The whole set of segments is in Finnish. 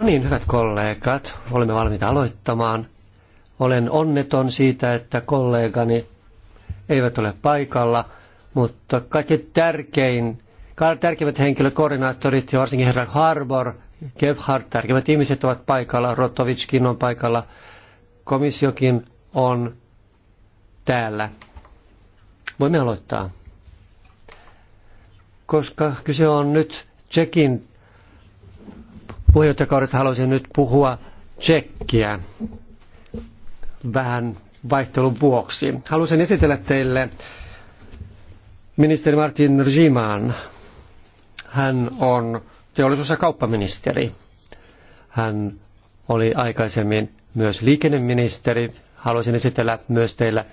Niin, hyvät kollegat, olemme valmiita aloittamaan. Olen onneton siitä, että kollegani eivät ole paikalla, mutta kaikki tärkein, tärkeimmät henkilökoordinaattorit ja varsinkin herra Harbor, Gebhardt, tärkeimmät ihmiset ovat paikalla, Rotovitskin on paikalla, komissiokin on täällä. Voimme aloittaa. Koska kyse on nyt Tsekin puheenjohtajakaudesta haluaisin nyt puhua tsekkiä vähän vaihtelun vuoksi. Haluaisin esitellä teille ministeri Martin Rziman. Hän on teollisuus- ja kauppaministeri. Hän oli aikaisemmin myös liikenneministeri. Haluaisin esitellä myös teille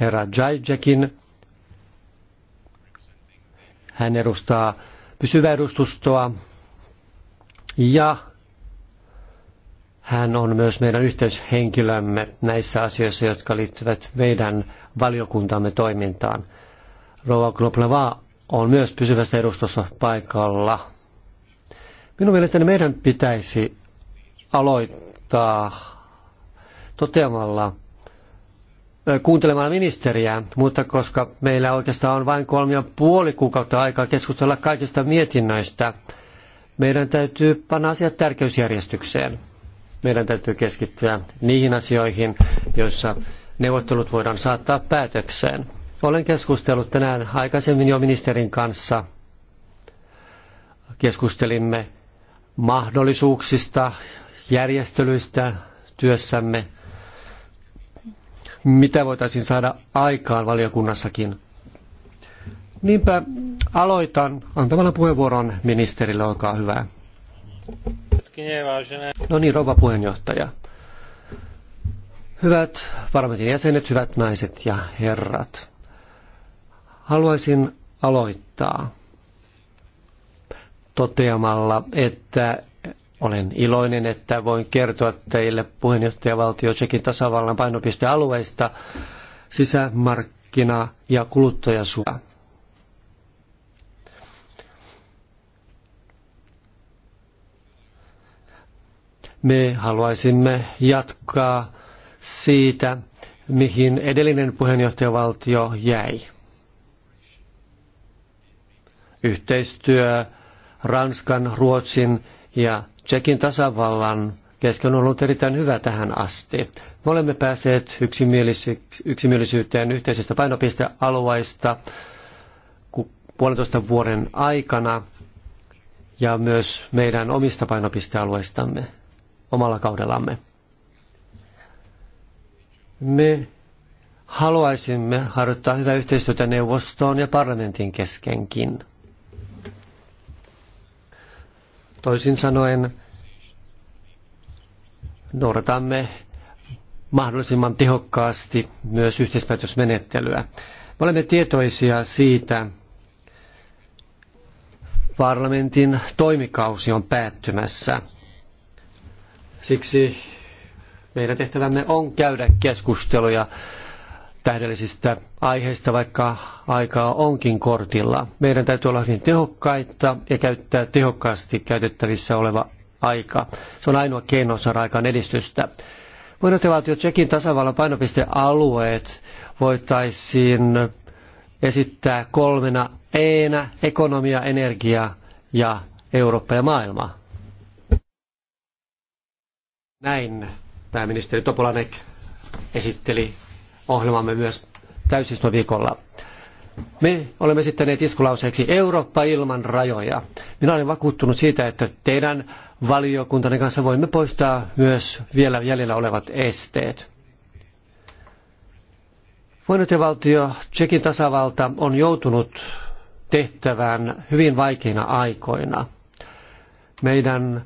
herra Jajekin. Hän edustaa pysyvää edustustoa ja hän on myös meidän yhteyshenkilömme näissä asioissa, jotka liittyvät meidän valiokuntamme toimintaan. Rova Glopleva on myös pysyvästä edustossa paikalla. Minun mielestäni meidän pitäisi aloittaa toteamalla, kuuntelemaan ministeriä, mutta koska meillä oikeastaan on vain kolme ja puoli kuukautta aikaa keskustella kaikista mietinnöistä, meidän täytyy panna asiat tärkeysjärjestykseen. Meidän täytyy keskittyä niihin asioihin, joissa neuvottelut voidaan saattaa päätökseen. Olen keskustellut tänään aikaisemmin jo ministerin kanssa. Keskustelimme mahdollisuuksista, järjestelyistä työssämme, mitä voitaisiin saada aikaan valiokunnassakin Niinpä aloitan antamalla puheenvuoron ministerille, olkaa hyvä. No niin, rouva puheenjohtaja. Hyvät parlamentin jäsenet, hyvät naiset ja herrat. Haluaisin aloittaa toteamalla, että olen iloinen, että voin kertoa teille puheenjohtajavaltio Tsekin tasavallan painopistealueista sisämarkkina- ja kuluttajasuoja Me haluaisimme jatkaa siitä, mihin edellinen puheenjohtajavaltio jäi. Yhteistyö Ranskan, Ruotsin ja Tsekin tasavallan kesken on ollut erittäin hyvä tähän asti. Me olemme päässeet yksimielisyyteen yhteisestä painopistealueista puolentoista vuoden aikana ja myös meidän omista painopistealueistamme omalla kaudellamme. Me haluaisimme harjoittaa hyvää yhteistyötä neuvostoon ja parlamentin keskenkin. Toisin sanoen, noudatamme mahdollisimman tehokkaasti myös yhteispäätösmenettelyä. Me olemme tietoisia siitä, parlamentin toimikausi on päättymässä. Siksi meidän tehtävämme on käydä keskusteluja tähdellisistä aiheista, vaikka aikaa onkin kortilla. Meidän täytyy olla hyvin tehokkaita ja käyttää tehokkaasti käytettävissä oleva aika. Se on ainoa keino saada aikaan edistystä. Muinotevaltio Tsekin tasavallan painopistealueet voitaisiin esittää kolmena eenä, ekonomia, energia ja Eurooppa ja maailma. Näin pääministeri Topolanek esitteli ohjelmamme myös täysistuntoviikolla. Me olemme esittäneet iskulauseeksi Eurooppa ilman rajoja. Minä olen vakuuttunut siitä, että teidän valiokuntanne kanssa voimme poistaa myös vielä jäljellä olevat esteet. Puheenjohtajavaltio Tsekin tasavalta on joutunut tehtävään hyvin vaikeina aikoina. Meidän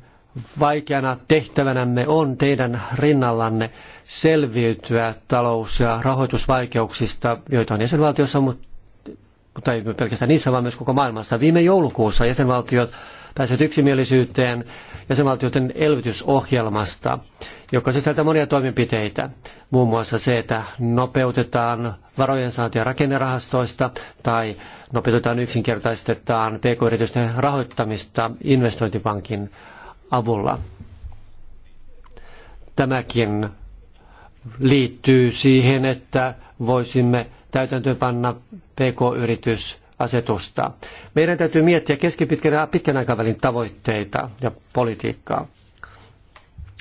vaikeana tehtävänämme on teidän rinnallanne selviytyä talous- ja rahoitusvaikeuksista, joita on jäsenvaltiossa, mutta ei pelkästään niissä, vaan myös koko maailmassa. Viime joulukuussa jäsenvaltiot pääsivät yksimielisyyteen jäsenvaltioiden elvytysohjelmasta, joka sisältää monia toimenpiteitä. Muun muassa se, että nopeutetaan varojen saantia rakennerahastoista tai nopeutetaan yksinkertaistetaan pk-yritysten rahoittamista investointipankin avulla. Tämäkin liittyy siihen, että voisimme täytäntöönpanna PK-yritysasetusta. Meidän täytyy miettiä keskipitkän ja pitkän aikavälin tavoitteita ja politiikkaa.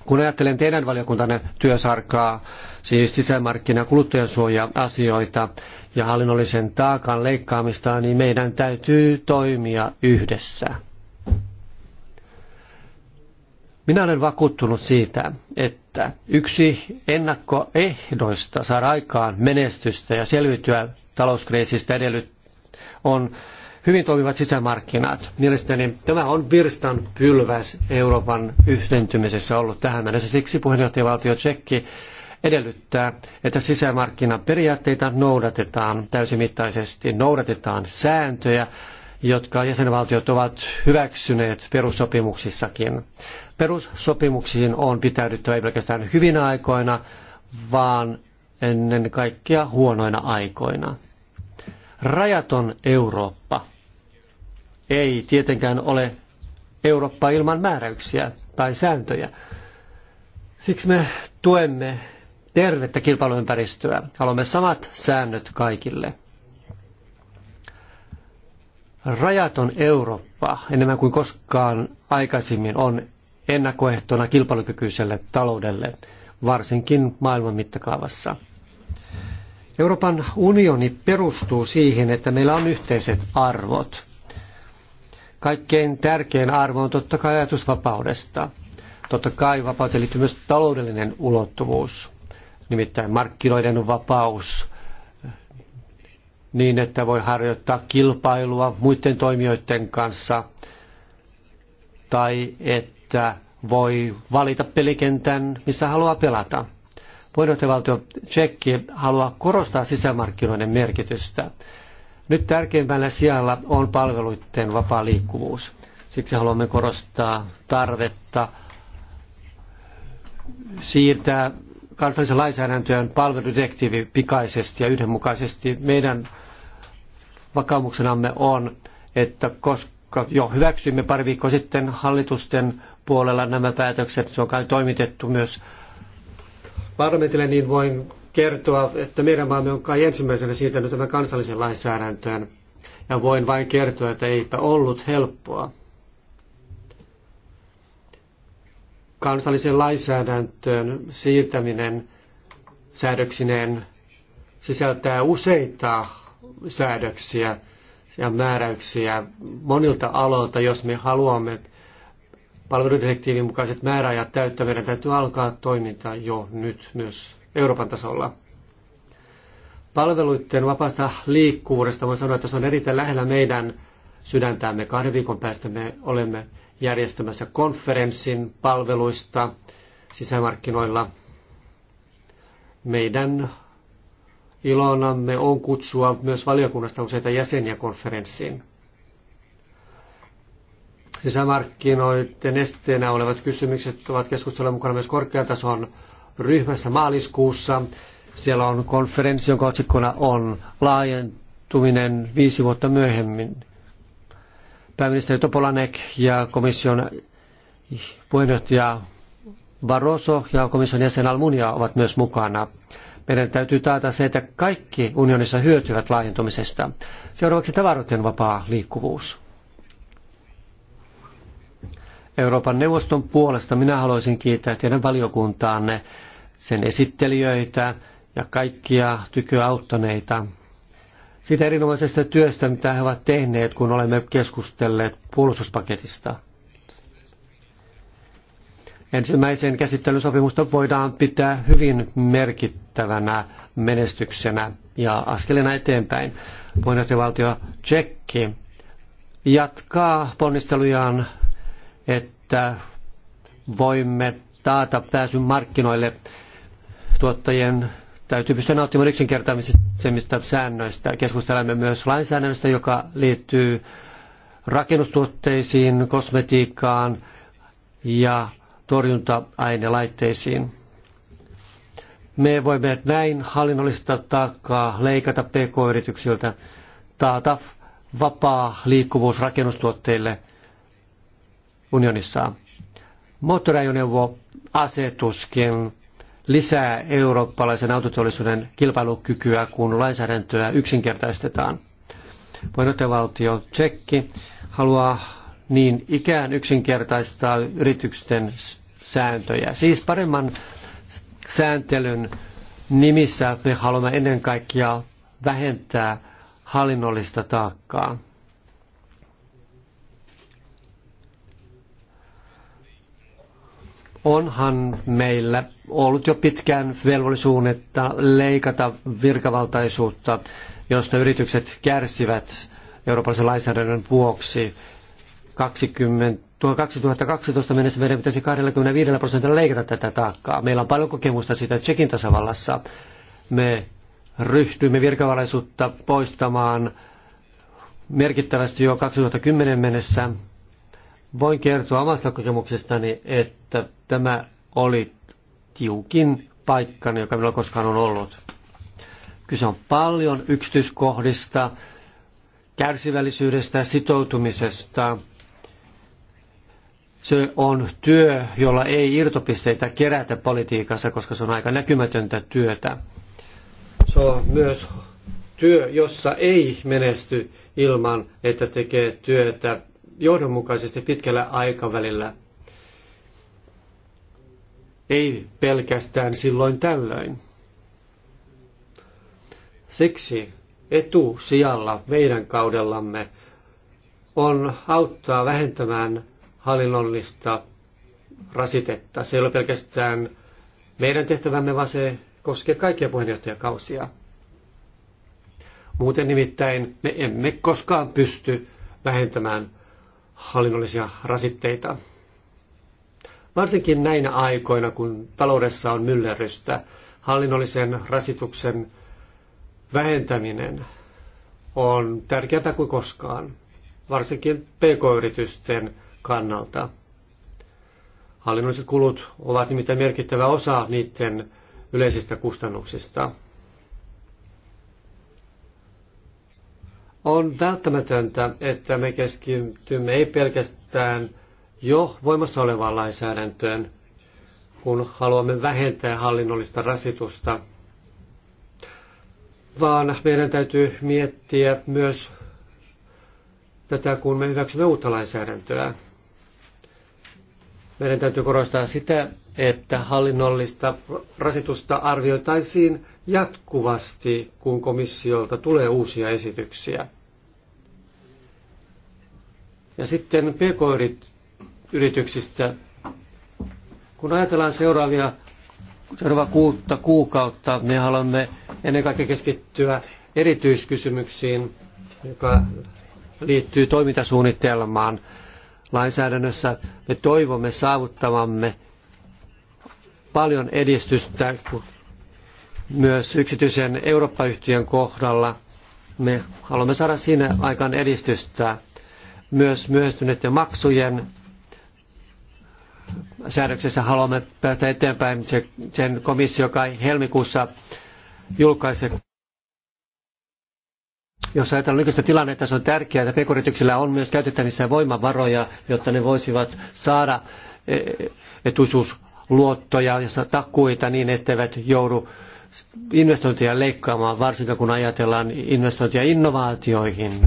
Kun ajattelen teidän valiokuntanne työsarkaa, siis sisämarkkina- ja kuluttajansuoja-asioita ja hallinnollisen taakan leikkaamista, niin meidän täytyy toimia yhdessä. Minä olen vakuuttunut siitä, että yksi ennakkoehdoista saada aikaan menestystä ja selviytyä talouskriisistä edellyt on hyvin toimivat sisämarkkinat. Mielestäni tämä on virstan pylväs Euroopan yhdentymisessä ollut tähän mennessä. Siksi puheenjohtajavaltio Tsekki edellyttää, että sisämarkkinan periaatteita noudatetaan täysimittaisesti, noudatetaan sääntöjä, jotka jäsenvaltiot ovat hyväksyneet perussopimuksissakin. Perussopimuksiin on pitäydyttävä ei pelkästään hyvinä aikoina, vaan ennen kaikkea huonoina aikoina. Rajaton Eurooppa ei tietenkään ole Eurooppa ilman määräyksiä tai sääntöjä. Siksi me tuemme tervettä kilpailuympäristöä. Haluamme samat säännöt kaikille. Rajaton Eurooppa enemmän kuin koskaan aikaisemmin on ennakkoehtona kilpailukykyiselle taloudelle, varsinkin maailman mittakaavassa. Euroopan unioni perustuu siihen, että meillä on yhteiset arvot. Kaikkein tärkein arvo on totta kai ajatusvapaudesta. Totta kai vapauteen liittyy myös taloudellinen ulottuvuus, nimittäin markkinoiden vapaus, niin että voi harjoittaa kilpailua muiden toimijoiden kanssa, tai että että voi valita pelikentän, missä haluaa pelata. Puheenjohtajavaltio Tsekki haluaa korostaa sisämarkkinoiden merkitystä. Nyt tärkeimpänä sijalla on palveluiden vapaa liikkuvuus. Siksi haluamme korostaa tarvetta siirtää kansallisen lainsäädäntöön palveludirektiivi pikaisesti ja yhdenmukaisesti. Meidän vakaumuksenamme on, että koska jo hyväksyimme pari viikkoa sitten hallitusten puolella nämä päätökset, se on kai toimitettu myös parlamentille, niin voin kertoa, että meidän maamme on kai ensimmäisenä siirtänyt tämän kansallisen lainsäädäntöön. Ja voin vain kertoa, että eipä ollut helppoa. Kansallisen lainsäädäntöön siirtäminen säädöksineen sisältää useita säädöksiä ja määräyksiä monilta aloilta, jos me haluamme palveludirektiivin mukaiset määräajat täyttää, meidän täytyy alkaa toiminta jo nyt myös Euroopan tasolla. Palveluiden vapaasta liikkuvuudesta voi sanoa, että se on erittäin lähellä meidän sydäntämme. Kahden viikon päästä me olemme järjestämässä konferenssin palveluista sisämarkkinoilla. Meidän ilonamme on kutsua myös valiokunnasta useita jäseniä konferenssiin. Sisämarkkinoiden esteenä olevat kysymykset ovat keskustelun mukana myös korkeatason ryhmässä maaliskuussa. Siellä on konferenssi, jonka otsikkona on laajentuminen viisi vuotta myöhemmin. Pääministeri Topolanek ja komission puheenjohtaja Barroso ja komission jäsen Almunia ovat myös mukana. Meidän täytyy taata se, että kaikki unionissa hyötyvät laajentumisesta. Seuraavaksi tavaroiden vapaa liikkuvuus. Euroopan neuvoston puolesta minä haluaisin kiittää teidän valiokuntaanne, sen esittelijöitä ja kaikkia tykyä auttaneita siitä erinomaisesta työstä, mitä he ovat tehneet, kun olemme keskustelleet puolustuspaketista. Ensimmäisen käsittelyn sopimusta voidaan pitää hyvin merkittävänä menestyksenä ja askelena eteenpäin. Puheenjohtajavaltio Tsekki jatkaa ponnistelujaan että voimme taata pääsyn markkinoille tuottajien täytyy pystyä nauttimaan yksinkertaisemmista säännöistä. Keskustelemme myös lainsäädännöstä, joka liittyy rakennustuotteisiin, kosmetiikkaan ja torjunta-ainelaitteisiin. Me voimme näin hallinnollista taakkaa leikata pk-yrityksiltä, taata vapaa liikkuvuus rakennustuotteille – unionissa. Moottoriajoneuvoasetuskin lisää eurooppalaisen autoteollisuuden kilpailukykyä, kun lainsäädäntöä yksinkertaistetaan. Voinotevaltio Tsekki haluaa niin ikään yksinkertaistaa yritysten sääntöjä. Siis paremman sääntelyn nimissä me haluamme ennen kaikkea vähentää hallinnollista taakkaa. Onhan meillä ollut jo pitkään velvollisuutta leikata virkavaltaisuutta, josta yritykset kärsivät eurooppalaisen lainsäädännön vuoksi. 20, 2012 mennessä meidän pitäisi 25 prosentilla leikata tätä taakkaa. Meillä on paljon kokemusta siitä Tsekin tasavallassa. Me ryhtyimme virkavalaisuutta poistamaan merkittävästi jo 2010 mennessä Voin kertoa omasta kokemuksestani, että tämä oli tiukin paikka, joka minulla koskaan on ollut. Kyse on paljon yksityiskohdista, kärsivällisyydestä, sitoutumisesta. Se on työ, jolla ei irtopisteitä kerätä politiikassa, koska se on aika näkymätöntä työtä. Se on myös työ, jossa ei menesty ilman, että tekee työtä johdonmukaisesti pitkällä aikavälillä. Ei pelkästään silloin tällöin. Siksi etu sijalla meidän kaudellamme on auttaa vähentämään hallinnollista rasitetta. Se ei ole pelkästään meidän tehtävämme, vaan se koskee kaikkia puheenjohtajakausia. Muuten nimittäin me emme koskaan pysty vähentämään hallinnollisia rasitteita. Varsinkin näinä aikoina, kun taloudessa on myllerrystä, hallinnollisen rasituksen vähentäminen on tärkeämpää kuin koskaan, varsinkin pk-yritysten kannalta. Hallinnolliset kulut ovat nimittäin merkittävä osa niiden yleisistä kustannuksista – On välttämätöntä, että me keskitymme ei pelkästään jo voimassa olevaan lainsäädäntöön, kun haluamme vähentää hallinnollista rasitusta, vaan meidän täytyy miettiä myös tätä, kun me hyväksymme uutta lainsäädäntöä. Meidän täytyy korostaa sitä, että hallinnollista rasitusta arvioitaisiin jatkuvasti, kun komissiolta tulee uusia esityksiä. Ja sitten pk-yrityksistä, kun ajatellaan seuraavia seuraava kuutta kuukautta, me haluamme ennen kaikkea keskittyä erityiskysymyksiin, joka liittyy toimintasuunnitelmaan lainsäädännössä. Me toivomme saavuttavamme paljon edistystä, myös yksityisen Eurooppa-yhtiön kohdalla. Me haluamme saada siinä aikaan edistystä myös myöhästyneiden maksujen säädöksessä haluamme päästä eteenpäin. sen komissio joka helmikuussa julkaisee. Jos ajatellaan nykyistä tilannetta, se on tärkeää, että pk on myös käytettävissä voimavaroja, jotta ne voisivat saada eh, eh, etuisuusluottoja ja takuita niin, etteivät joudu investointeja leikkaamaan, varsinkin kun ajatellaan investointia innovaatioihin.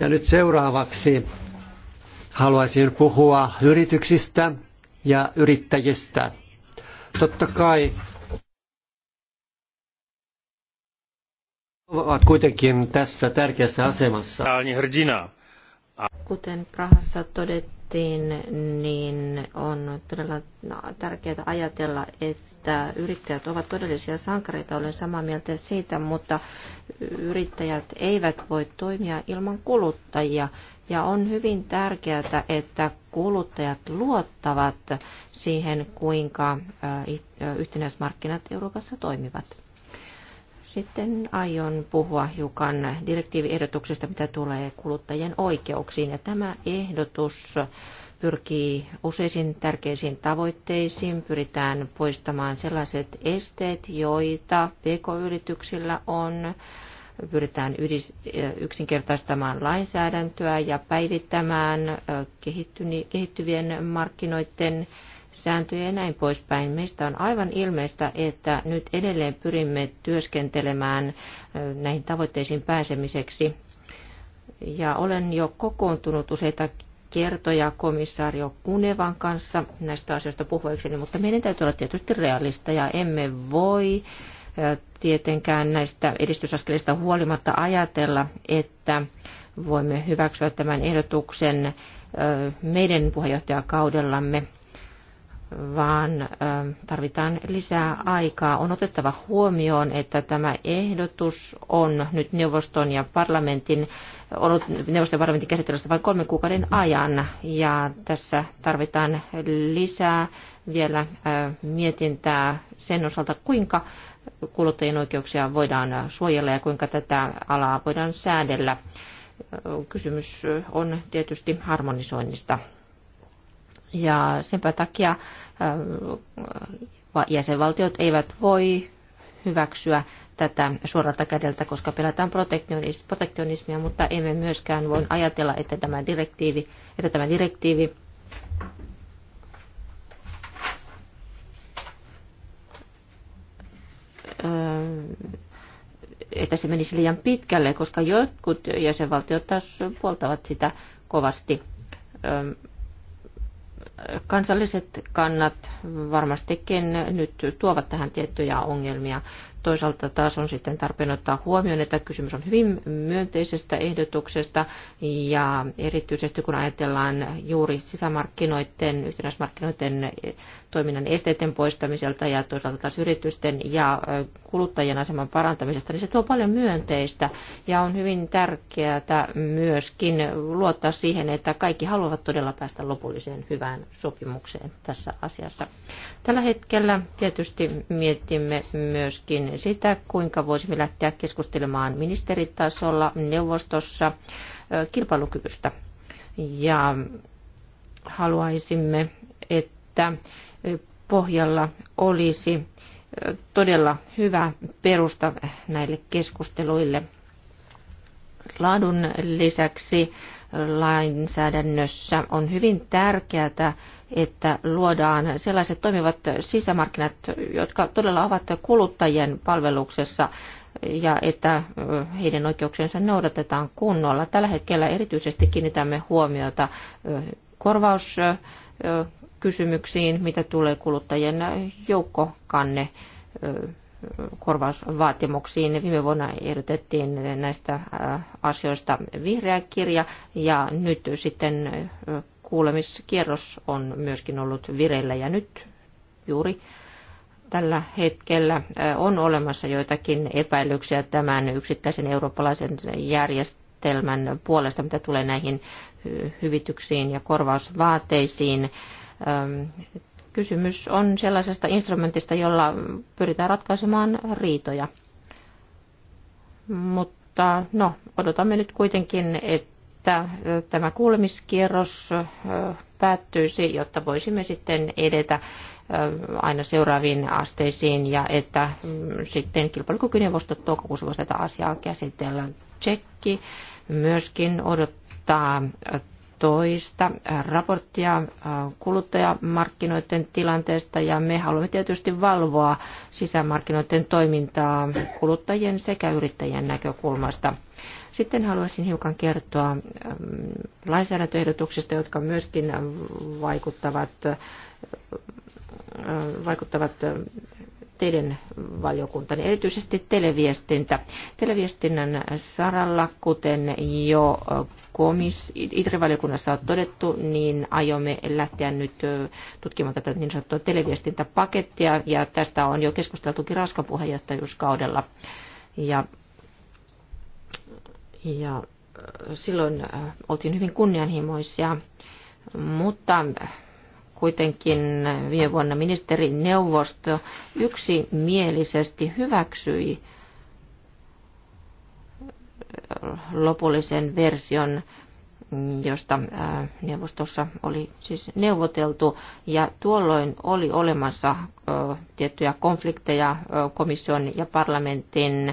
Ja nyt seuraavaksi haluaisin puhua yrityksistä ja yrittäjistä. Totta kai ovat kuitenkin tässä tärkeässä asemassa. Kuten Prahassa todettiin, niin on todella tärkeää ajatella, että että yrittäjät ovat todellisia sankareita, olen samaa mieltä siitä, mutta yrittäjät eivät voi toimia ilman kuluttajia. Ja on hyvin tärkeää, että kuluttajat luottavat siihen, kuinka äh, äh, yhtenäismarkkinat Euroopassa toimivat. Sitten aion puhua hiukan direktiiviehdotuksesta, mitä tulee kuluttajien oikeuksiin. Ja tämä ehdotus pyrkii useisiin tärkeisiin tavoitteisiin. Pyritään poistamaan sellaiset esteet, joita pk-yrityksillä on. Pyritään yksinkertaistamaan lainsäädäntöä ja päivittämään kehittyvien markkinoiden sääntöjä ja näin poispäin. Meistä on aivan ilmeistä, että nyt edelleen pyrimme työskentelemään näihin tavoitteisiin pääsemiseksi. Ja olen jo kokoontunut useita kertoja komissaario Kunevan kanssa näistä asioista puhuakseni, mutta meidän täytyy olla tietysti realista ja emme voi tietenkään näistä edistysaskelista huolimatta ajatella, että voimme hyväksyä tämän ehdotuksen meidän puheenjohtajakaudellamme vaan tarvitaan lisää aikaa. On otettava huomioon, että tämä ehdotus on nyt neuvoston ja parlamentin ollut neuvoston ja parlamentin käsittelystä vain kolmen kuukauden ajan, ja tässä tarvitaan lisää vielä mietintää sen osalta, kuinka kuluttajien oikeuksia voidaan suojella ja kuinka tätä alaa voidaan säädellä. Kysymys on tietysti harmonisoinnista ja senpä takia äh, jäsenvaltiot eivät voi hyväksyä tätä suoralta kädeltä, koska pelätään protektionismia, mutta emme myöskään voi ajatella, että tämä direktiivi, että tämä direktiivi äh, että se menisi liian pitkälle, koska jotkut jäsenvaltiot taas puoltavat sitä kovasti. Ähm, kansalliset kannat varmastikin nyt tuovat tähän tiettyjä ongelmia. Toisaalta taas on sitten tarpeen ottaa huomioon, että kysymys on hyvin myönteisestä ehdotuksesta ja erityisesti kun ajatellaan juuri sisämarkkinoiden, yhtenäismarkkinoiden toiminnan esteiden poistamiselta ja toisaalta taas yritysten ja kuluttajien aseman parantamisesta, niin se tuo paljon myönteistä ja on hyvin tärkeää myöskin luottaa siihen, että kaikki haluavat todella päästä lopulliseen hyvään sopimukseen tässä asiassa. Tällä hetkellä tietysti mietimme myöskin sitä, kuinka voisimme lähteä keskustelemaan ministeritasolla neuvostossa kilpailukyvystä. Ja haluaisimme, että pohjalla olisi todella hyvä perusta näille keskusteluille. Laadun lisäksi lainsäädännössä. On hyvin tärkeää, että luodaan sellaiset toimivat sisämarkkinat, jotka todella ovat kuluttajien palveluksessa ja että heidän oikeuksiensa noudatetaan kunnolla. Tällä hetkellä erityisesti kiinnitämme huomiota korvauskysymyksiin, mitä tulee kuluttajien joukkokanne korvausvaatimuksiin. Viime vuonna ehdotettiin näistä äh, asioista vihreä kirja ja nyt sitten äh, kuulemiskierros on myöskin ollut vireillä ja nyt juuri tällä hetkellä äh, on olemassa joitakin epäilyksiä tämän yksittäisen eurooppalaisen järjestelmän puolesta, mitä tulee näihin hyvityksiin ja korvausvaateisiin ähm, Kysymys on sellaisesta instrumentista, jolla pyritään ratkaisemaan riitoja. Mutta no, odotamme nyt kuitenkin, että tämä kuulemiskierros päättyisi, jotta voisimme sitten edetä aina seuraaviin asteisiin ja että mm, sitten kilpailukykyneuvosto toukokuussa voisi tätä asiaa käsitellä. Tsekki myöskin odottaa toista raporttia äh, kuluttajamarkkinoiden tilanteesta ja me haluamme tietysti valvoa sisämarkkinoiden toimintaa kuluttajien sekä yrittäjien näkökulmasta. Sitten haluaisin hiukan kertoa ähm, lainsäädäntöehdotuksista, jotka myöskin äh, vaikuttavat, äh, vaikuttavat teidän valiokuntani, erityisesti televiestintä. Televiestinnän saralla, kuten jo komis, ITRI-valiokunnassa on todettu, niin aiomme lähteä nyt tutkimaan tätä niin sanottua televiestintäpakettia, ja tästä on jo keskusteltukin Ranskan puheenjohtajuuskaudella. Ja, ja silloin oltiin hyvin kunnianhimoisia, mutta kuitenkin viime vuonna ministerineuvosto yksimielisesti hyväksyi lopullisen version, josta äh, neuvostossa oli siis neuvoteltu. Ja tuolloin oli olemassa äh, tiettyjä konflikteja äh, komission ja parlamentin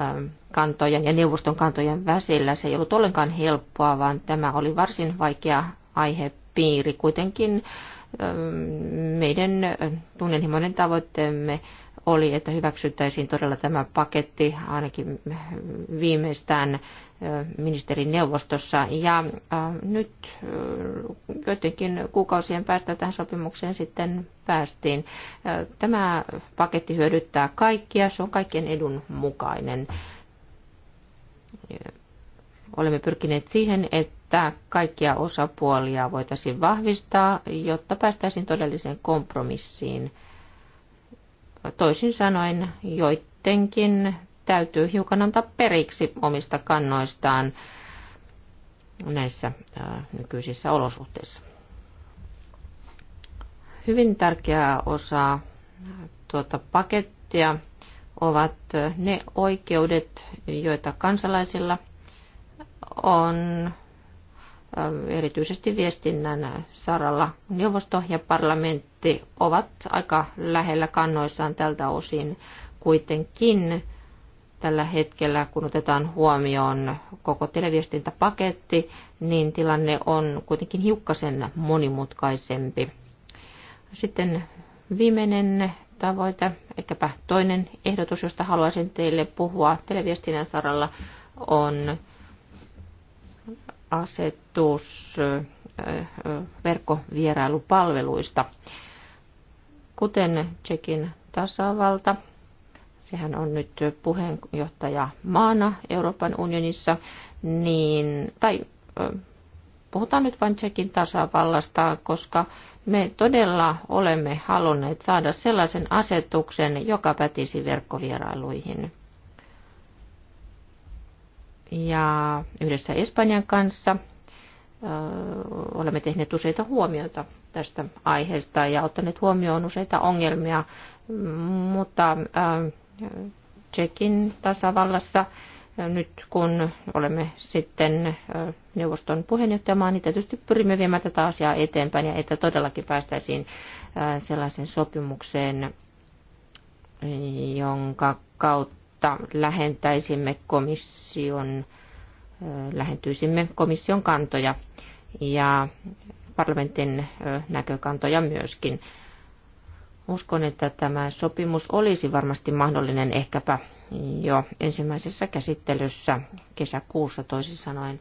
ähm, kantojen ja neuvoston kantojen väsillä. Se ei ollut ollenkaan helppoa, vaan tämä oli varsin vaikea aihe piiri. Kuitenkin ähm, meidän tunnelhimoinen tavoitteemme oli, että hyväksyttäisiin todella tämä paketti ainakin viimeistään äh, ministerineuvostossa. Ja äh, nyt äh, jotenkin kuukausien päästä tähän sopimukseen sitten päästiin. Tämä paketti hyödyttää kaikkia, se on kaikkien edun mukainen olemme pyrkineet siihen, että kaikkia osapuolia voitaisiin vahvistaa, jotta päästäisiin todelliseen kompromissiin. Toisin sanoen, joidenkin täytyy hiukan antaa periksi omista kannoistaan näissä nykyisissä olosuhteissa. Hyvin tärkeä osa tuota pakettia ovat ne oikeudet, joita kansalaisilla – on ähm, erityisesti viestinnän saralla. Neuvosto ja parlamentti ovat aika lähellä kannoissaan tältä osin kuitenkin tällä hetkellä, kun otetaan huomioon koko televiestintäpaketti, niin tilanne on kuitenkin hiukkasen monimutkaisempi. Sitten viimeinen tavoite, ehkäpä toinen ehdotus, josta haluaisin teille puhua televiestinnän saralla, on asetus verkkovierailupalveluista. Kuten Tsekin tasavalta, sehän on nyt puheenjohtaja maana Euroopan unionissa, niin, tai puhutaan nyt vain Tsekin tasavallasta, koska me todella olemme halunneet saada sellaisen asetuksen, joka pätisi verkkovierailuihin ja yhdessä Espanjan kanssa olemme tehneet useita huomioita tästä aiheesta ja ottaneet huomioon useita ongelmia, mutta Tsekin tasavallassa nyt kun olemme sitten neuvoston puheenjohtajamaa, niin tietysti pyrimme viemään tätä asiaa eteenpäin ja että todellakin päästäisiin sellaisen sopimukseen, jonka kautta jotta lähentäisimme komission, lähentyisimme komission kantoja ja parlamentin näkökantoja myöskin. Uskon, että tämä sopimus olisi varmasti mahdollinen ehkäpä jo ensimmäisessä käsittelyssä kesäkuussa toisin sanoen.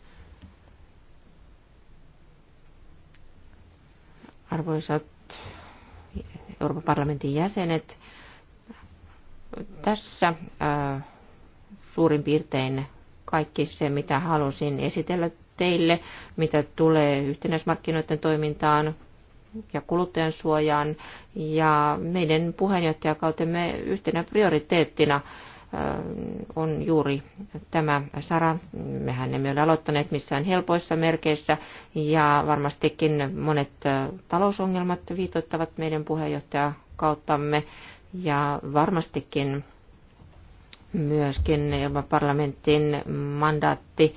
Arvoisat Euroopan parlamentin jäsenet, tässä suurin piirtein kaikki se, mitä halusin esitellä teille, mitä tulee yhtenäismarkkinoiden toimintaan ja kuluttajan suojaan. Ja meidän puheenjohtajakautemme yhtenä prioriteettina on juuri tämä Sara. Mehän emme ole aloittaneet missään helpoissa merkeissä ja varmastikin monet talousongelmat viitoittavat meidän puheenjohtajakauttamme. Ja varmastikin myöskin Euroopan parlamentin mandaatti,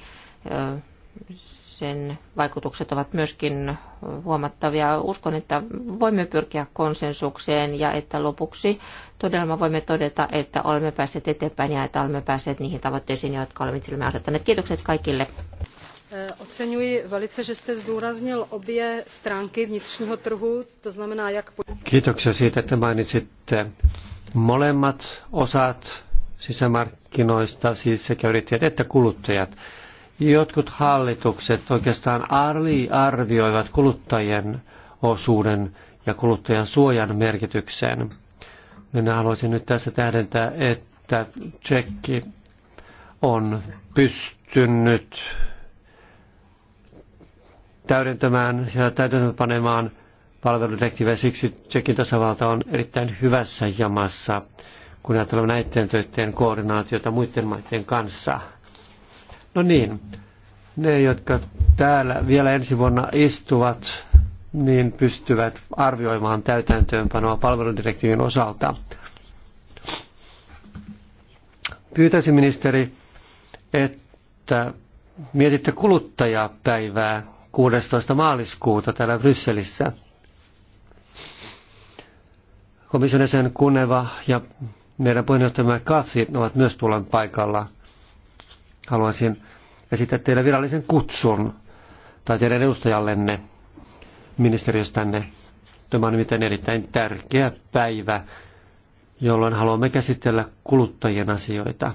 sen vaikutukset ovat myöskin huomattavia. Uskon, että voimme pyrkiä konsensukseen ja että lopuksi todella voimme todeta, että olemme päässeet eteenpäin ja että olemme päässeet niihin tavoitteisiin, jotka olemme itsellemme asettaneet. Kiitokset kaikille. Eh, oceňuji velice, že jste zdůraznil obě stránky vnitřního trhu, to znamená jak... Kiitoksia siitä, että mainitsitte molemmat osat sisämarkkinoista, siis sekä yrittäjät että kuluttajat. Jotkut hallitukset oikeastaan arvioivat kuluttajien osuuden ja kuluttajan suojan merkitykseen. Minä haluaisin nyt tässä tähdentää, että Tsekki on pystynyt täydentämään ja täytäntöönpanemaan palveludirektiivejä. Siksi Tsekin tasavalta on erittäin hyvässä jamassa, kun ajatellaan näiden töiden koordinaatiota muiden maiden kanssa. No niin, ne, jotka täällä vielä ensi vuonna istuvat, niin pystyvät arvioimaan täytäntöönpanoa palveludirektiivin osalta. Pyytäisin ministeri, että mietitte kuluttajapäivää 16. maaliskuuta täällä Brysselissä. Komission jäsen Kuneva ja meidän puheenjohtajamme Katsi ovat myös tuolla paikalla. Haluaisin esittää teille virallisen kutsun tai teidän edustajallenne ministeriöstänne. Tämä on nimittäin erittäin tärkeä päivä, jolloin haluamme käsitellä kuluttajien asioita.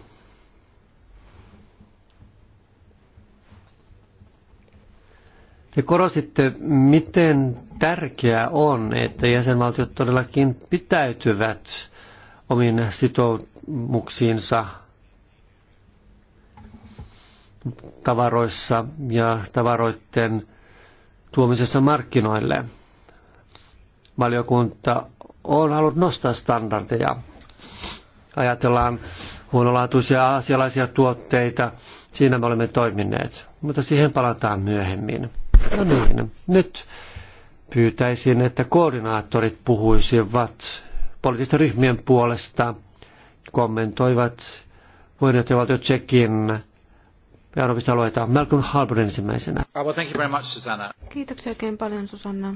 Te korostitte, miten tärkeää on, että jäsenvaltiot todellakin pitäytyvät omiin sitoumuksiinsa tavaroissa ja tavaroiden tuomisessa markkinoille. Valiokunta on halunnut nostaa standardeja. Ajatellaan huonolaatuisia asialaisia tuotteita, siinä me olemme toimineet, mutta siihen palataan myöhemmin. No niin, no, nyt pyytäisin, että koordinaattorit puhuisivat poliittisten ryhmien puolesta, kommentoivat puheenjohtajavaltio Tsekin Euroopista alueita. Malcolm Harbour ensimmäisenä. Oh, thank you very much, Susanna. Kiitoksia oikein paljon, Susanna.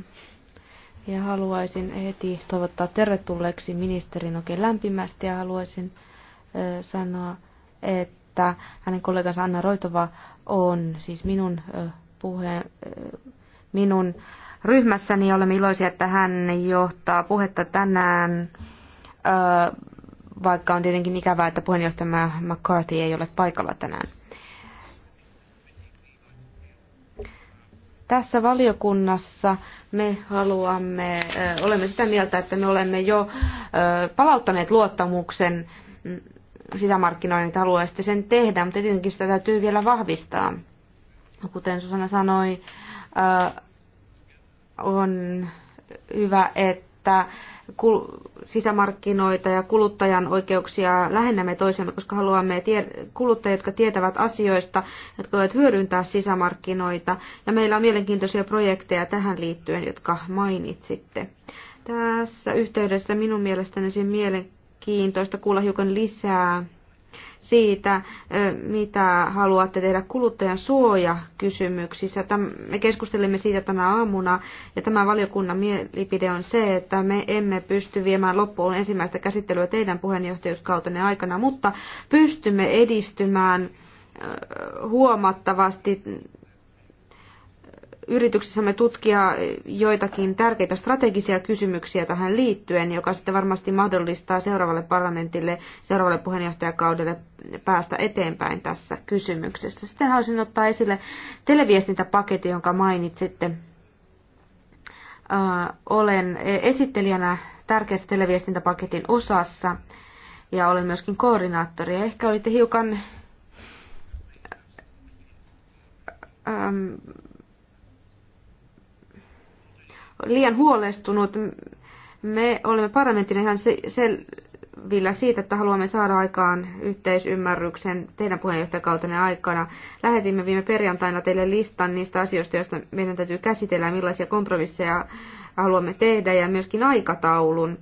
Ja haluaisin heti toivottaa tervetulleeksi ministerin oikein lämpimästi ja haluaisin ö, sanoa, että hänen kollegansa Anna Roitova on siis minun ö, puhe, minun ryhmässäni. Olemme iloisia, että hän johtaa puhetta tänään, vaikka on tietenkin ikävää, että puheenjohtaja McCarthy ei ole paikalla tänään. Tässä valiokunnassa me haluamme, olemme sitä mieltä, että me olemme jo palauttaneet luottamuksen mm, sisämarkkinoinnin haluaa sen tehdä, mutta tietenkin sitä täytyy vielä vahvistaa. No, kuten Susanna sanoi, äh, on hyvä, että sisämarkkinoita ja kuluttajan oikeuksia lähennämme toisemme, koska haluamme kuluttajia, jotka tietävät asioista, jotka voivat hyödyntää sisämarkkinoita. Ja meillä on mielenkiintoisia projekteja tähän liittyen, jotka mainitsitte. Tässä yhteydessä minun mielestäni olisi mielenkiintoista kuulla hiukan lisää siitä, mitä haluatte tehdä kuluttajan suojakysymyksissä. Me keskustelimme siitä tämä aamuna ja tämä valiokunnan mielipide on se, että me emme pysty viemään loppuun ensimmäistä käsittelyä teidän puheenjohtajuuskautenne aikana, mutta pystymme edistymään huomattavasti yrityksessämme tutkia joitakin tärkeitä strategisia kysymyksiä tähän liittyen, joka sitten varmasti mahdollistaa seuraavalle parlamentille, seuraavalle puheenjohtajakaudelle päästä eteenpäin tässä kysymyksessä. Sitten haluaisin ottaa esille televiestintäpaketin, jonka mainitsitte. olen esittelijänä tärkeässä televiestintäpaketin osassa ja olen myöskin koordinaattori. Ehkä olitte hiukan... Ähm, liian huolestunut. Me olemme parlamentin ihan selvillä siitä, että haluamme saada aikaan yhteisymmärryksen teidän puheenjohtajakautenne aikana. Lähetimme viime perjantaina teille listan niistä asioista, joista meidän täytyy käsitellä, millaisia kompromisseja haluamme tehdä ja myöskin aikataulun.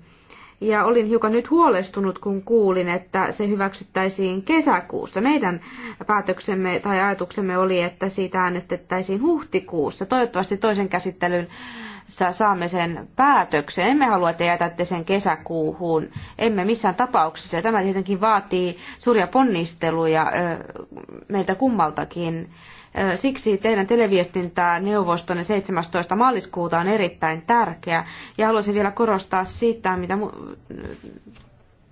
Ja olin hiukan nyt huolestunut, kun kuulin, että se hyväksyttäisiin kesäkuussa. Meidän päätöksemme tai ajatuksemme oli, että siitä äänestettäisiin huhtikuussa. Toivottavasti toisen käsittelyn saamme sen päätöksen. Emme halua, että jätätte sen kesäkuuhun. Emme missään tapauksessa. Tämä tietenkin vaatii suuria ponnisteluja meiltä kummaltakin. Siksi teidän televiestintää neuvostonne 17. maaliskuuta on erittäin tärkeä. Ja haluaisin vielä korostaa sitä, mitä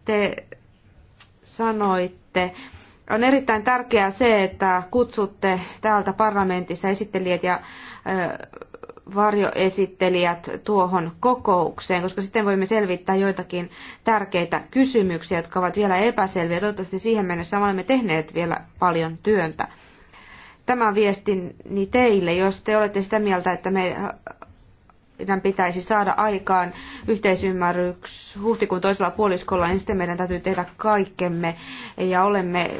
te sanoitte. On erittäin tärkeää se, että kutsutte täältä parlamentissa esittelijät ja varjoesittelijät tuohon kokoukseen, koska sitten voimme selvittää joitakin tärkeitä kysymyksiä, jotka ovat vielä epäselviä. Toivottavasti siihen mennessä olemme tehneet vielä paljon työntä. Tämä viesti teille, jos te olette sitä mieltä, että meidän pitäisi saada aikaan yhteisymmärryks huhtikuun toisella puoliskolla, niin sitten meidän täytyy tehdä kaikkemme ja olemme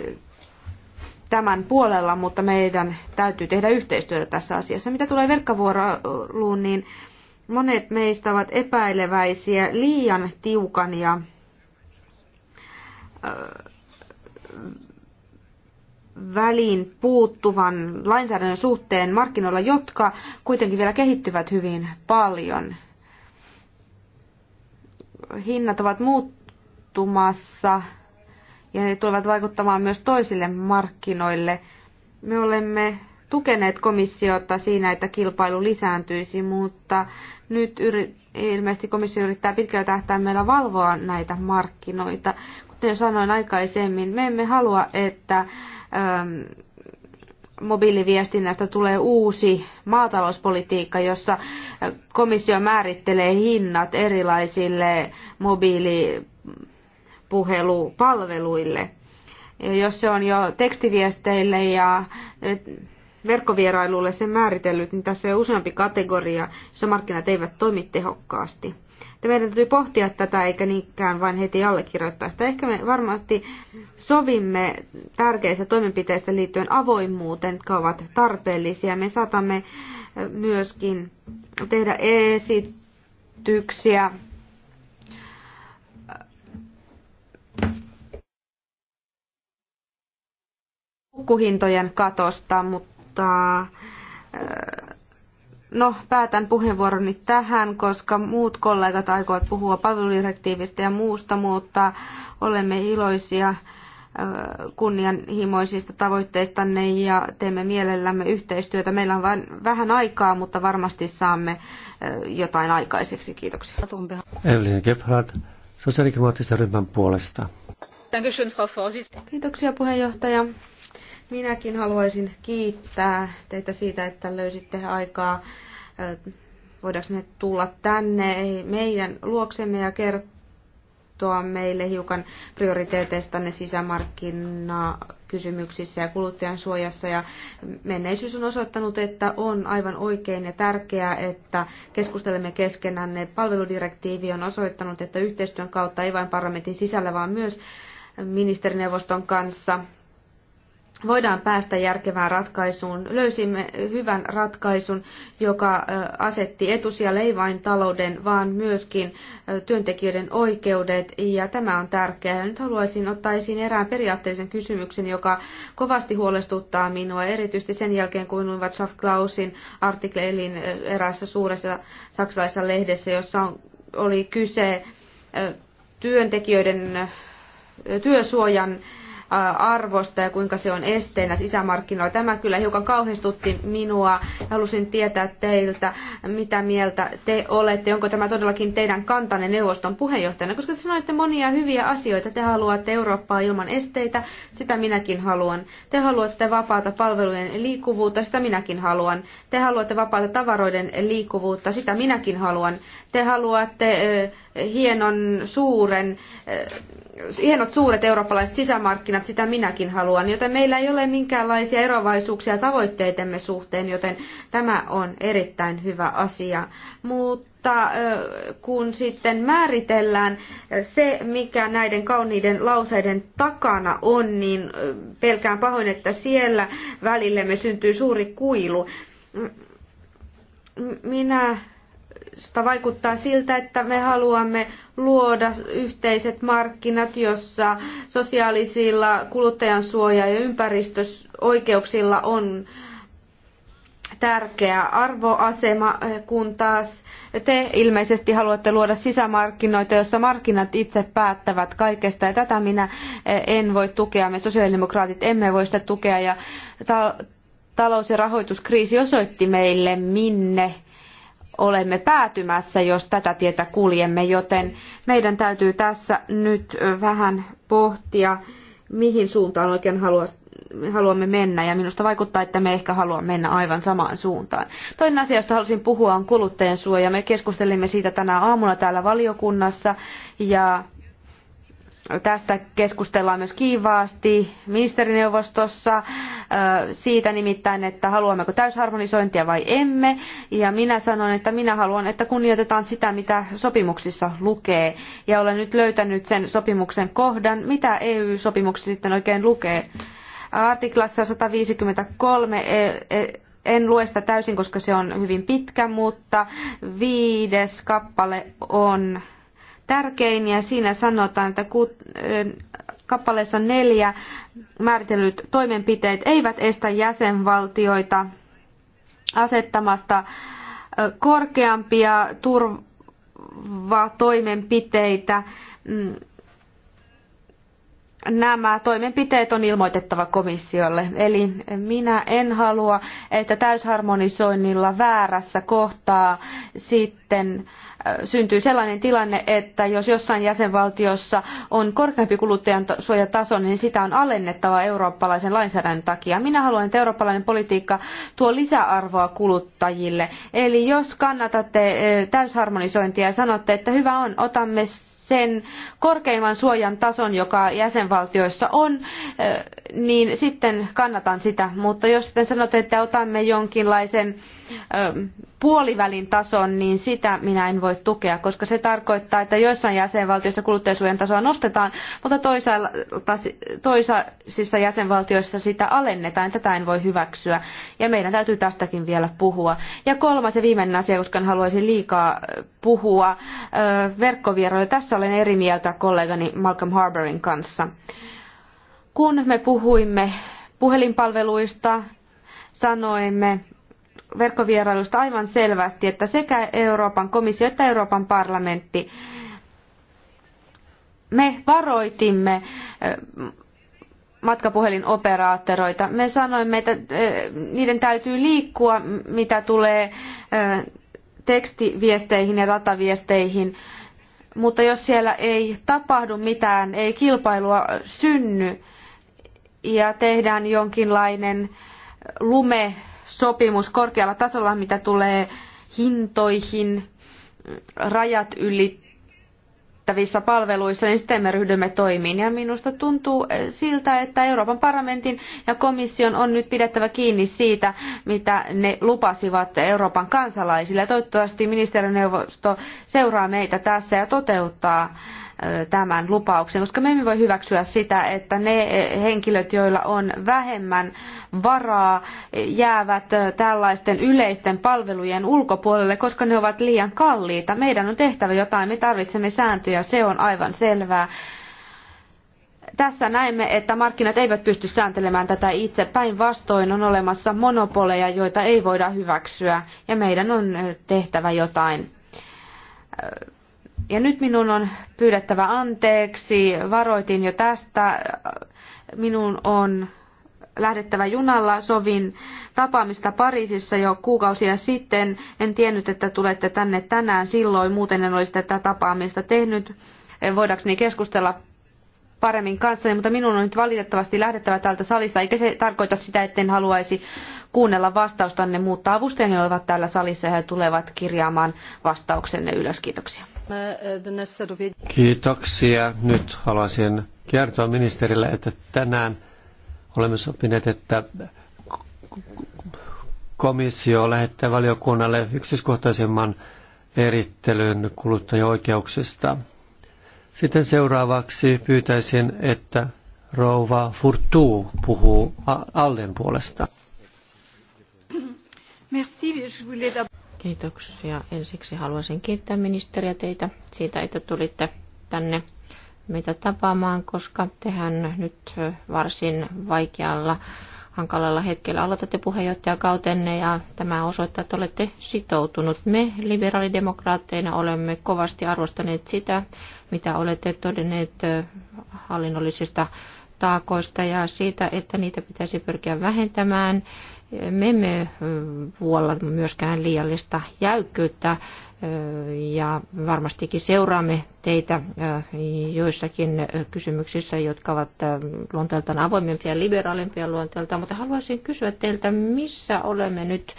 tämän puolella, mutta meidän täytyy tehdä yhteistyötä tässä asiassa. Mitä tulee verkkavuoroiluun, niin monet meistä ovat epäileväisiä liian tiukan ja väliin puuttuvan lainsäädännön suhteen markkinoilla, jotka kuitenkin vielä kehittyvät hyvin paljon. Hinnat ovat muuttumassa ja ne tulevat vaikuttamaan myös toisille markkinoille. Me olemme tukeneet komissiota siinä, että kilpailu lisääntyisi, mutta nyt ilmeisesti komissio yrittää pitkällä tähtäimellä valvoa näitä markkinoita. Kuten sanoin aikaisemmin, me emme halua, että ähm, mobiiliviestinnästä tulee uusi maatalouspolitiikka, jossa komissio määrittelee hinnat erilaisille mobiili puhelupalveluille. Jos se on jo tekstiviesteille ja eh, verkkovierailulle sen määritellyt, niin tässä on useampi kategoria, jossa markkinat eivät toimi tehokkaasti. Että meidän täytyy pohtia tätä eikä niinkään vain heti allekirjoittaa sitä. Ehkä me varmasti sovimme tärkeistä toimenpiteistä liittyen avoimuuteen, jotka ovat tarpeellisia. Me saatamme eh, myöskin tehdä esityksiä tukkuhintojen katosta, mutta äh, no, päätän puheenvuoroni tähän, koska muut kollegat aikovat puhua palveludirektiivistä ja muusta, mutta olemme iloisia äh, kunnianhimoisista tavoitteistanne ja teemme mielellämme yhteistyötä. Meillä on vain vähän aikaa, mutta varmasti saamme äh, jotain aikaiseksi. Kiitoksia. Evelyn Gebhardt, sosiaalidemokraattisen ryhmän puolesta. Kiitoksia puheenjohtaja. Minäkin haluaisin kiittää teitä siitä, että löysitte aikaa. Voidaanko ne tulla tänne meidän luoksemme ja kertoa meille hiukan prioriteeteistanne sisämarkkinakysymyksissä ja kuluttajan suojassa. Ja menneisyys on osoittanut, että on aivan oikein ja tärkeää, että keskustelemme keskenänne. Palveludirektiivi on osoittanut, että yhteistyön kautta ei vain parlamentin sisällä, vaan myös ministerineuvoston kanssa voidaan päästä järkevään ratkaisuun. Löysimme hyvän ratkaisun, joka asetti etusijalle ei vain talouden, vaan myöskin työntekijöiden oikeudet, ja tämä on tärkeää. Nyt haluaisin ottaa esiin erään periaatteellisen kysymyksen, joka kovasti huolestuttaa minua, erityisesti sen jälkeen, kun luin Klausin artikkelin eräässä suuressa saksalaisessa lehdessä, jossa oli kyse työntekijöiden työsuojan arvosta ja kuinka se on esteenä sisämarkkinoilla. Tämä kyllä hiukan kauhistutti minua. Halusin tietää teiltä, mitä mieltä te olette. Onko tämä todellakin teidän kantanne neuvoston puheenjohtajana? Koska te sanoitte monia hyviä asioita. Te haluatte Eurooppaa ilman esteitä. Sitä minäkin haluan. Te haluatte vapaata palvelujen liikkuvuutta. Sitä minäkin haluan. Te haluatte vapaata tavaroiden liikkuvuutta. Sitä minäkin haluan. Te haluatte hienon suuren, eh, hienot suuret eurooppalaiset sisämarkkinat, sitä minäkin haluan, joten meillä ei ole minkäänlaisia eroavaisuuksia tavoitteidemme suhteen, joten tämä on erittäin hyvä asia. Mutta eh, kun sitten määritellään eh, se, mikä näiden kauniiden lauseiden takana on, niin pelkään pahoin, että siellä välillemme syntyy suuri kuilu. Minä vaikuttaa siltä, että me haluamme luoda yhteiset markkinat, jossa sosiaalisilla kuluttajansuoja- ja ympäristöoikeuksilla on tärkeä arvoasema, kun taas te ilmeisesti haluatte luoda sisämarkkinoita, jossa markkinat itse päättävät kaikesta. Ja tätä minä en voi tukea. Me sosiaalidemokraatit emme voi sitä tukea. Ja talous- ja rahoituskriisi osoitti meille, minne olemme päätymässä, jos tätä tietä kuljemme, joten meidän täytyy tässä nyt vähän pohtia, mihin suuntaan oikein haluamme mennä, ja minusta vaikuttaa, että me ehkä haluamme mennä aivan samaan suuntaan. Toinen asia, josta halusin puhua, on kuluttajansuoja. Me keskustelimme siitä tänä aamuna täällä valiokunnassa, ja Tästä keskustellaan myös kiivaasti ministerineuvostossa siitä nimittäin, että haluammeko täysharmonisointia vai emme. Ja minä sanon, että minä haluan, että kunnioitetaan sitä, mitä sopimuksissa lukee. Ja olen nyt löytänyt sen sopimuksen kohdan, mitä EU-sopimuksessa sitten oikein lukee. Artiklassa 153 e, e, en lue sitä täysin, koska se on hyvin pitkä, mutta viides kappale on tärkein ja siinä sanotaan, että kappaleessa neljä määritellyt toimenpiteet eivät estä jäsenvaltioita asettamasta korkeampia turvatoimenpiteitä. Mm, nämä toimenpiteet on ilmoitettava komissiolle. Eli minä en halua, että täysharmonisoinnilla väärässä kohtaa sitten äh, syntyy sellainen tilanne, että jos jossain jäsenvaltiossa on korkeampi kuluttajan suojataso, niin sitä on alennettava eurooppalaisen lainsäädännön takia. Minä haluan, että eurooppalainen politiikka tuo lisäarvoa kuluttajille. Eli jos kannatatte eh, täysharmonisointia ja sanotte, että hyvä on, otamme sen korkeimman suojan tason, joka jäsenvaltioissa on, eh, niin sitten kannatan sitä. Mutta jos sitten sanotte, että otamme jonkinlaisen Ähm, puolivälin tason, niin sitä minä en voi tukea, koska se tarkoittaa, että joissain jäsenvaltioissa kuluttajasuojan tasoa nostetaan, mutta toisissa jäsenvaltioissa sitä alennetaan. Tätä en voi hyväksyä. Ja meidän täytyy tästäkin vielä puhua. Ja kolmas ja viimeinen asia, koska en haluaisi liikaa äh, puhua äh, verkkovierailu. Tässä olen eri mieltä kollegani Malcolm Harbourin kanssa. Kun me puhuimme puhelinpalveluista, sanoimme, verkkovierailusta aivan selvästi, että sekä Euroopan komissio että Euroopan parlamentti me varoitimme matkapuhelinoperaattoreita. Me sanoimme, että niiden täytyy liikkua, mitä tulee tekstiviesteihin ja dataviesteihin, mutta jos siellä ei tapahdu mitään, ei kilpailua synny ja tehdään jonkinlainen lume sopimus korkealla tasolla, mitä tulee hintoihin, rajat ylittävissä palveluissa, niin sitten me ryhdymme toimiin. Ja minusta tuntuu eh, siltä, että Euroopan parlamentin ja komission on nyt pidettävä kiinni siitä, mitä ne lupasivat Euroopan kansalaisille. Toivottavasti ministerineuvosto seuraa meitä tässä ja toteuttaa äh, tämän lupauksen, koska me emme voi hyväksyä sitä, että ne henkilöt, joilla on vähemmän varaa, jäävät tällaisten yleisten palvelujen ulkopuolelle, koska ne ovat liian kalliita. Meidän on tehtävä jotain, me tarvitsemme sääntöjä, se on aivan selvää. Tässä näemme, että markkinat eivät pysty sääntelemään tätä itse. Päinvastoin on olemassa monopoleja, joita ei voida hyväksyä, ja meidän on tehtävä jotain ja nyt minun on pyydettävä anteeksi, varoitin jo tästä, minun on lähdettävä junalla. Sovin tapaamista Pariisissa jo kuukausia sitten. En tiennyt, että tulette tänne tänään silloin, muuten en olisi tätä tapaamista tehnyt. Voidakseni keskustella paremmin kanssani, mutta minun on nyt valitettavasti lähdettävä täältä salista, eikä se tarkoita sitä, etten haluaisi kuunnella vastaustanne, mutta avustajani ovat täällä salissa ja he tulevat kirjaamaan vastauksenne ylös. Kiitoksia. Eh, Kiitoksia. Nyt haluaisin kertoa ministerille, että tänään olemme sopineet, että komissio lähettää valiokunnalle yksityiskohtaisemman erittelyn kuluttajaoikeuksista. Sitten seuraavaksi pyytäisin, että rouva Furtu puhuu Allen puolesta. Kiitoksia. Ensiksi haluaisin kiittää ministeriä teitä siitä, että tulitte tänne meitä tapaamaan, koska tehän nyt varsin vaikealla, hankalalla hetkellä aloitatte puheenjohtajakautenne ja tämä osoittaa, että olette sitoutunut. Me liberaalidemokraatteina olemme kovasti arvostaneet sitä, mitä olette todenneet hallinnollisista taakoista ja siitä, että niitä pitäisi pyrkiä vähentämään me emme vuolla myöskään liiallista jäykkyyttä ja varmastikin seuraamme teitä joissakin kysymyksissä, jotka ovat luonteeltaan avoimempia ja liberaalimpia luonteelta, mutta haluaisin kysyä teiltä, missä olemme nyt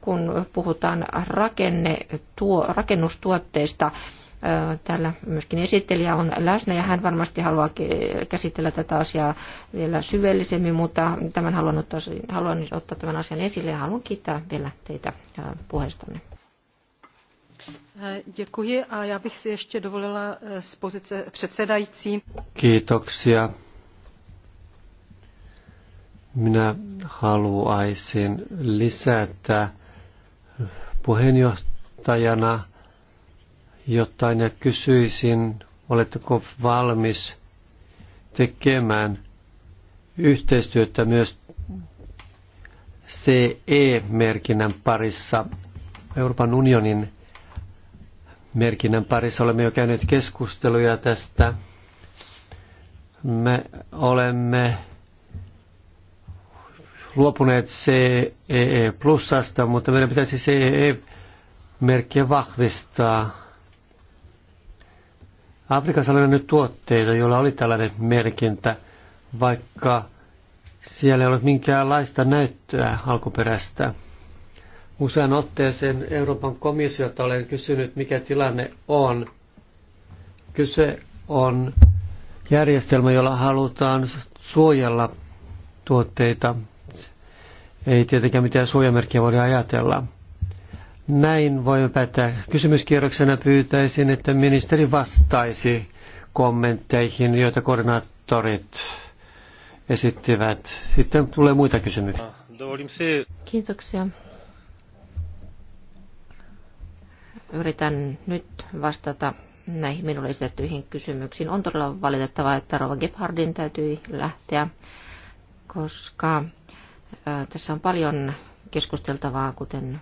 kun puhutaan rakennustuotteista Täällä myöskin esittelijä on läsnä ja hän varmasti haluaa käsitellä tätä asiaa vielä syvällisemmin, mutta tämän haluan ottaa, haluan ottaa tämän asian esille ja haluan kiittää vielä teitä puheestanne. Děkuji a já bych si ještě dovolila z pozice předsedající. Kiitoksia. Minä haluaisin lisätä puheenjohtajana jotain ja kysyisin, oletteko valmis tekemään yhteistyötä myös CE-merkinnän parissa, Euroopan unionin merkinnän parissa. Olemme jo käyneet keskusteluja tästä. Me olemme luopuneet CEE plussasta, mutta meidän pitäisi CEE-merkkiä vahvistaa. Afrikassa oli nyt tuotteita, joilla oli tällainen merkintä, vaikka siellä ei ollut minkäänlaista näyttöä alkuperästä. Usean otteeseen Euroopan komissiota olen kysynyt, mikä tilanne on. Kyse on järjestelmä, jolla halutaan suojella tuotteita. Ei tietenkään mitään suojamerkkiä voida ajatella. Näin voimme päättää kysymyskierroksena. Pyytäisin, että ministeri vastaisi kommentteihin, joita koordinaattorit esittivät. Sitten tulee muita kysymyksiä. Kiitoksia. Yritän nyt vastata näihin minulle esitettyihin kysymyksiin. On todella valitettavaa, että Rova Gebhardin täytyi lähteä, koska tässä on paljon keskusteltavaa, kuten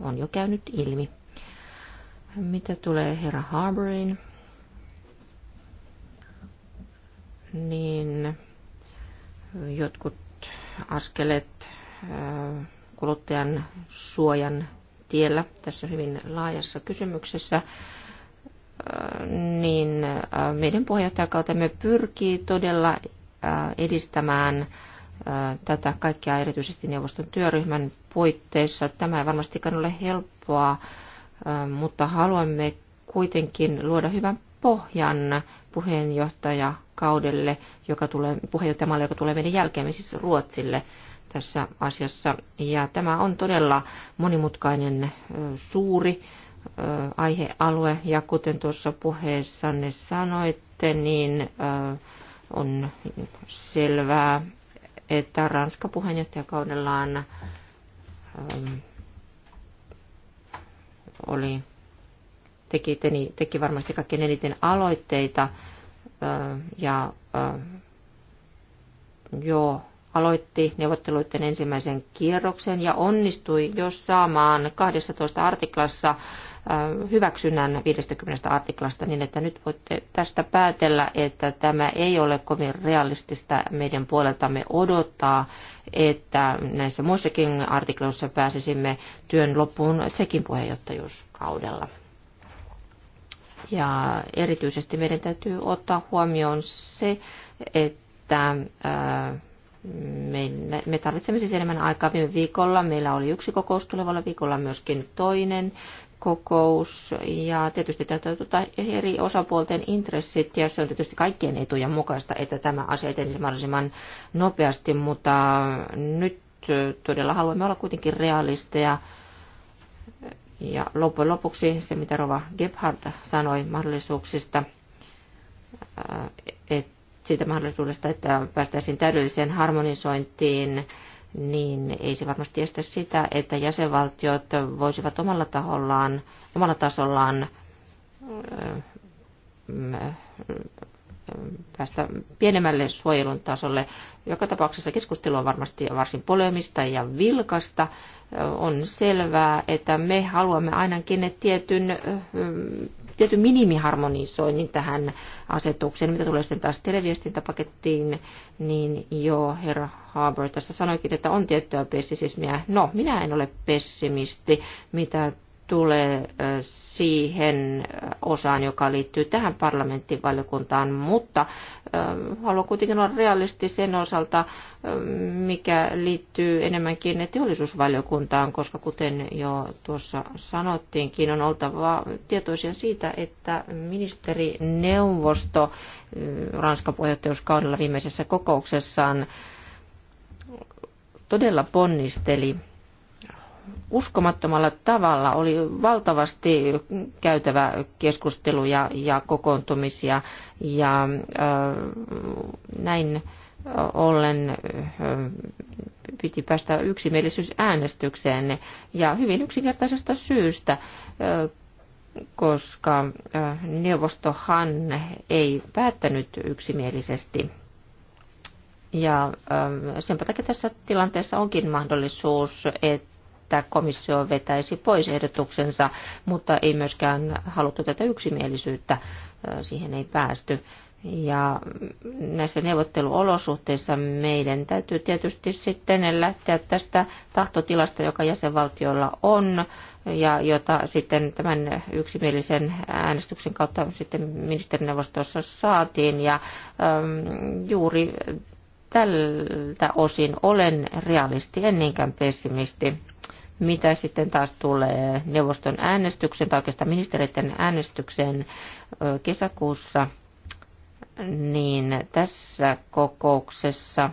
on jo käynyt ilmi. Mitä tulee herra Harbourin, niin jotkut askeleet äh, kuluttajan suojan tiellä tässä hyvin laajassa kysymyksessä, äh, niin äh, meidän puheenjohtajakautemme pyrkii todella edistämään tätä kaikkea erityisesti neuvoston työryhmän puitteissa. Tämä ei varmastikaan ole helppoa, mutta haluamme kuitenkin luoda hyvän pohjan puheenjohtajakaudelle, joka tulee, puheenjohtajamaalle, joka tulee meidän jälkeen, siis Ruotsille tässä asiassa. Ja tämä on todella monimutkainen, suuri aihealue, ja kuten tuossa puheessanne sanoitte, niin on selvää, että Ranska puheenjohtajakaudellaan Ähm, oli, teki, teni, teki varmasti kaikkein eniten aloitteita äh, ja äh, jo aloitti neuvotteluiden ensimmäisen kierroksen ja onnistui jo saamaan 12 artiklassa Äh, hyväksynnän 50 artiklasta niin, että nyt voitte tästä päätellä, että tämä ei ole kovin realistista meidän puoleltamme odottaa, että näissä muissakin artikloissa pääsisimme työn loppuun Tsekin puheenjohtajuuskaudella. Ja erityisesti meidän täytyy ottaa huomioon se, että äh, me, tarvitsemme siis enemmän aikaa viime viikolla. Meillä oli yksi kokous tulevalla viikolla myöskin toinen kokous ja tietysti tätä tuota, eri osapuolten intressit ja se on tietysti kaikkien etujen mukaista, että tämä asia etenisi mahdollisimman nopeasti, mutta nyt todella haluamme olla kuitenkin realisteja. Ja loppujen lopuksi se, mitä Rova Gebhardt sanoi mahdollisuuksista, että siitä mahdollisuudesta, että päästäisiin täydelliseen harmonisointiin niin ei se varmasti estä sitä, että jäsenvaltiot voisivat omalla, tahollaan, omalla tasollaan päästä pienemmälle suojelun tasolle. Joka tapauksessa keskustelu on varmasti varsin polemista ja vilkasta. On selvää, että me haluamme ainakin tietyn, tietyn minimiharmonisoinnin tähän asetukseen. Mitä tulee sitten taas televiestintäpakettiin, niin joo, herra Haber tässä sanoikin, että on tiettyä pessimismiä. No, minä en ole pessimisti, mitä tulee siihen osaan, joka liittyy tähän parlamenttivaliokuntaan, mutta haluan kuitenkin olla realisti sen osalta, mikä liittyy enemmänkin teollisuusvaliokuntaan, koska kuten jo tuossa sanottiinkin, on oltava tietoisia siitä, että ministerineuvosto Ranskan puheenjohtajuuskaudella viimeisessä kokouksessaan todella ponnisteli uskomattomalla tavalla. Oli valtavasti käytävä keskusteluja ja kokoontumisia ja äh, näin ollen piti päästä yksimielisyysäänestykseen ja hyvin yksinkertaisesta syystä, koska neuvostohan ei päättänyt yksimielisesti ja sen takia tässä tilanteessa onkin mahdollisuus, että että komissio vetäisi pois ehdotuksensa, mutta ei myöskään haluttu tätä yksimielisyyttä, siihen ei päästy. Ja näissä neuvotteluolosuhteissa meidän täytyy tietysti sitten lähteä tästä tahtotilasta, joka jäsenvaltiolla on, ja jota sitten tämän yksimielisen äänestyksen kautta sitten ministerineuvostossa saatiin. Ja äm, juuri tältä osin olen realisti, en niinkään pessimisti mitä sitten taas tulee neuvoston äänestyksen tai oikeastaan ministeriöiden äänestykseen kesäkuussa, niin tässä kokouksessa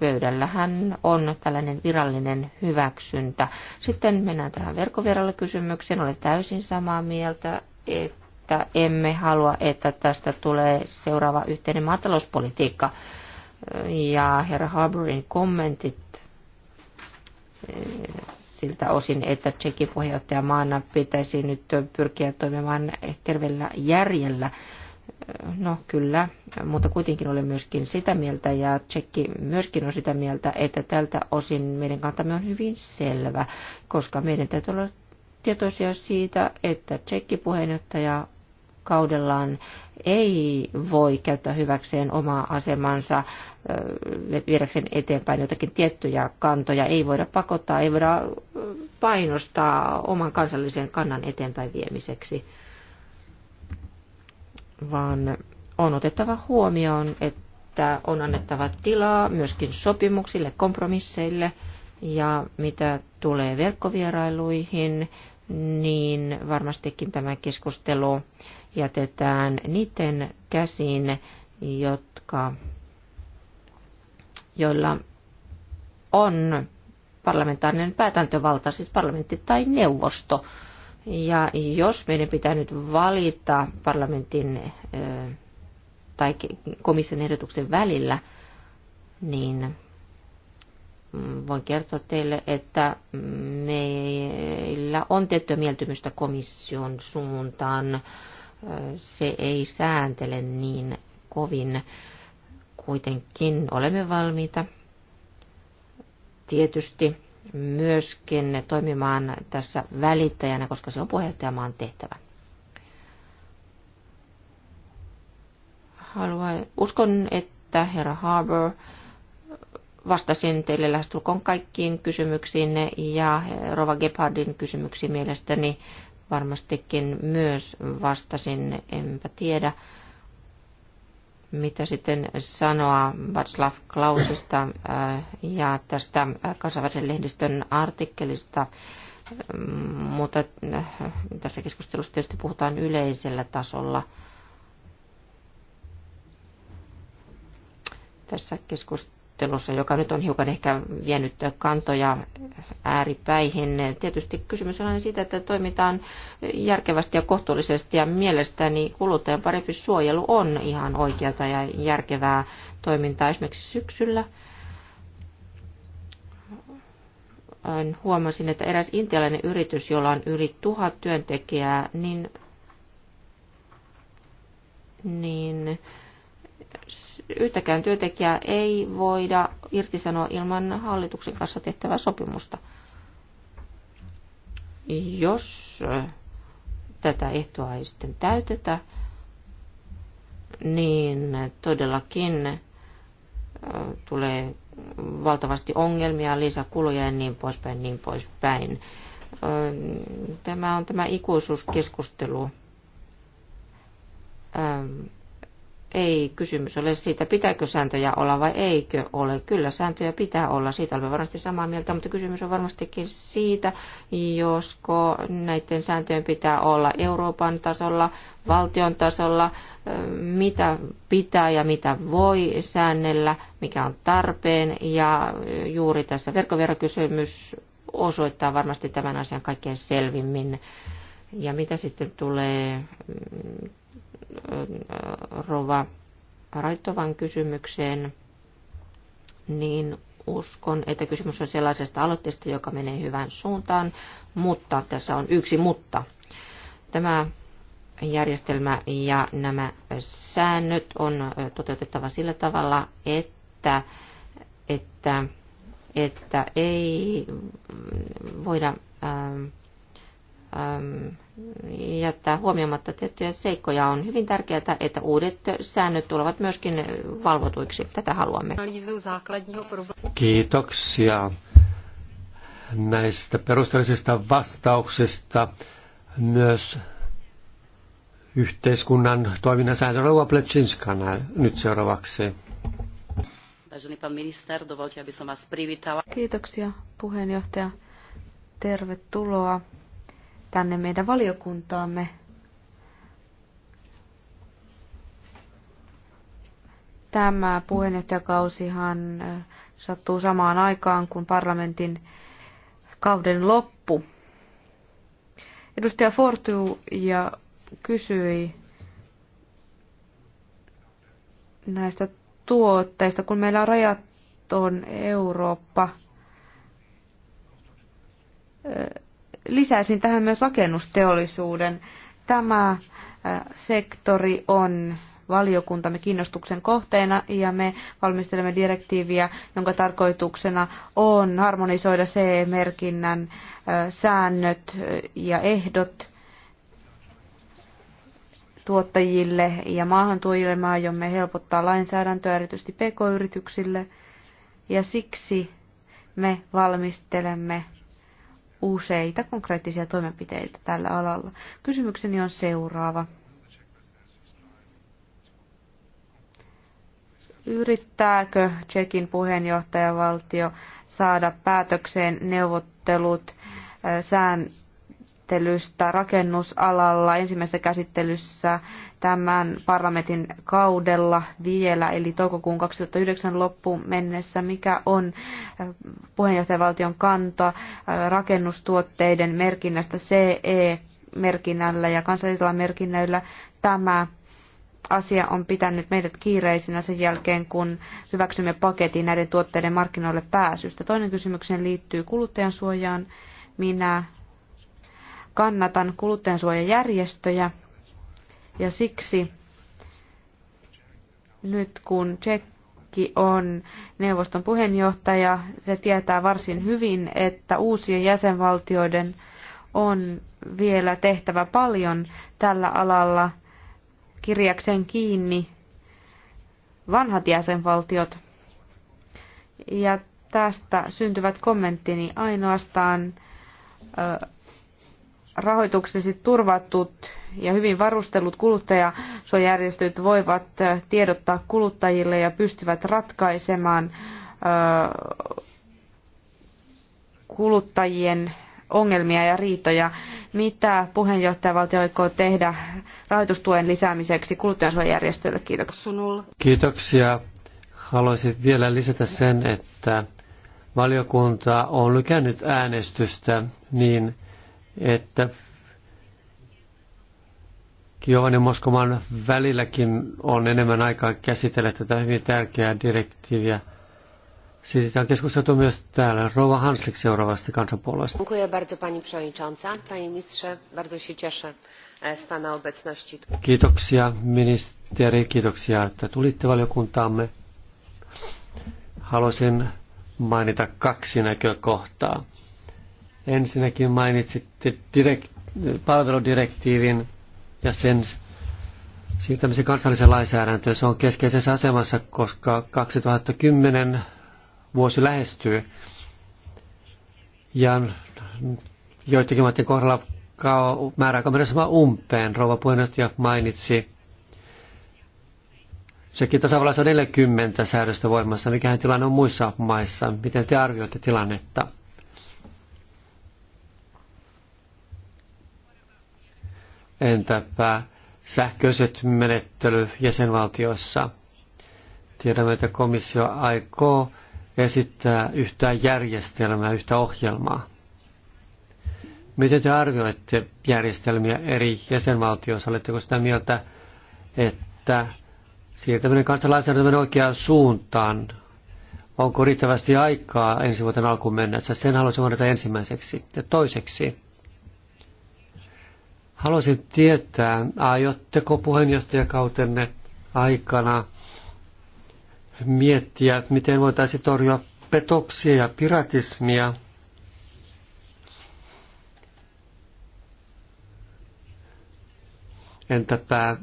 pöydällähän on tällainen virallinen hyväksyntä. Sitten mennään tähän verkkovierailu-kysymykseen. Olen täysin samaa mieltä, että emme halua, että tästä tulee seuraava yhteinen maatalouspolitiikka. Ja herra Harburin kommentit siltä osin, että Tsekin puheenjohtajamaana pitäisi nyt pyrkiä toimimaan terveellä järjellä. No kyllä, mutta kuitenkin olen myöskin sitä mieltä ja Tsekki myöskin on sitä mieltä, että tältä osin meidän kantamme on hyvin selvä, koska meidän täytyy olla tietoisia siitä, että Tsekki puheenjohtaja kaudellaan ei voi käyttää hyväkseen omaa asemansa viedäkseen eteenpäin jotakin tiettyjä kantoja. Ei voida pakottaa, ei voida painostaa oman kansallisen kannan eteenpäin viemiseksi, vaan on otettava huomioon, että on annettava tilaa myöskin sopimuksille, kompromisseille ja mitä tulee verkkovierailuihin, niin varmastikin tämä keskustelu jätetään niiden käsiin, jotka, joilla on parlamentaarinen päätäntövalta, siis parlamentti tai neuvosto. Ja jos meidän pitää nyt valita parlamentin tai komission ehdotuksen välillä, niin voin kertoa teille, että meillä on tiettyä mieltymystä komission suuntaan se ei sääntele niin kovin. Kuitenkin olemme valmiita tietysti myöskin toimimaan tässä välittäjänä, koska se on puheenjohtajamaan tehtävä. Haluan, uskon, että herra Harbour vastasin teille lähestulkoon kaikkiin kysymyksiin ja Rova Gebhardin kysymyksiin mielestäni varmastikin myös vastasin, enpä tiedä mitä sitten sanoa Václav Klausista äh, ja tästä kansainvälisen lehdistön artikkelista, mm, mutta äh, tässä keskustelussa tietysti puhutaan yleisellä tasolla. Tässä keskustelussa keskustelussa, joka nyt on hiukan ehkä vienyt kantoja ääripäihin. Tietysti kysymys on aina siitä, että toimitaan järkevästi ja kohtuullisesti ja mielestäni kuluttajan parempi suojelu on ihan oikeata ja järkevää toimintaa esimerkiksi syksyllä. Huomasin, että eräs intialainen yritys, jolla on yli tuhat työntekijää, niin, niin yhtäkään työntekijää ei voida irtisanoa ilman hallituksen kanssa tehtävää sopimusta. Jos äh, tätä ehtoa ei sitten täytetä, niin todellakin äh, tulee valtavasti ongelmia, lisäkuluja ja niin poispäin, niin poispäin. Äh, tämä on tämä ikuisuuskeskustelu ähm, ei kysymys ole siitä, pitääkö sääntöjä olla vai eikö ole. Kyllä sääntöjä pitää olla, siitä olemme varmasti samaa mieltä, mutta kysymys on varmastikin siitä, josko näiden sääntöjen pitää olla Euroopan tasolla, valtion tasolla, mitä pitää ja mitä voi säännellä, mikä on tarpeen. Ja juuri tässä verkkoverokysymys osoittaa varmasti tämän asian kaikkein selvimmin. Ja mitä sitten tulee mm, Rova Raittovan kysymykseen, niin uskon, että kysymys on sellaisesta aloitteesta, joka menee hyvään suuntaan, mutta tässä on yksi mutta. Tämä järjestelmä ja nämä säännöt on toteutettava sillä tavalla, että, että, että ei voida ää, Ähm, jättää huomioimatta tiettyjä seikkoja. On hyvin tärkeää, että uudet säännöt tulevat myöskin valvotuiksi. Tätä haluamme. Kiitoksia näistä perusteellisista vastauksista myös yhteiskunnan toiminnan säännön Rauha Plecinskana nyt seuraavaksi. Kiitoksia puheenjohtaja. Tervetuloa tänne meidän valiokuntaamme. Tämä puheenjohtajakausihan sattuu samaan aikaan kuin parlamentin kauden loppu. Edustaja Fortu ja kysyi näistä tuotteista, kun meillä on rajaton Eurooppa lisäisin tähän myös rakennusteollisuuden. Tämä äh, sektori on valiokuntamme kiinnostuksen kohteena ja me valmistelemme direktiiviä, jonka tarkoituksena on harmonisoida CE-merkinnän äh, säännöt äh, ja ehdot tuottajille ja maahantuojille. Me aiomme helpottaa lainsäädäntöä erityisesti pk-yrityksille ja siksi me valmistelemme useita konkreettisia toimenpiteitä tällä alalla. Kysymykseni on seuraava. Yrittääkö Tsekin puheenjohtajavaltio saada päätökseen neuvottelut sääntelystä rakennusalalla ensimmäisessä käsittelyssä tämän parlamentin kaudella vielä, eli toukokuun 2009 loppuun mennessä, mikä on äh, puheenjohtajavaltion kanta äh, rakennustuotteiden merkinnästä CE-merkinnällä ja kansallisilla merkinnöillä tämä asia on pitänyt meidät kiireisinä sen jälkeen, kun hyväksymme paketin näiden tuotteiden markkinoille pääsystä. Toinen kysymykseen liittyy kuluttajansuojaan. Minä kannatan kuluttajansuojajärjestöjä. Ja siksi nyt kun Tsekki on neuvoston puheenjohtaja, se tietää varsin hyvin, että uusien jäsenvaltioiden on vielä tehtävä paljon tällä alalla kirjaksen kiinni vanhat jäsenvaltiot. Ja tästä syntyvät kommenttini ainoastaan ö, rahoituksesi turvatut ja hyvin varustellut kuluttajasuojajärjestöt voivat tiedottaa kuluttajille ja pystyvät ratkaisemaan kuluttajien ongelmia ja riitoja. Mitä puheenjohtajavaltio aikoo tehdä rahoitustuen lisäämiseksi kuluttajansuojajärjestöille? Kiitoksia. Kiitoksia. Haluaisin vielä lisätä sen, että valiokunta on lykännyt äänestystä niin, että Kiovan ja Moskovan välilläkin on enemmän aikaa käsitellä tätä hyvin tärkeää direktiiviä. Siitä on keskusteltu myös täällä. Rova Hanslik seuraavasta kansanpuolueesta. Dziękuję bardzo pani przewodnicząca. Panie ministrze, bardzo się cieszę e, z pana obecności. Kiitoksia ministeri, kiitoksia, että tulitte valiokuntaamme. Haluaisin mainita kaksi näkökohtaa. Ensinnäkin mainitsit direkt, palveludirektiivin ja sen siirtämisen kansalliseen lainsäädäntöön. Se on keskeisessä asemassa, koska 2010 vuosi lähestyy. Ja joitakin maiden kohdalla määräaika mennä sama umpeen. Rouva puheenjohtaja mainitsi sekin tasavallassa on 40 säädöstä voimassa. Mikähän tilanne on muissa maissa? Miten te arvioitte tilannetta? Entäpä sähköiset menettely jäsenvaltioissa? Tiedämme, että komissio aikoo esittää yhtä järjestelmää, yhtä ohjelmaa. Miten te arvioitte järjestelmiä eri jäsenvaltioissa? Oletteko sitä mieltä, että siirtäminen kansalainsäädäntöön oikeaan suuntaan, onko riittävästi aikaa ensi vuoden alkuun mennessä? Sen haluaisin mainita ensimmäiseksi. Ja toiseksi, Haluaisin tietää, aiotteko puheenjohtajakautenne aikana miettiä, miten voitaisiin torjua petoksia ja piratismia. Entäpä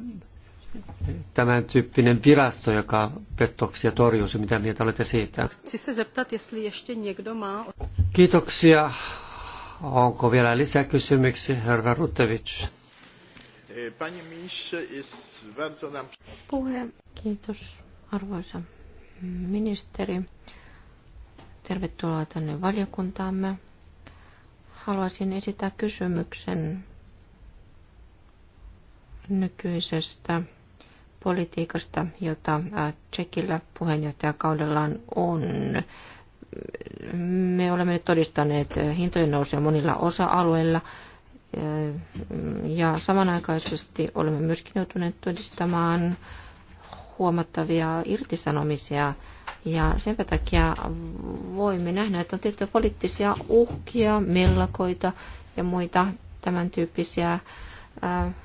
tämän tyyppinen virasto, joka petoksia torjuisi, mitä mieltä olette siitä? Kiitoksia. Onko vielä lisäkysymyksiä, herra Rutevic? nam... Puhe, kiitos arvoisa ministeri. Tervetuloa tänne valiokuntaamme. Haluaisin esittää kysymyksen nykyisestä politiikasta, jota äh, Tsekillä puheenjohtajakaudellaan on me olemme nyt todistaneet hintojen nousua monilla osa-alueilla ja samanaikaisesti olemme myöskin joutuneet todistamaan huomattavia irtisanomisia ja sen takia voimme nähdä, että on tiettyjä poliittisia uhkia, mellakoita ja muita tämän tyyppisiä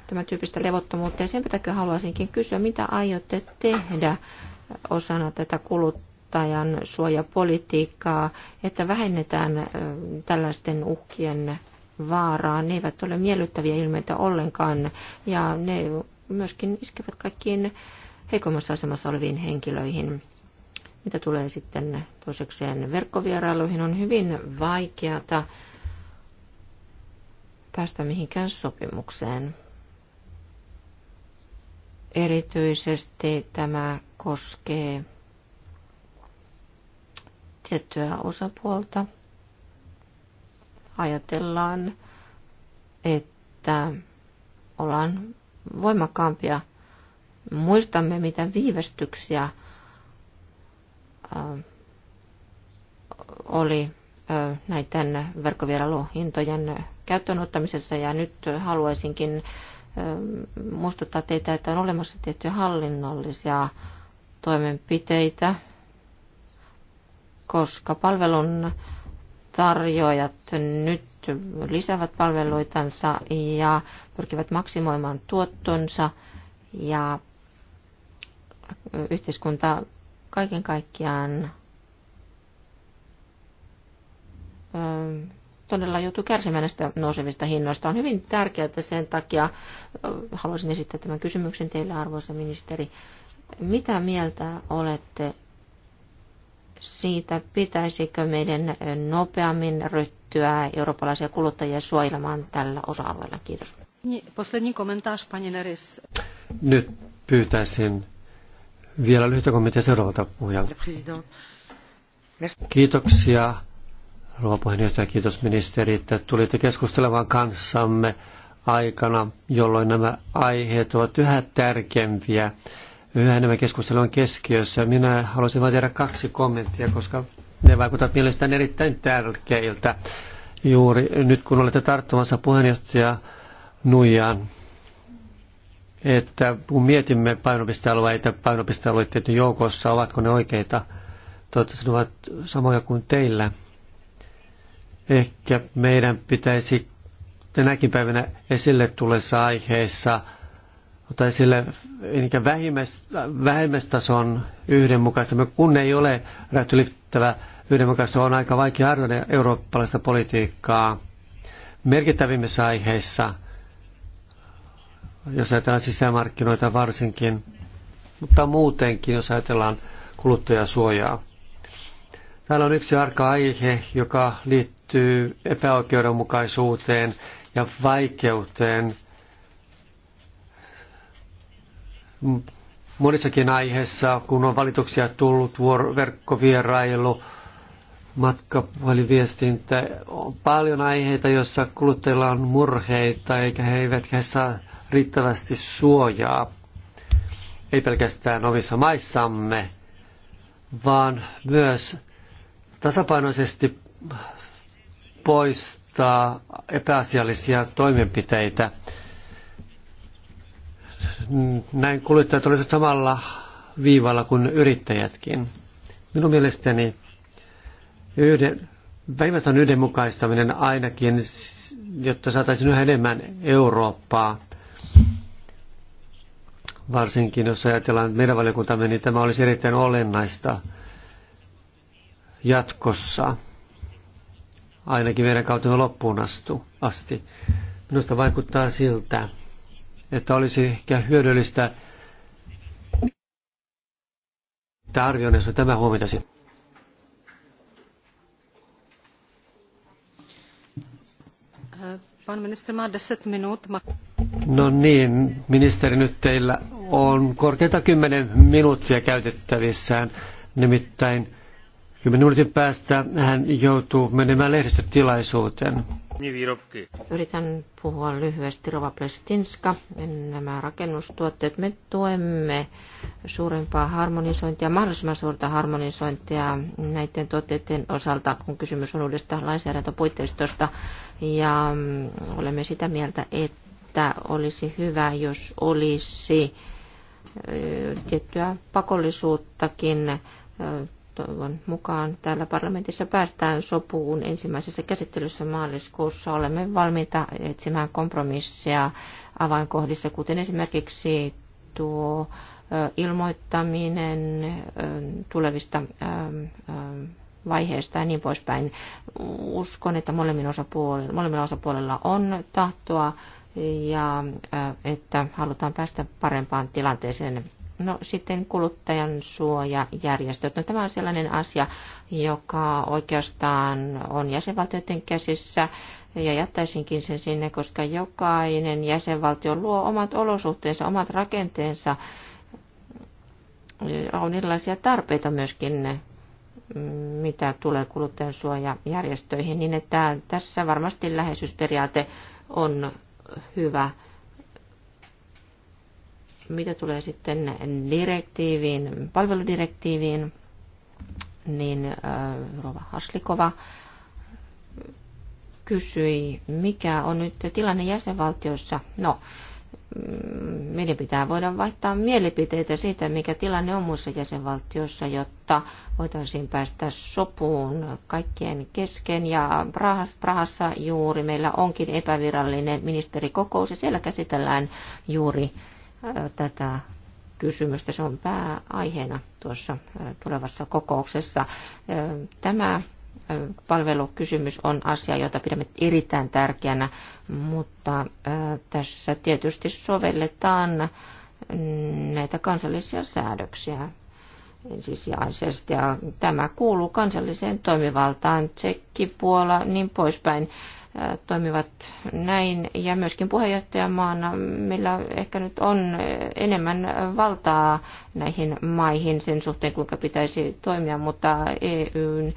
tämän tyyppistä levottomuutta. Ja sen takia haluaisinkin kysyä, mitä aiotte tehdä osana tätä kulut, kuluttajan suojapolitiikkaa, että vähennetään tällaisten uhkien vaaraa. Ne eivät ole miellyttäviä ilmeitä ollenkaan ja ne myöskin iskevät kaikkiin heikommassa asemassa oleviin henkilöihin. Mitä tulee sitten toisekseen verkkovierailuihin, on hyvin vaikeata päästä mihinkään sopimukseen. Erityisesti tämä koskee tiettyä osapuolta. Ajatellaan, että ollaan voimakkaampia. Muistamme, mitä viivästyksiä oli näiden verkkovierailuhintojen käyttöönottamisessa ja nyt haluaisinkin muistuttaa teitä, että on olemassa tiettyjä hallinnollisia toimenpiteitä, koska palvelun tarjoajat nyt lisäävät palveluitansa ja pyrkivät maksimoimaan tuottonsa ja yhteiskunta kaiken kaikkiaan ähm, todella joutuu kärsimään näistä nousevista hinnoista. On hyvin tärkeää, että sen takia äh, haluaisin esittää tämän kysymyksen teille, arvoisa ministeri. Mitä mieltä olette siitä, pitäisikö meidän nopeammin ryhtyä eurooppalaisia kuluttajia suojelemaan tällä osa-alueella. Kiitos. Nyt pyytäisin vielä lyhyt kommenttia seuraavalta puhujalta. Kiitoksia, rouva puheenjohtaja, kiitos ministeri, että tulitte keskustelemaan kanssamme aikana, jolloin nämä aiheet ovat yhä tärkeämpiä yhä enemmän keskustelua on keskiössä. Minä haluaisin vain tehdä kaksi kommenttia, koska ne vaikuttavat mielestäni erittäin tärkeiltä juuri nyt kun olette tarttumassa puheenjohtaja Nuijaan, että kun mietimme painopistealueita, painopistealueiden joukossa, ovatko ne oikeita, toivottavasti ne ovat samoja kuin teillä. Ehkä meidän pitäisi tänäkin päivänä esille tulleessa aiheessa ottaa esille vähimmäistason yhdenmukaistaminen. Kun ei ole rajat ylittävä yhdenmukaista, on aika vaikea arvioida eurooppalaista politiikkaa merkittävimmissä aiheissa, jos ajatellaan sisämarkkinoita varsinkin, mutta muutenkin, jos ajatellaan kuluttajasuojaa. Täällä on yksi arka aihe, joka liittyy epäoikeudenmukaisuuteen ja vaikeuteen – monissakin aiheissa, kun on valituksia tullut, vuor- verkkovierailu, matkapuhelinviestintä, on paljon aiheita, joissa kuluttajilla on murheita, eikä he eivät he saa riittävästi suojaa, ei pelkästään omissa maissamme, vaan myös tasapainoisesti poistaa epäasiallisia toimenpiteitä – näin kuluttajat olisivat samalla viivalla kuin yrittäjätkin. Minun mielestäni yhden, päivästön yhdenmukaistaminen ainakin, jotta saataisiin yhä enemmän Eurooppaa, varsinkin jos ajatellaan että meidän valiokuntamme, niin tämä olisi erittäin olennaista jatkossa, ainakin meidän kautemme loppuun astu, asti. Minusta vaikuttaa siltä, että olisi ehkä hyödyllistä että arvioinnissa tämä huomioitaisiin. Pan ministeri, 10 No niin, ministeri, nyt teillä on korkeinta 10 minuuttia käytettävissään. Nimittäin 10 minuutin päästä hän joutuu menemään lehdistötilaisuuteen. Yritän puhua lyhyesti. Rova Plestinska, nämä rakennustuotteet, me tuemme suurempaa harmonisointia, mahdollisimman suurta harmonisointia näiden tuotteiden osalta, kun kysymys on uudesta lainsäädäntöpuitteistosta. Ja mm, olemme sitä mieltä, että olisi hyvä, jos olisi tiettyä pakollisuuttakin toivon mukaan täällä parlamentissa päästään sopuun ensimmäisessä käsittelyssä maaliskuussa. Olemme valmiita etsimään kompromisseja avainkohdissa, kuten esimerkiksi tuo ilmoittaminen tulevista vaiheesta ja niin poispäin. Uskon, että molemmilla osapuolilla, osapuolilla on tahtoa ja että halutaan päästä parempaan tilanteeseen No sitten kuluttajan suojajärjestöt. No, tämä on sellainen asia, joka oikeastaan on jäsenvaltioiden käsissä ja jättäisinkin sen sinne, koska jokainen jäsenvaltio luo omat olosuhteensa, omat rakenteensa. On erilaisia tarpeita myöskin mitä tulee kuluttajansuojajärjestöihin, niin että tässä varmasti läheisyysperiaate on hyvä mitä tulee sitten direktiiviin, palveludirektiiviin, niin äh, Rova Haslikova kysyi, mikä on nyt tilanne jäsenvaltioissa. No, mm, meidän pitää voida vaihtaa mielipiteitä siitä, mikä tilanne on muissa jäsenvaltioissa, jotta voitaisiin päästä sopuun kaikkien kesken. Ja Prahassa juuri meillä onkin epävirallinen ministerikokous ja siellä käsitellään juuri tätä kysymystä. Se on pääaiheena tuossa tulevassa kokouksessa. Tämä palvelukysymys on asia, jota pidämme erittäin tärkeänä, mutta tässä tietysti sovelletaan näitä kansallisia säädöksiä ensisijaisesti. Ja tämä kuuluu kansalliseen toimivaltaan, Tsekki, Puola, niin poispäin toimivat näin. Ja myöskin puheenjohtajamaana meillä ehkä nyt on enemmän valtaa näihin maihin sen suhteen, kuinka pitäisi toimia, mutta EUn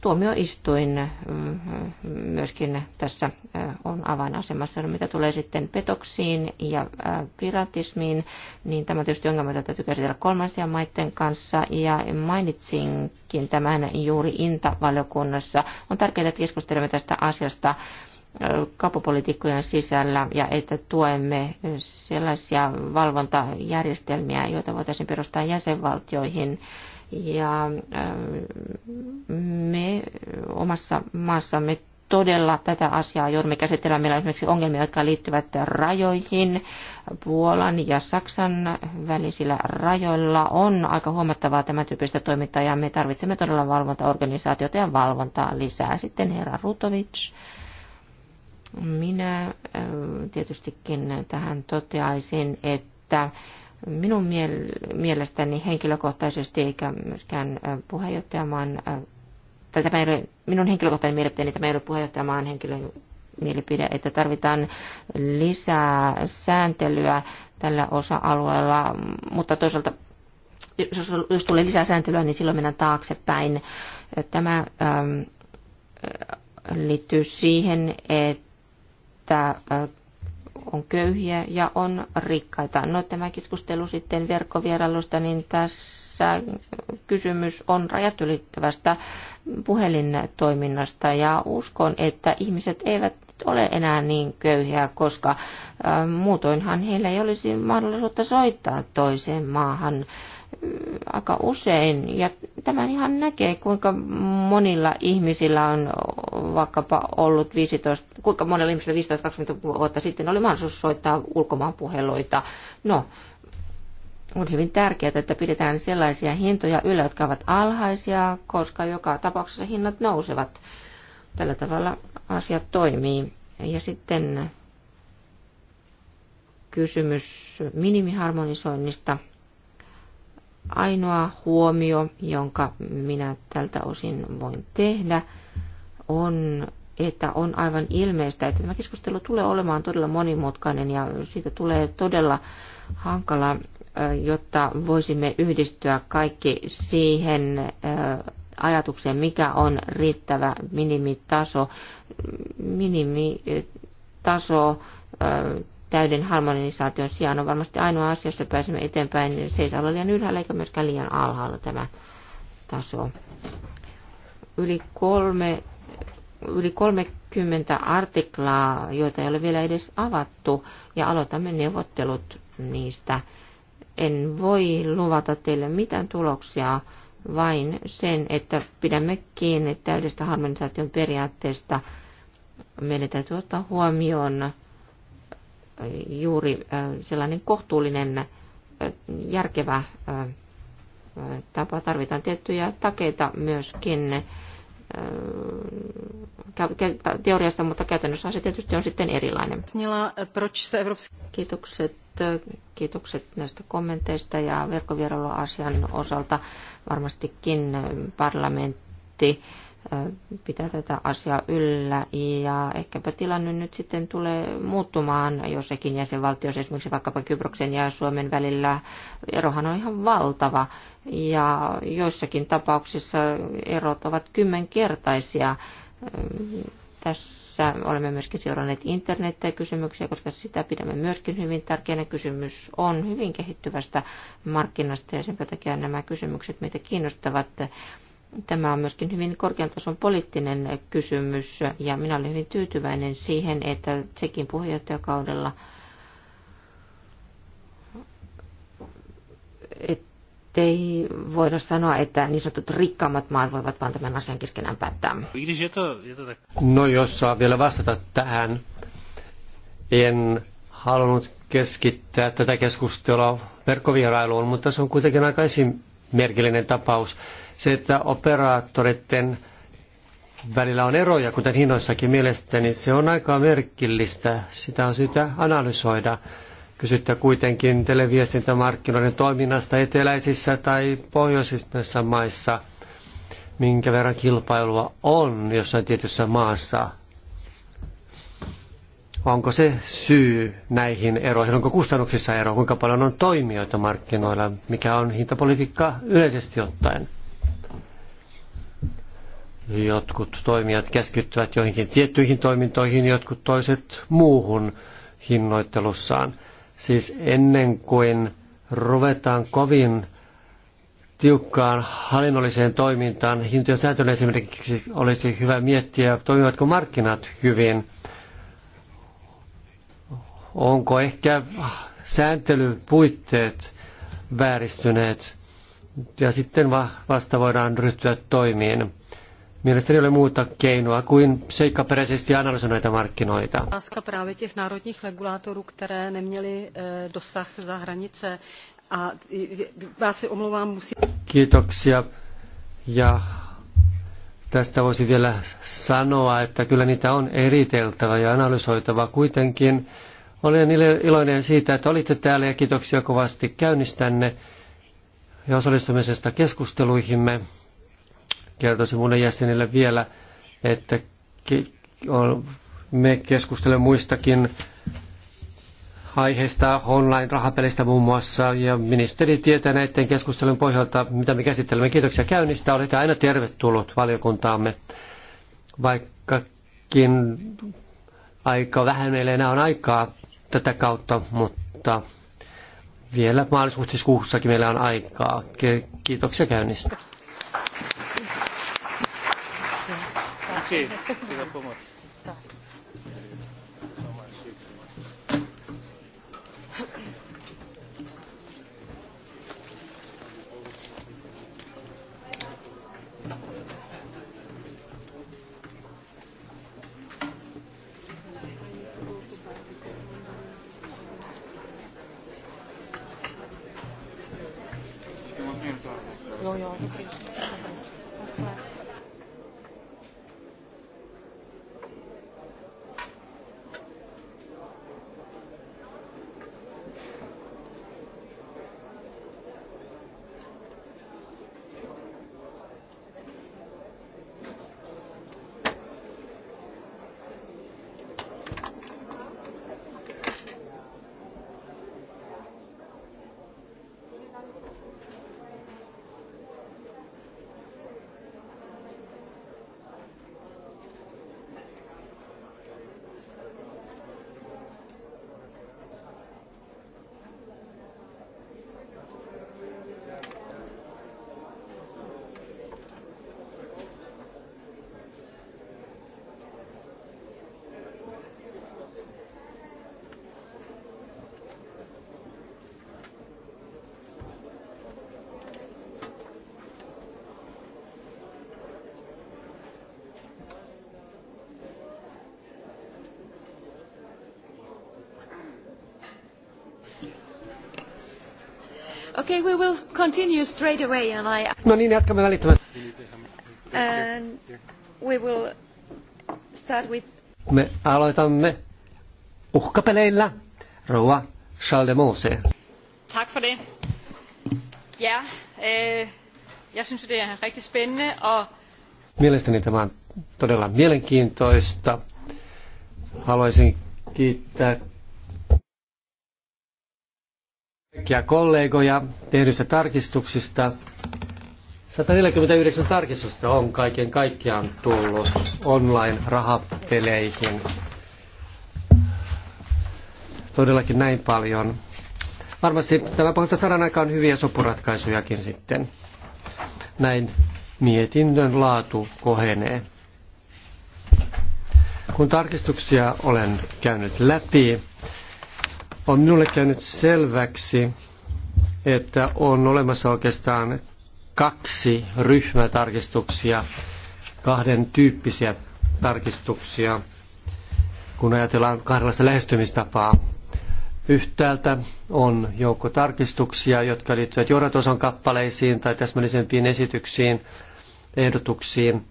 tuomioistuin myöskin tässä on avainasemassa. No, mitä tulee sitten petoksiin ja piratismiin, niin tämä tietysti ongelma, jota täytyy käsitellä kolmansia maiden kanssa. Ja mainitsinkin tämän juuri Inta-valiokunnassa. On tärkeää, että keskustelemme tästä asiasta kapopolitiikkojen sisällä ja että tuemme sellaisia valvontajärjestelmiä, joita voitaisiin perustaa jäsenvaltioihin ja ähm, me omassa maassamme todella tätä asiaa joudumme käsittelemään. Meillä on esimerkiksi ongelmia, jotka liittyvät rajoihin. Puolan ja Saksan välisillä rajoilla on aika huomattavaa tämän tyyppistä toimintaa ja me tarvitsemme todella valvontaorganisaatiota ja valvontaa lisää. Sitten herra Rutovic. Minä ähm, tietystikin tähän toteaisin, että että minun mielestäni henkilökohtaisesti eikä myöskään puheenjohtajamaan, tai tämä ei ole minun henkilökohtainen mielipiteeni, tämä ei ole puheenjohtajamaan henkilön mielipide, että tarvitaan lisää sääntelyä tällä osa-alueella, mutta toisaalta jos, jos tulee lisää sääntelyä, niin silloin mennään taaksepäin. Tämä ähm, liittyy siihen, että on köyhiä ja on rikkaita. No tämä keskustelu sitten verkkovierailusta, niin tässä kysymys on rajat ylittävästä puhelintoiminnasta ja uskon, että ihmiset eivät ole enää niin köyhiä, koska muutoinhan heillä ei olisi mahdollisuutta soittaa toiseen maahan aika usein. Ja tämän ihan näkee, kuinka monilla ihmisillä on vaikkapa ollut 15, kuinka monella ihmisellä 15-20 vuotta sitten oli mahdollisuus soittaa ulkomaan puheluita. No, on hyvin tärkeää, että pidetään sellaisia hintoja yllä, jotka ovat alhaisia, koska joka tapauksessa hinnat nousevat. Tällä tavalla asiat toimii. Ja sitten kysymys minimiharmonisoinnista – Ainoa huomio, jonka minä tältä osin voin tehdä, on, että on aivan ilmeistä, että tämä keskustelu tulee olemaan todella monimutkainen ja siitä tulee todella hankala, jotta voisimme yhdistyä kaikki siihen ajatukseen, mikä on riittävä minimitaso, minimitaso täyden harmonisaation sijaan on varmasti ainoa asia, jossa pääsemme eteenpäin. Se ei saa olla liian ylhäällä eikä myöskään liian alhaalla tämä taso. Yli, kolme, yli 30 artiklaa, joita ei ole vielä edes avattu, ja aloitamme neuvottelut niistä. En voi luvata teille mitään tuloksia, vain sen, että pidämme kiinni täydestä harmonisaation periaatteesta. Meidän täytyy ottaa huomioon juuri äh, sellainen kohtuullinen, äh, järkevä äh, tapa. Tarvitaan tiettyjä takeita myöskin teoriassa, mutta käytännössä se tietysti on sitten erilainen. Kiitokset, kiitokset näistä kommenteista ja verkkovierailuasian osalta varmastikin parlamentti pitää tätä asiaa yllä ja ehkäpä tilanne nyt sitten tulee muuttumaan jossakin jäsenvaltiossa, siis esimerkiksi vaikkapa Kyproksen ja Suomen välillä erohan on ihan valtava ja joissakin tapauksissa erot ovat kymmenkertaisia. Tässä olemme myöskin seuranneet internettä kysymyksiä, koska sitä pidämme myöskin hyvin tärkeänä. Kysymys on hyvin kehittyvästä markkinasta ja sen takia nämä kysymykset meitä kiinnostavat Tämä on myöskin hyvin korkean tason poliittinen kysymys ja minä olen hyvin tyytyväinen siihen, että Tsekin puheenjohtajakaudella ettei voida sanoa, että niin sanotut rikkaammat maat voivat vain tämän asian keskenään päättää. No jos saa vielä vastata tähän, en halunnut keskittää tätä keskustelua verkkovierailuun, mutta se on kuitenkin aika esimerkillinen tapaus se, että operaattoreiden välillä on eroja, kuten hinnoissakin mielestäni, se on aika merkillistä. Sitä on syytä analysoida. Kysyttä kuitenkin televiestintämarkkinoiden toiminnasta eteläisissä tai pohjoisissa maissa, minkä verran kilpailua on jossain tietyssä maassa. Onko se syy näihin eroihin? Onko kustannuksissa ero? Kuinka paljon on toimijoita markkinoilla? Mikä on hintapolitiikka yleisesti ottaen? Jotkut toimijat keskittyvät joihinkin tiettyihin toimintoihin, jotkut toiset muuhun hinnoittelussaan. Siis ennen kuin ruvetaan kovin tiukkaan hallinnolliseen toimintaan, hintojen sääntelyyn esimerkiksi olisi hyvä miettiä, toimivatko markkinat hyvin. Onko ehkä sääntelypuitteet vääristyneet ja sitten vasta voidaan ryhtyä toimiin. Mielestäni ei ole muuta keinoa kuin seikkaperäisesti analysoida näitä markkinoita. Otázka právě těch národních regulátorů, které eh, dosah za hranice. A omlouvám, Kiitoksia. Ja tästä voisi vielä sanoa, että kyllä niitä on eriteltävä ja analysoitava kuitenkin. Olen iloinen siitä, että olitte täällä ja kiitoksia kovasti käynnistänne ja osallistumisesta keskusteluihimme kertoisi mun jäsenille vielä, että me keskustelemme muistakin aiheista, online-rahapelistä muun muassa, ja ministeri tietää näiden keskustelun pohjalta, mitä me käsittelemme. Kiitoksia käynnistä, olette aina tervetullut valiokuntaamme, vaikkakin aika vähän meillä enää on aikaa tätä kautta, mutta vielä maaliskuussakin meillä on aikaa. Kiitoksia käynnistä okay za pomoc. Okay, we No niin, jatkamme välittömästi. And Me aloitamme uhkapeleillä. Rouva Charles de Mose. Tak for det. Ja, øh, jeg synes, det er rigtig spændende og... Mielestäni tämä on todella mielenkiintoista. Haluaisin kiittää kaikkia kollegoja tehdyistä tarkistuksista. 149 tarkistusta on kaiken kaikkiaan tullut online-rahapeleihin. Todellakin näin paljon. Varmasti tämä pohjalta saadaan aikaan hyviä sopuratkaisujakin sitten. Näin mietinnön laatu kohenee. Kun tarkistuksia olen käynyt läpi, on minulle käynyt selväksi, että on olemassa oikeastaan kaksi ryhmätarkistuksia, kahden tyyppisiä tarkistuksia, kun ajatellaan kahdenlaista lähestymistapaa. Yhtäältä on joukko tarkistuksia, jotka liittyvät johdatoson kappaleisiin tai täsmällisempiin esityksiin, ehdotuksiin.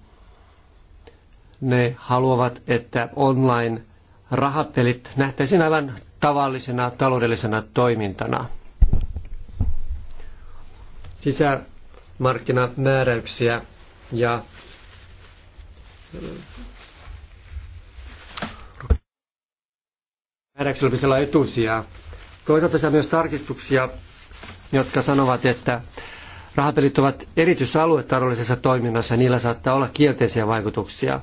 Ne haluavat, että online rahapelit nähtäisiin aivan tavallisena taloudellisena toimintana. Sisämarkkinamääräyksiä ja äh, määräyksellä pitäisi etusijaa. Toisaalta siellä myös tarkistuksia, jotka sanovat, että rahapelit ovat erityisalue taloudellisessa toiminnassa ja niillä saattaa olla kielteisiä vaikutuksia.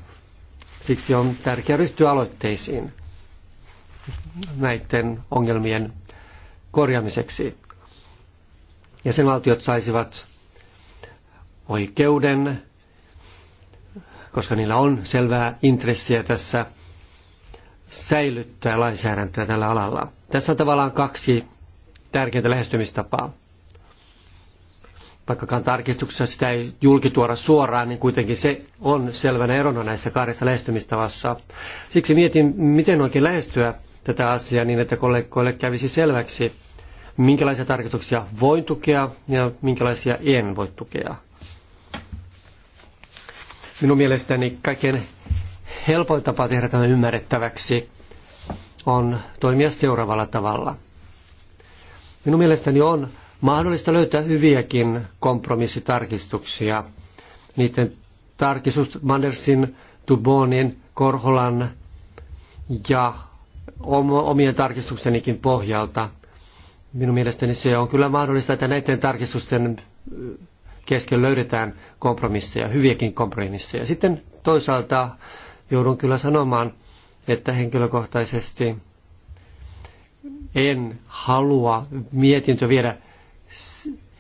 Siksi on tärkeää ryhtyä aloitteisiin näiden ongelmien korjaamiseksi. Jäsenvaltiot saisivat oikeuden, koska niillä on selvää intressiä tässä säilyttää lainsäädäntöä tällä alalla. Tässä on tavallaan kaksi tärkeintä lähestymistapaa. Vaikkakaan tarkistuksessa sitä ei julkituoda suoraan, niin kuitenkin se on selvänä erona näissä kahdessa lähestymistavassa. Siksi mietin, miten oikein lähestyä tätä asiaa niin, että kollegoille kävisi selväksi, minkälaisia tarkoituksia voi tukea ja minkälaisia en voi tukea. Minun mielestäni kaikkein helpoin tapa tehdä tämä ymmärrettäväksi on toimia seuraavalla tavalla. Minun mielestäni on mahdollista löytää hyviäkin kompromissitarkistuksia. Niiden tarkistus Mandersin, Dubonin, Korholan ja omien tarkistustenikin pohjalta. Minun mielestäni se on kyllä mahdollista, että näiden tarkistusten kesken löydetään kompromisseja, hyviäkin kompromisseja. Sitten toisaalta joudun kyllä sanomaan, että henkilökohtaisesti en halua mietintö viedä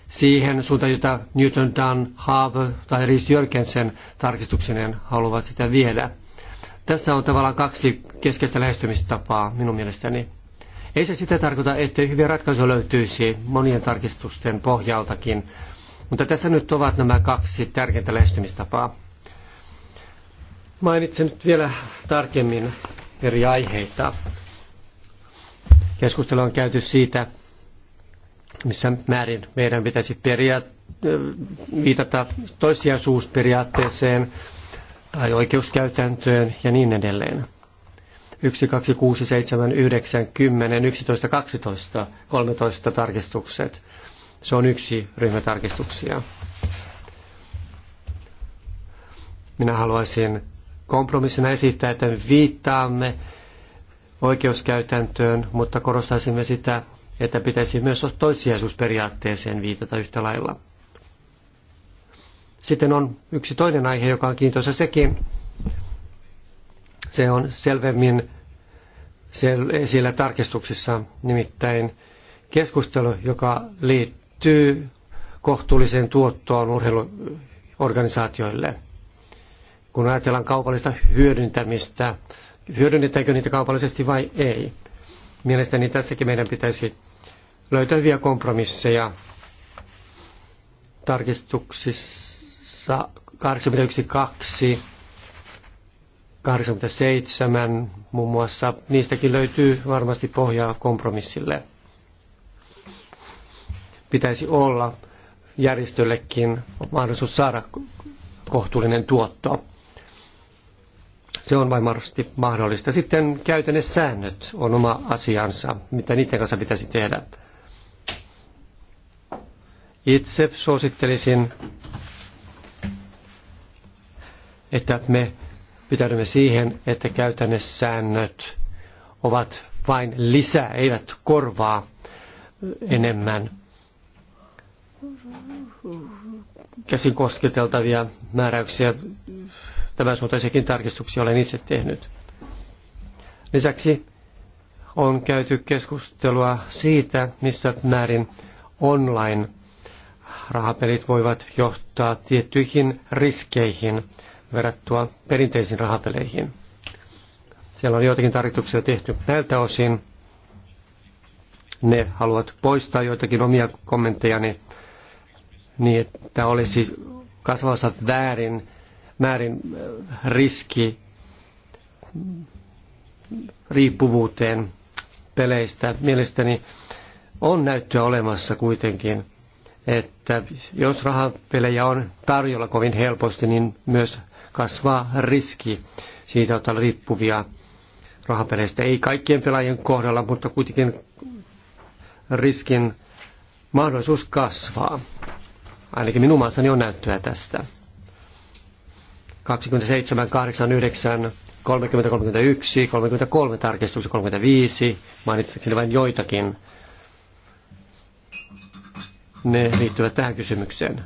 siihen suuntaan, jota Newton Dunn, Haave tai Ries Jörgensen tarkistuksineen haluavat sitä viedä. Tässä on tavallaan kaksi keskeistä lähestymistapaa minun mielestäni. Ei se sitä tarkoita, ettei hyviä ratkaisuja löytyisi monien tarkistusten pohjaltakin, mutta tässä nyt ovat nämä kaksi tärkeintä lähestymistapaa. Mainitsen nyt vielä tarkemmin eri aiheita. Keskustelu on käyty siitä, missä määrin meidän pitäisi periaat, viitata toissijaisuusperiaatteeseen – tai oikeuskäytäntöön ja niin edelleen. 1, 2, 6, 7, 9, 10, 11, 12, 13 tarkistukset. Se on yksi ryhmä tarkistuksia. Minä haluaisin kompromissina esittää, että viittaamme oikeuskäytäntöön, mutta korostaisimme sitä, että pitäisi myös toissijaisuusperiaatteeseen viitata yhtä lailla. Sitten on yksi toinen aihe, joka on kiintoisa sekin. Se on selvemmin siellä tarkistuksissa, nimittäin keskustelu, joka liittyy kohtuulliseen tuottoon urheiluorganisaatioille. Kun ajatellaan kaupallista hyödyntämistä, hyödynnetäänkö niitä kaupallisesti vai ei. Mielestäni tässäkin meidän pitäisi löytää hyviä kompromisseja tarkistuksissa Artiklassa 81.2, 87 muun muassa, niistäkin löytyy varmasti pohjaa kompromissille. Pitäisi olla järjestöllekin mahdollisuus saada kohtuullinen tuotto. Se on vain mahdollisesti mahdollista. Sitten käytännössä säännöt on oma asiansa, mitä niiden kanssa pitäisi tehdä. Itse suosittelisin että me pitäydymme siihen, että käytännössäännöt ovat vain lisää, eivät korvaa enemmän käsin kosketeltavia määräyksiä. Tämän suuntaisiakin tarkistuksia olen itse tehnyt. Lisäksi on käyty keskustelua siitä, missä määrin online rahapelit voivat johtaa tiettyihin riskeihin verrattua perinteisiin rahapeleihin. Siellä on joitakin tarkoituksia tehty näiltä osin. Ne haluavat poistaa joitakin omia kommenttejani niin, että olisi kasvavassa väärin, määrin äh, riski riippuvuuteen peleistä. Mielestäni on näyttöä olemassa kuitenkin, että jos rahapelejä on tarjolla kovin helposti, niin myös kasvaa riski siitä, että on riippuvia rahapeleistä. Ei kaikkien pelaajien kohdalla, mutta kuitenkin riskin mahdollisuus kasvaa. Ainakin minun maassani on näyttöä tästä. 27, 8, 9, 30, 31, 33 tarkistuksia, 35, Mainitsekseni vain joitakin. Ne liittyvät tähän kysymykseen.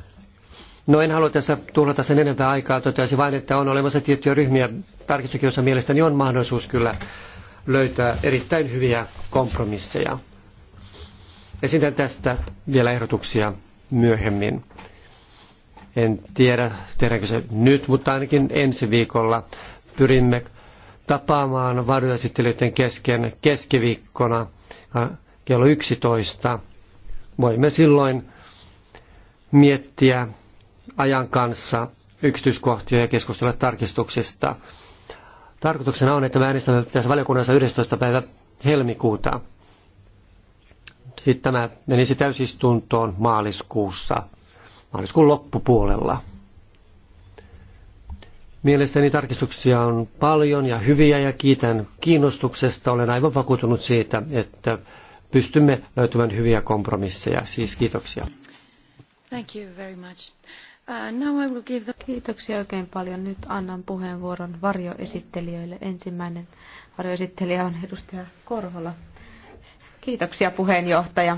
No en halua tässä tuhlata sen enempää aikaa, toteaisin vain, että on olemassa tiettyjä ryhmiä tarkistukin, joissa mielestäni on mahdollisuus kyllä löytää erittäin hyviä kompromisseja. Esitän tästä vielä ehdotuksia myöhemmin. En tiedä, tehdäänkö se nyt, mutta ainakin ensi viikolla pyrimme tapaamaan varjoesittelyiden kesken keskiviikkona äh, kello 11. Voimme silloin miettiä ajan kanssa yksityiskohtia ja keskustella tarkistuksista. Tarkoituksena on, että me äänestämme tässä valiokunnassa 11. päivä helmikuuta. Sitten tämä menisi täysistuntoon maaliskuussa, maaliskuun loppupuolella. Mielestäni tarkistuksia on paljon ja hyviä ja kiitän kiinnostuksesta. Olen aivan vakuutunut siitä, että pystymme löytämään hyviä kompromisseja. Siis kiitoksia. Thank you very much. Uh, Kiitoksia oikein paljon. Nyt annan puheenvuoron varjoesittelijöille. Ensimmäinen varjoesittelijä on edustaja Korhola. Kiitoksia puheenjohtaja.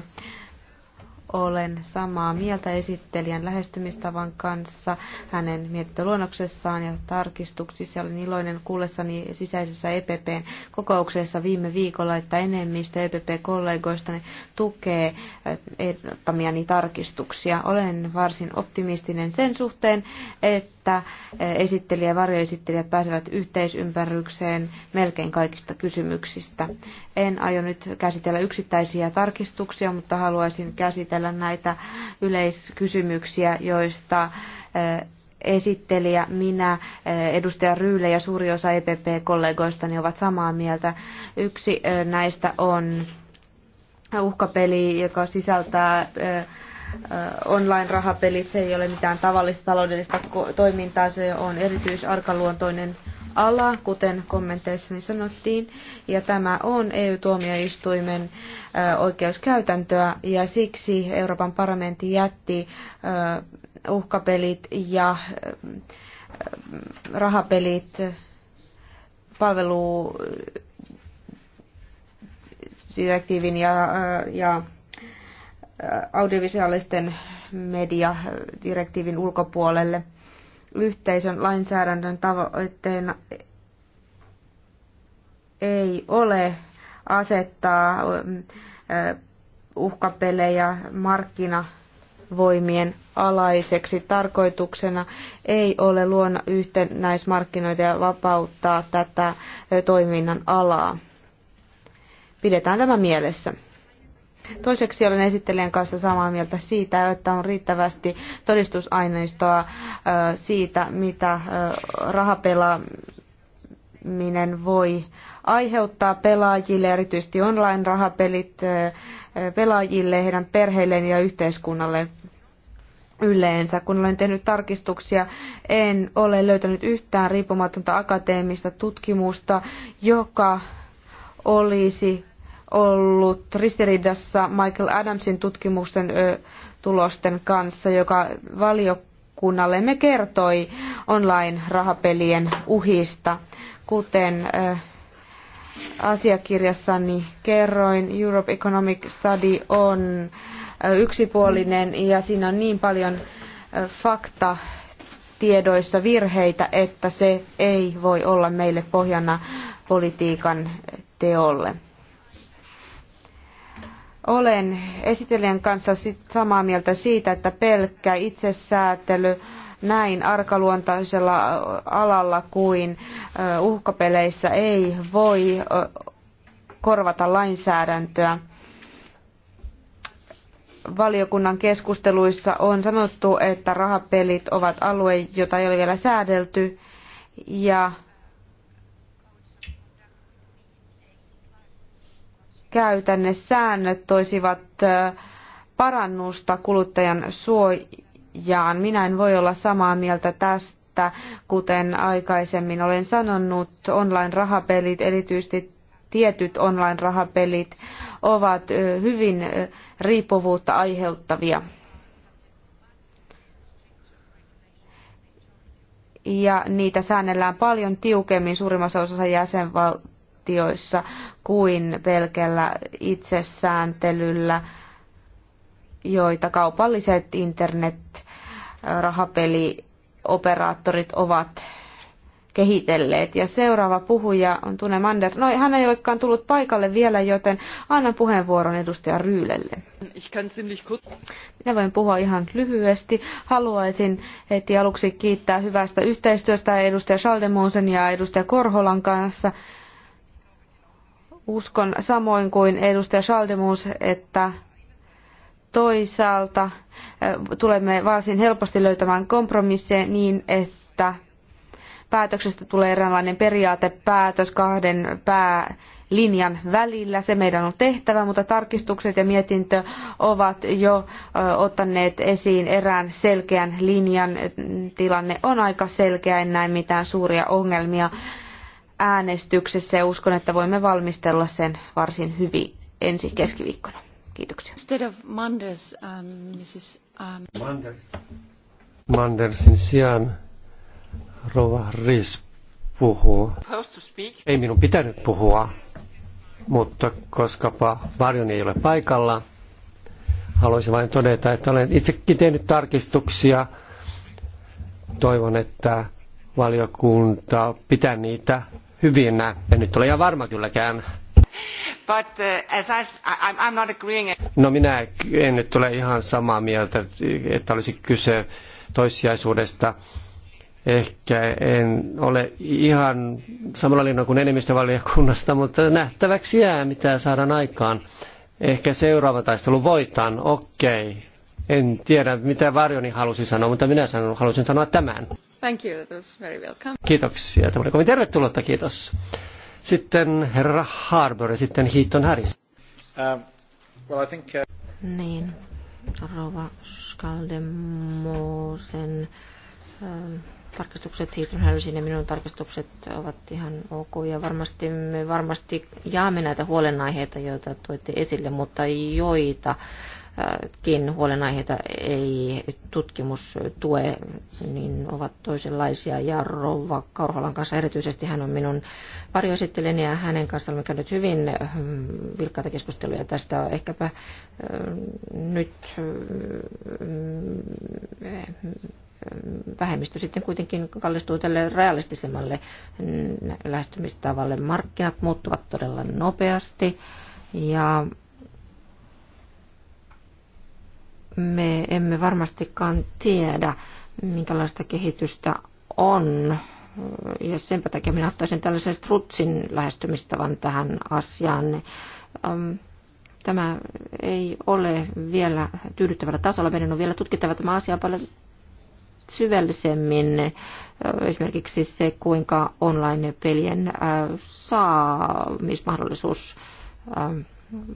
Olen samaa mieltä esittelijän lähestymistavan kanssa hänen mietintöluonnoksessaan ja tarkistuksissa. Olen iloinen kuullessani sisäisessä EPPn kokouksessa viime viikolla, että enemmistö EPP-kollegoista tukee eh, ehdottamiani tarkistuksia. Olen varsin optimistinen sen suhteen, että että e, esittelijä ja varjoesittelijät pääsevät yhteisymmärrykseen melkein kaikista kysymyksistä. En aio nyt käsitellä yksittäisiä tarkistuksia, mutta haluaisin käsitellä näitä yleiskysymyksiä, joista e, esittelijä, minä, e, edustaja Ryyle ja suuri osa EPP-kollegoistani ovat samaa mieltä. Yksi näistä on uhkapeli, joka sisältää online-rahapelit, se ei ole mitään tavallista taloudellista toimintaa, se on erityisarkaluontoinen ala, kuten kommenteissani sanottiin, ja tämä on EU-tuomioistuimen oikeuskäytäntöä, ja siksi Euroopan parlamentti jätti uhkapelit ja rahapelit palveludirektiivin ja, ja audiovisuaalisten mediadirektiivin ulkopuolelle. Yhteisön lainsäädännön tavoitteena ei ole asettaa uhkapelejä markkinavoimien alaiseksi. Tarkoituksena ei ole luona yhtenäismarkkinoita ja vapauttaa tätä toiminnan alaa. Pidetään tämä mielessä. Toiseksi olen esittelijän kanssa samaa mieltä siitä, että on riittävästi todistusaineistoa siitä, mitä rahapelaaminen voi aiheuttaa pelaajille, erityisesti online-rahapelit pelaajille, heidän perheilleen ja yhteiskunnalle yleensä. Kun olen tehnyt tarkistuksia, en ole löytänyt yhtään riippumatonta akateemista tutkimusta, joka olisi ollut ristiriidassa Michael Adamsin tutkimusten tulosten kanssa, joka valiokunnalle me kertoi online-rahapelien uhista. Kuten asiakirjassani kerroin, Europe Economic Study on yksipuolinen ja siinä on niin paljon fakta tiedoissa virheitä, että se ei voi olla meille pohjana politiikan teolle. Olen esittelijän kanssa samaa mieltä siitä, että pelkkä itsesäätely näin arkaluontaisella alalla kuin uhkapeleissä ei voi korvata lainsäädäntöä. Valiokunnan keskusteluissa on sanottu, että rahapelit ovat alue, jota ei ole vielä säädelty ja käytännesäännöt toisivat parannusta kuluttajan suojaan. Minä en voi olla samaa mieltä tästä, kuten aikaisemmin olen sanonut, online-rahapelit, erityisesti tietyt online-rahapelit, ovat hyvin riippuvuutta aiheuttavia. ja niitä säännellään paljon tiukemmin suurimmassa osassa jäsenval- reaktioissa kuin pelkällä itsesääntelyllä, joita kaupalliset internet-rahapelioperaattorit ovat kehitelleet. Ja seuraava puhuja on Tune Mander. No, hän ei olekaan tullut paikalle vielä, joten annan puheenvuoron edustaja Ryylelle. Minä voin puhua ihan lyhyesti. Haluaisin heti aluksi kiittää hyvästä yhteistyöstä edustaja Schaldemusen ja edustaja Korholan kanssa. Uskon samoin kuin edustaja Schaldemus, että toisaalta tulemme varsin helposti löytämään kompromisseja niin, että päätöksestä tulee eräänlainen periaatepäätös kahden päälinjan välillä. Se meidän on tehtävä, mutta tarkistukset ja mietintö ovat jo ottaneet esiin erään selkeän linjan. Tilanne on aika selkeä, en näe mitään suuria ongelmia äänestyksessä ja uskon, että voimme valmistella sen varsin hyvin ensi keskiviikkona. Kiitoksia. Instead of Manders, um, Mrs. Um... Manders. Mandersin sijaan Rova Ris puhuu. Ei minun pitänyt puhua, mutta koskapa varjon ei ole paikalla, haluaisin vain todeta, että olen itsekin tehnyt tarkistuksia. Toivon, että valiokunta pitää niitä Hyvin En nyt ole ihan varma kylläkään. But, uh, as I, I'm not agreeing. No minä en nyt ole ihan samaa mieltä, että olisi kyse toissijaisuudesta. Ehkä en ole ihan samalla linjalla kuin enemmistövaliokunnasta, mutta nähtäväksi jää, mitä saadaan aikaan. Ehkä seuraava taistelu voitaan, okei. Okay. En tiedä, mitä Varjoni halusi sanoa, mutta minä sanon, halusin sanoa tämän. Thank you. That was very welcome. Kiitoksia. Tämä oli kovin tervetullutta, kiitos. Sitten herra Harbour ja sitten Heaton Harris. Um, well, I think, uh... Niin, rouva Skaldemosen ähm, uh, tarkastukset, Heaton Harrisin ja minun tarkastukset ovat ihan ok. Ja varmasti me varmasti jaamme näitä huolenaiheita, joita tuotte esille, mutta joita kin huolenaiheita ei tutkimus tue, niin ovat toisenlaisia. Ja Rova Kaurolan kanssa erityisesti hän on minun varjoesittelijäni ja hänen kanssaan olemme käynyt hyvin mm, vilkkaita keskusteluja tästä. Ehkäpä mm, nyt mm, vähemmistö sitten kuitenkin kallistuu tälle realistisemmalle lähestymistavalle. Markkinat muuttuvat todella nopeasti ja me emme varmastikaan tiedä, minkälaista kehitystä on. Ja senpä takia minä ottaisin tällaisen strutsin lähestymistavan tähän asiaan. Tämä ei ole vielä tyydyttävällä tasolla. Meidän on vielä tutkittava tämä asia paljon syvällisemmin esimerkiksi se, kuinka online-pelien saamismahdollisuus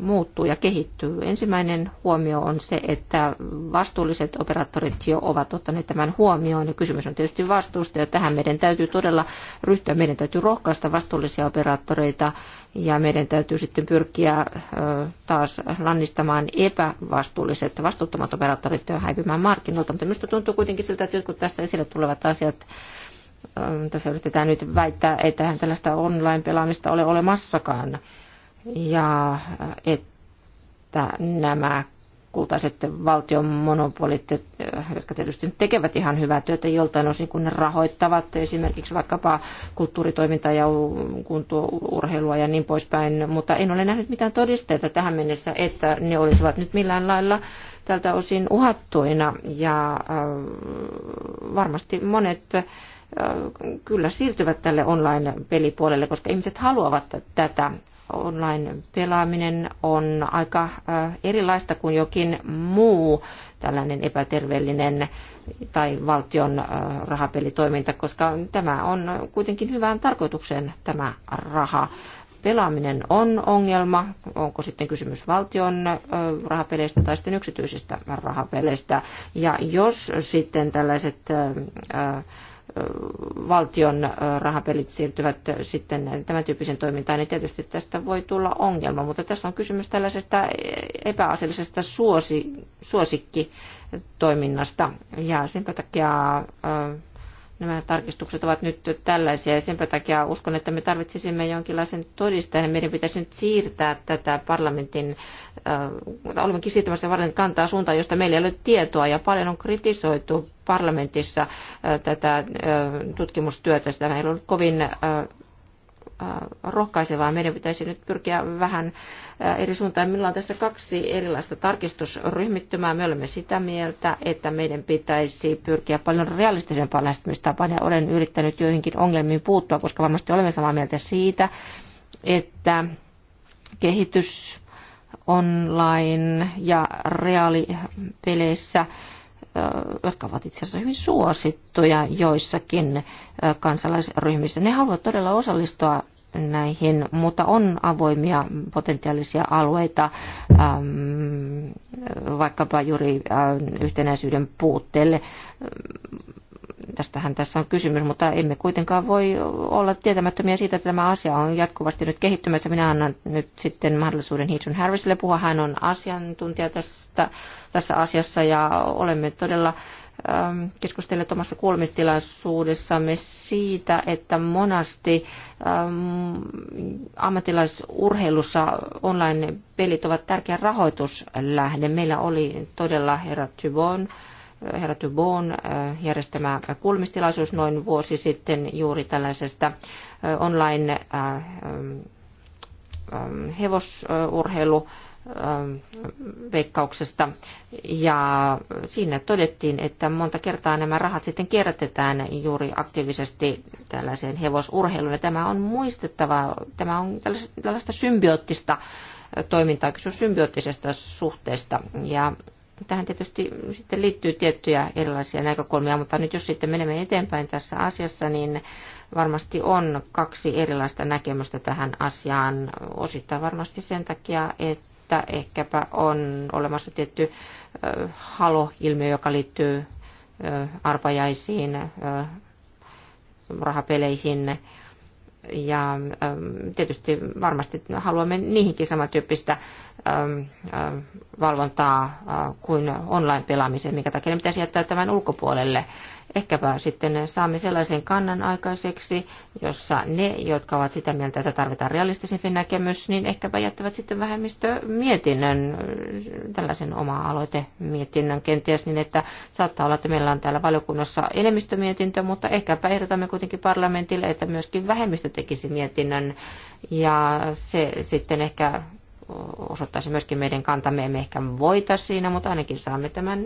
muuttuu ja kehittyy. Ensimmäinen huomio on se, että vastuulliset operaattorit jo ovat ottaneet tämän huomioon. Ja kysymys on tietysti vastuusta ja tähän meidän täytyy todella ryhtyä. Meidän täytyy rohkaista vastuullisia operaattoreita ja meidän täytyy sitten pyrkiä taas lannistamaan epävastuulliset, vastuuttomat operaattorit ja häipymään markkinoilta. Mutta minusta tuntuu kuitenkin siltä, että jotkut tässä esille tulevat asiat tässä yritetään nyt väittää, että tällaista online-pelaamista ole olemassakaan ja äh, että nämä kultaiset valtion monopolit, äh, jotka tietysti tekevät ihan hyvää työtä joltain osin, kun ne rahoittavat esimerkiksi vaikkapa kulttuuritoimintaa ja urheilua ja niin poispäin, mutta en ole nähnyt mitään todisteita tähän mennessä, että ne olisivat nyt millään lailla tältä osin uhattuina ja äh, varmasti monet kyllä siirtyvät tälle online-pelipuolelle, koska ihmiset haluavat tätä online-pelaaminen on aika äh, erilaista kuin jokin muu tällainen epäterveellinen tai valtion äh, rahapelitoiminta, koska tämä on kuitenkin hyvään tarkoitukseen tämä raha. Pelaaminen on ongelma, onko sitten kysymys valtion äh, rahapeleistä tai sitten yksityisistä rahapeleistä. Ja jos sitten tällaiset äh, valtion rahapelit siirtyvät sitten tämän tyyppisen toimintaan, niin tietysti tästä voi tulla ongelma. Mutta tässä on kysymys tällaisesta epäasiallisesta suosi, suosikkitoiminnasta. Ja sen takia Nämä tarkistukset ovat nyt tällaisia ja sen takia uskon, että me tarvitsisimme jonkinlaisen todistajan. Meidän pitäisi nyt siirtää tätä parlamentin, äh, olemmekin siirtämässä parlamentin kantaa suuntaan, josta meillä ei ole tietoa ja paljon on kritisoitu parlamentissa äh, tätä äh, tutkimustyötä. Sitä meillä on kovin äh, Äh, rohkaisevaa. Meidän pitäisi nyt pyrkiä vähän äh, eri suuntaan. Meillä on tässä kaksi erilaista tarkistusryhmittymää. Me olemme sitä mieltä, että meidän pitäisi pyrkiä paljon realistisempaan lähestymistapaan. Ja olen yrittänyt joihinkin ongelmiin puuttua, koska varmasti olemme samaa mieltä siitä, että kehitys online ja reaalipeleissä – jotka ovat itse asiassa hyvin suosittuja joissakin kansalaisryhmissä. Ne haluavat todella osallistua näihin, mutta on avoimia potentiaalisia alueita, vaikkapa juuri yhtenäisyyden puutteelle tästähän tässä on kysymys, mutta emme kuitenkaan voi olla tietämättömiä siitä, että tämä asia on jatkuvasti nyt kehittymässä. Minä annan nyt sitten mahdollisuuden Hitchon Harrisille puhua. Hän on asiantuntija tästä, tässä asiassa ja olemme todella ähm, keskustelleet omassa kuulemistilaisuudessamme siitä, että monasti ähm, ammattilaisurheilussa online-pelit ovat tärkeä rahoituslähde. Meillä oli todella herra Tyvon, Äh, herra Dubon äh, järjestämä kuulemistilaisuus noin vuosi sitten juuri tällaisesta äh, online ähm, ähm, hevosurheilu ähm, veikkauksesta. Ja siinä todettiin, että monta kertaa nämä rahat sitten kierrätetään juuri aktiivisesti tällaiseen hevosurheiluun. Ja tämä on muistettava, tämä on tällaista symbioottista toimintaa, kysymys symbioottisesta suhteesta. Ja Tähän tietysti sitten liittyy tiettyjä erilaisia näkökulmia, mutta nyt jos sitten menemme eteenpäin tässä asiassa, niin varmasti on kaksi erilaista näkemystä tähän asiaan. Osittain varmasti sen takia, että ehkäpä on olemassa tietty halo joka liittyy arpajaisiin, rahapeleihin, ja ähm, tietysti varmasti haluamme niihinkin samantyyppistä ähm, ähm, valvontaa äh, kuin online-pelaamiseen, minkä takia ne pitäisi jättää tämän ulkopuolelle. Ehkäpä sitten saamme sellaisen kannan aikaiseksi, jossa ne, jotka ovat sitä mieltä, että tarvitaan realistisempi näkemys, niin ehkäpä jättävät sitten vähemmistö mietinnön, tällaisen oma-aloite mietinnön kenties, niin että saattaa olla, että meillä on täällä valiokunnassa enemmistömietintö, mutta ehkäpä ehdotamme kuitenkin parlamentille, että myöskin vähemmistö tekisi mietinnön, ja se sitten ehkä osoittaisi myöskin meidän kantamme. Emme ehkä voita siinä, mutta ainakin saamme tämän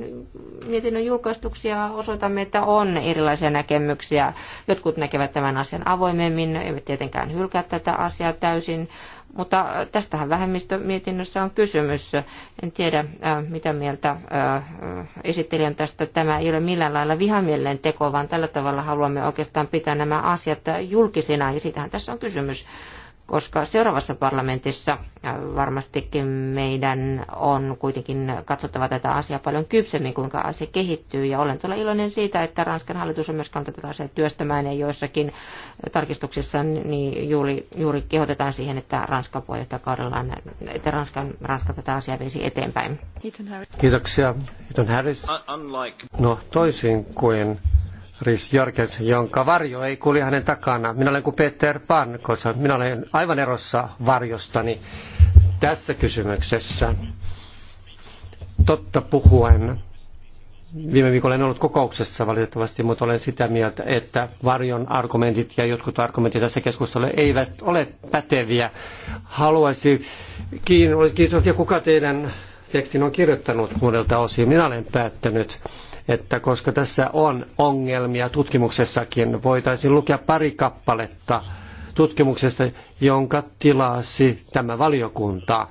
mietinnön julkaistuksia. ja osoitamme, että on erilaisia näkemyksiä. Jotkut näkevät tämän asian avoimemmin, emme tietenkään hylkää tätä asiaa täysin, mutta tästähän vähemmistömietinnössä on kysymys. En tiedä, äh, mitä mieltä äh, esittelijän tästä. Tämä ei ole millään lailla vihamielinen teko, vaan tällä tavalla haluamme oikeastaan pitää nämä asiat julkisina, ja siitähän tässä on kysymys koska seuraavassa parlamentissa varmastikin meidän on kuitenkin katsottava tätä asiaa paljon kypsemmin, kuinka asia kehittyy. Ja olen todella iloinen siitä, että Ranskan hallitus on myös kantanut tätä asiaa työstämään ja joissakin tarkistuksissa niin juuri, juuri kehotetaan siihen, että Ranska puheenjohtajakaudellaan, että Ranska, Ranska tätä asiaa veisi eteenpäin. Kiitoksia. Hiton Harris. Uh, no toisin kuin Ris Jorgensen, jonka varjo ei kulje hänen takana. Minä olen kuin Peter Pan, koska minä olen aivan erossa varjostani tässä kysymyksessä. Totta puhuen, viime viikolla en ollut kokouksessa valitettavasti, mutta olen sitä mieltä, että varjon argumentit ja jotkut argumentit tässä keskustelussa eivät ole päteviä. Haluaisin kiinnostaa, kuka teidän tekstin on kirjoittanut monelta osin. Minä olen päättänyt että koska tässä on ongelmia tutkimuksessakin, voitaisiin lukea pari kappaletta tutkimuksesta, jonka tilasi tämä valiokunta.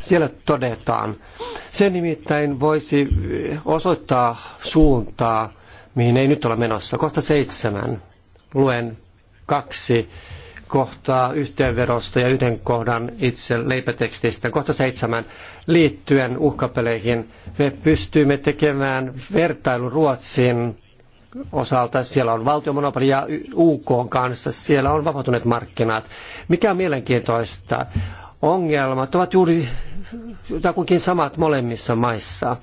Siellä todetaan. Se nimittäin voisi osoittaa suuntaa, mihin ei nyt ole menossa. Kohta seitsemän. Luen kaksi kohtaa yhteenverosta ja yhden kohdan itse leipätekstistä. Kohta seitsemän liittyen uhkapeleihin. Me pystyimme tekemään vertailu Ruotsin osalta. Siellä on valtiomonopoli ja UK kanssa. Siellä on vapautuneet markkinat. Mikä on mielenkiintoista? Ongelmat ovat juuri jotakuinkin samat molemmissa maissa.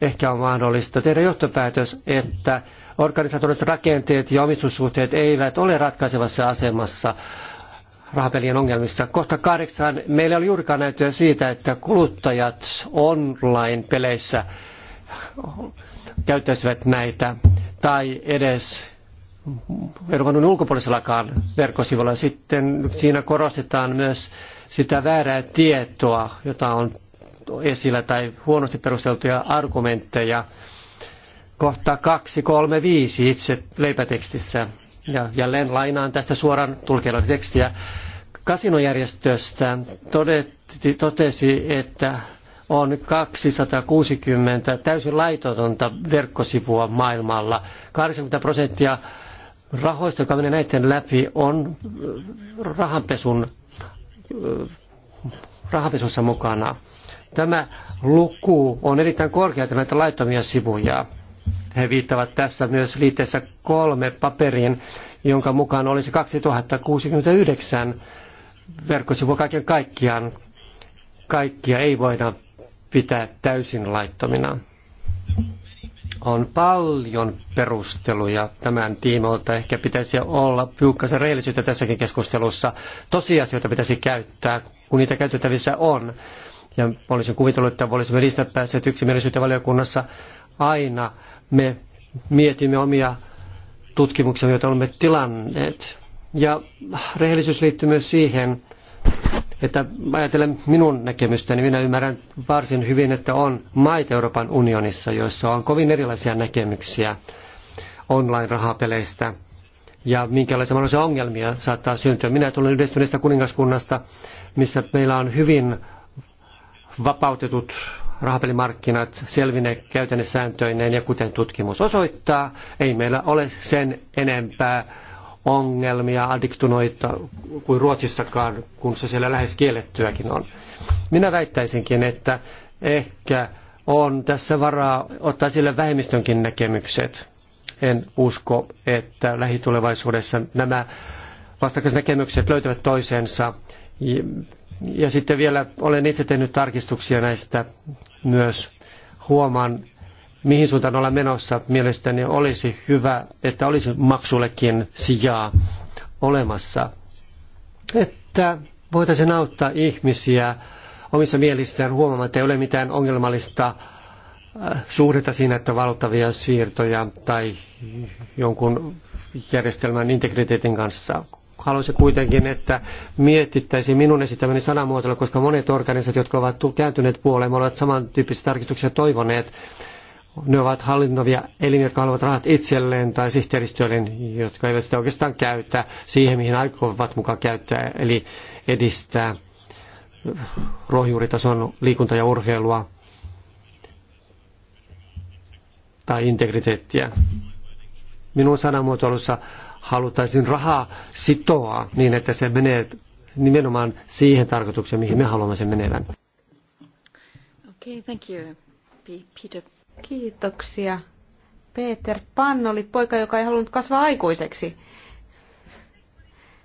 Ehkä on mahdollista tehdä johtopäätös, että organisatoriset rakenteet ja omistussuhteet eivät ole ratkaisevassa asemassa rahapelien ongelmissa. Kohta kahdeksan meillä ei ole juurikaan näyttöä siitä, että kuluttajat online-peleissä käyttäisivät näitä tai edes Euroopan ulkopuolisellakaan verkkosivulla. Sitten siinä korostetaan myös sitä väärää tietoa, jota on esillä tai huonosti perusteltuja argumentteja – kohta 235 itse leipätekstissä. Ja jälleen lainaan tästä suoran tulkinnan tekstiä. Kasinojärjestöstä todetti, totesi, että on 260 täysin laitotonta verkkosivua maailmalla. 80 prosenttia rahoista, jotka menee näiden läpi, on äh, rahanpesun, äh, rahanpesussa mukana. Tämä luku on erittäin korkea, näitä laittomia sivuja. He viittavat tässä myös liitteessä kolme paperiin, jonka mukaan olisi 2069 verkkosivua kaiken kaikkiaan. Kaikkia ei voida pitää täysin laittomina. On paljon perusteluja tämän tiimoilta. Ehkä pitäisi olla piukkasen rehellisyyttä tässäkin keskustelussa. Tosiasioita pitäisi käyttää, kun niitä käytettävissä on. Ja olisin kuvitellut, että olisimme niistä päässeet yksimielisyyteen valiokunnassa aina me mietimme omia tutkimuksia, joita olemme tilanneet. Ja rehellisyys liittyy myös siihen, että ajatellen minun näkemystäni, minä ymmärrän varsin hyvin, että on maita Euroopan unionissa, joissa on kovin erilaisia näkemyksiä online-rahapeleistä ja minkälaisia mahdollisia ongelmia saattaa syntyä. Minä tulen yhdistyneestä kuningaskunnasta, missä meillä on hyvin vapautetut rahapelimarkkinat selvine käytännössääntöineen ja kuten tutkimus osoittaa, ei meillä ole sen enempää ongelmia addiktunoita kuin Ruotsissakaan, kun se siellä lähes kiellettyäkin on. Minä väittäisinkin, että ehkä on tässä varaa ottaa sille vähemmistönkin näkemykset. En usko, että lähitulevaisuudessa nämä vastakkaiset näkemykset löytävät toisensa ja sitten vielä olen itse tehnyt tarkistuksia näistä myös. Huomaan, mihin suuntaan ollaan menossa. Mielestäni olisi hyvä, että olisi maksullekin sijaa olemassa. Että voitaisiin auttaa ihmisiä omissa mielissään huomaamaan, että ei ole mitään ongelmallista äh, suhdetta siinä, että valuttavia siirtoja tai jonkun järjestelmän integriteetin kanssa haluaisin kuitenkin, että mietittäisiin minun esittämäni sanamuotoa, koska monet organisaatiot, jotka ovat kääntyneet puoleen, ovat samantyyppisiä tarkistuksia toivoneet. Ne ovat hallinnovia elimiä, jotka haluavat rahat itselleen tai sihteeristöille, jotka eivät sitä oikeastaan käytä siihen, mihin aikovat mukaan käyttää, eli edistää rohjuuritason liikunta- ja urheilua tai integriteettiä. Minun sanamuotoilussa haluttaisiin rahaa sitoa niin, että se menee nimenomaan siihen tarkoitukseen, mihin me haluamme sen menevän. Okay, thank you. Peter. Kiitoksia. Peter Pan oli poika, joka ei halunnut kasvaa aikuiseksi.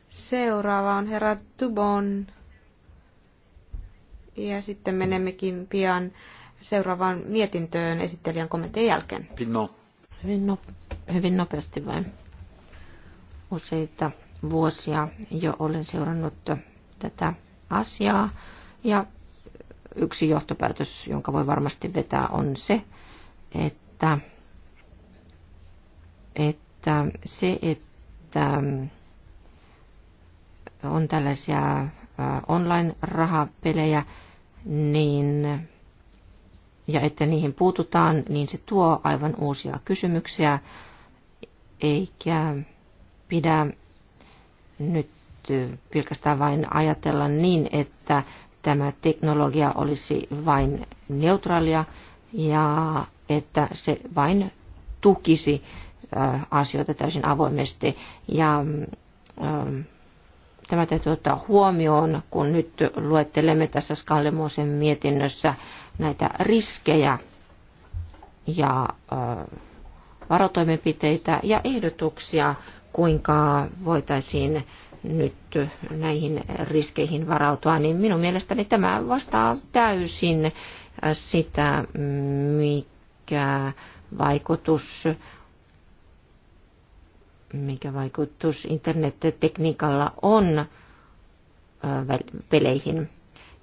Seuraava on herra Dubon. Ja sitten menemmekin pian seuraavaan mietintöön esittelijän kommentin jälkeen. No- hyvin, no, hyvin nopeasti vain. Useita vuosia jo olen seurannut tätä asiaa ja yksi johtopäätös, jonka voi varmasti vetää, on se, että, että se, että on tällaisia online-rahapelejä, niin, ja että niihin puututaan, niin se tuo aivan uusia kysymyksiä, eikä pidä nyt pelkästään vain ajatella niin, että tämä teknologia olisi vain neutraalia ja että se vain tukisi asioita täysin avoimesti. Ja tämä täytyy ottaa huomioon, kun nyt luettelemme tässä Skallemosen mietinnössä näitä riskejä ja varotoimenpiteitä ja ehdotuksia kuinka voitaisiin nyt näihin riskeihin varautua, niin minun mielestäni tämä vastaa täysin sitä, mikä vaikutus mikä vaikutus internettekniikalla on peleihin.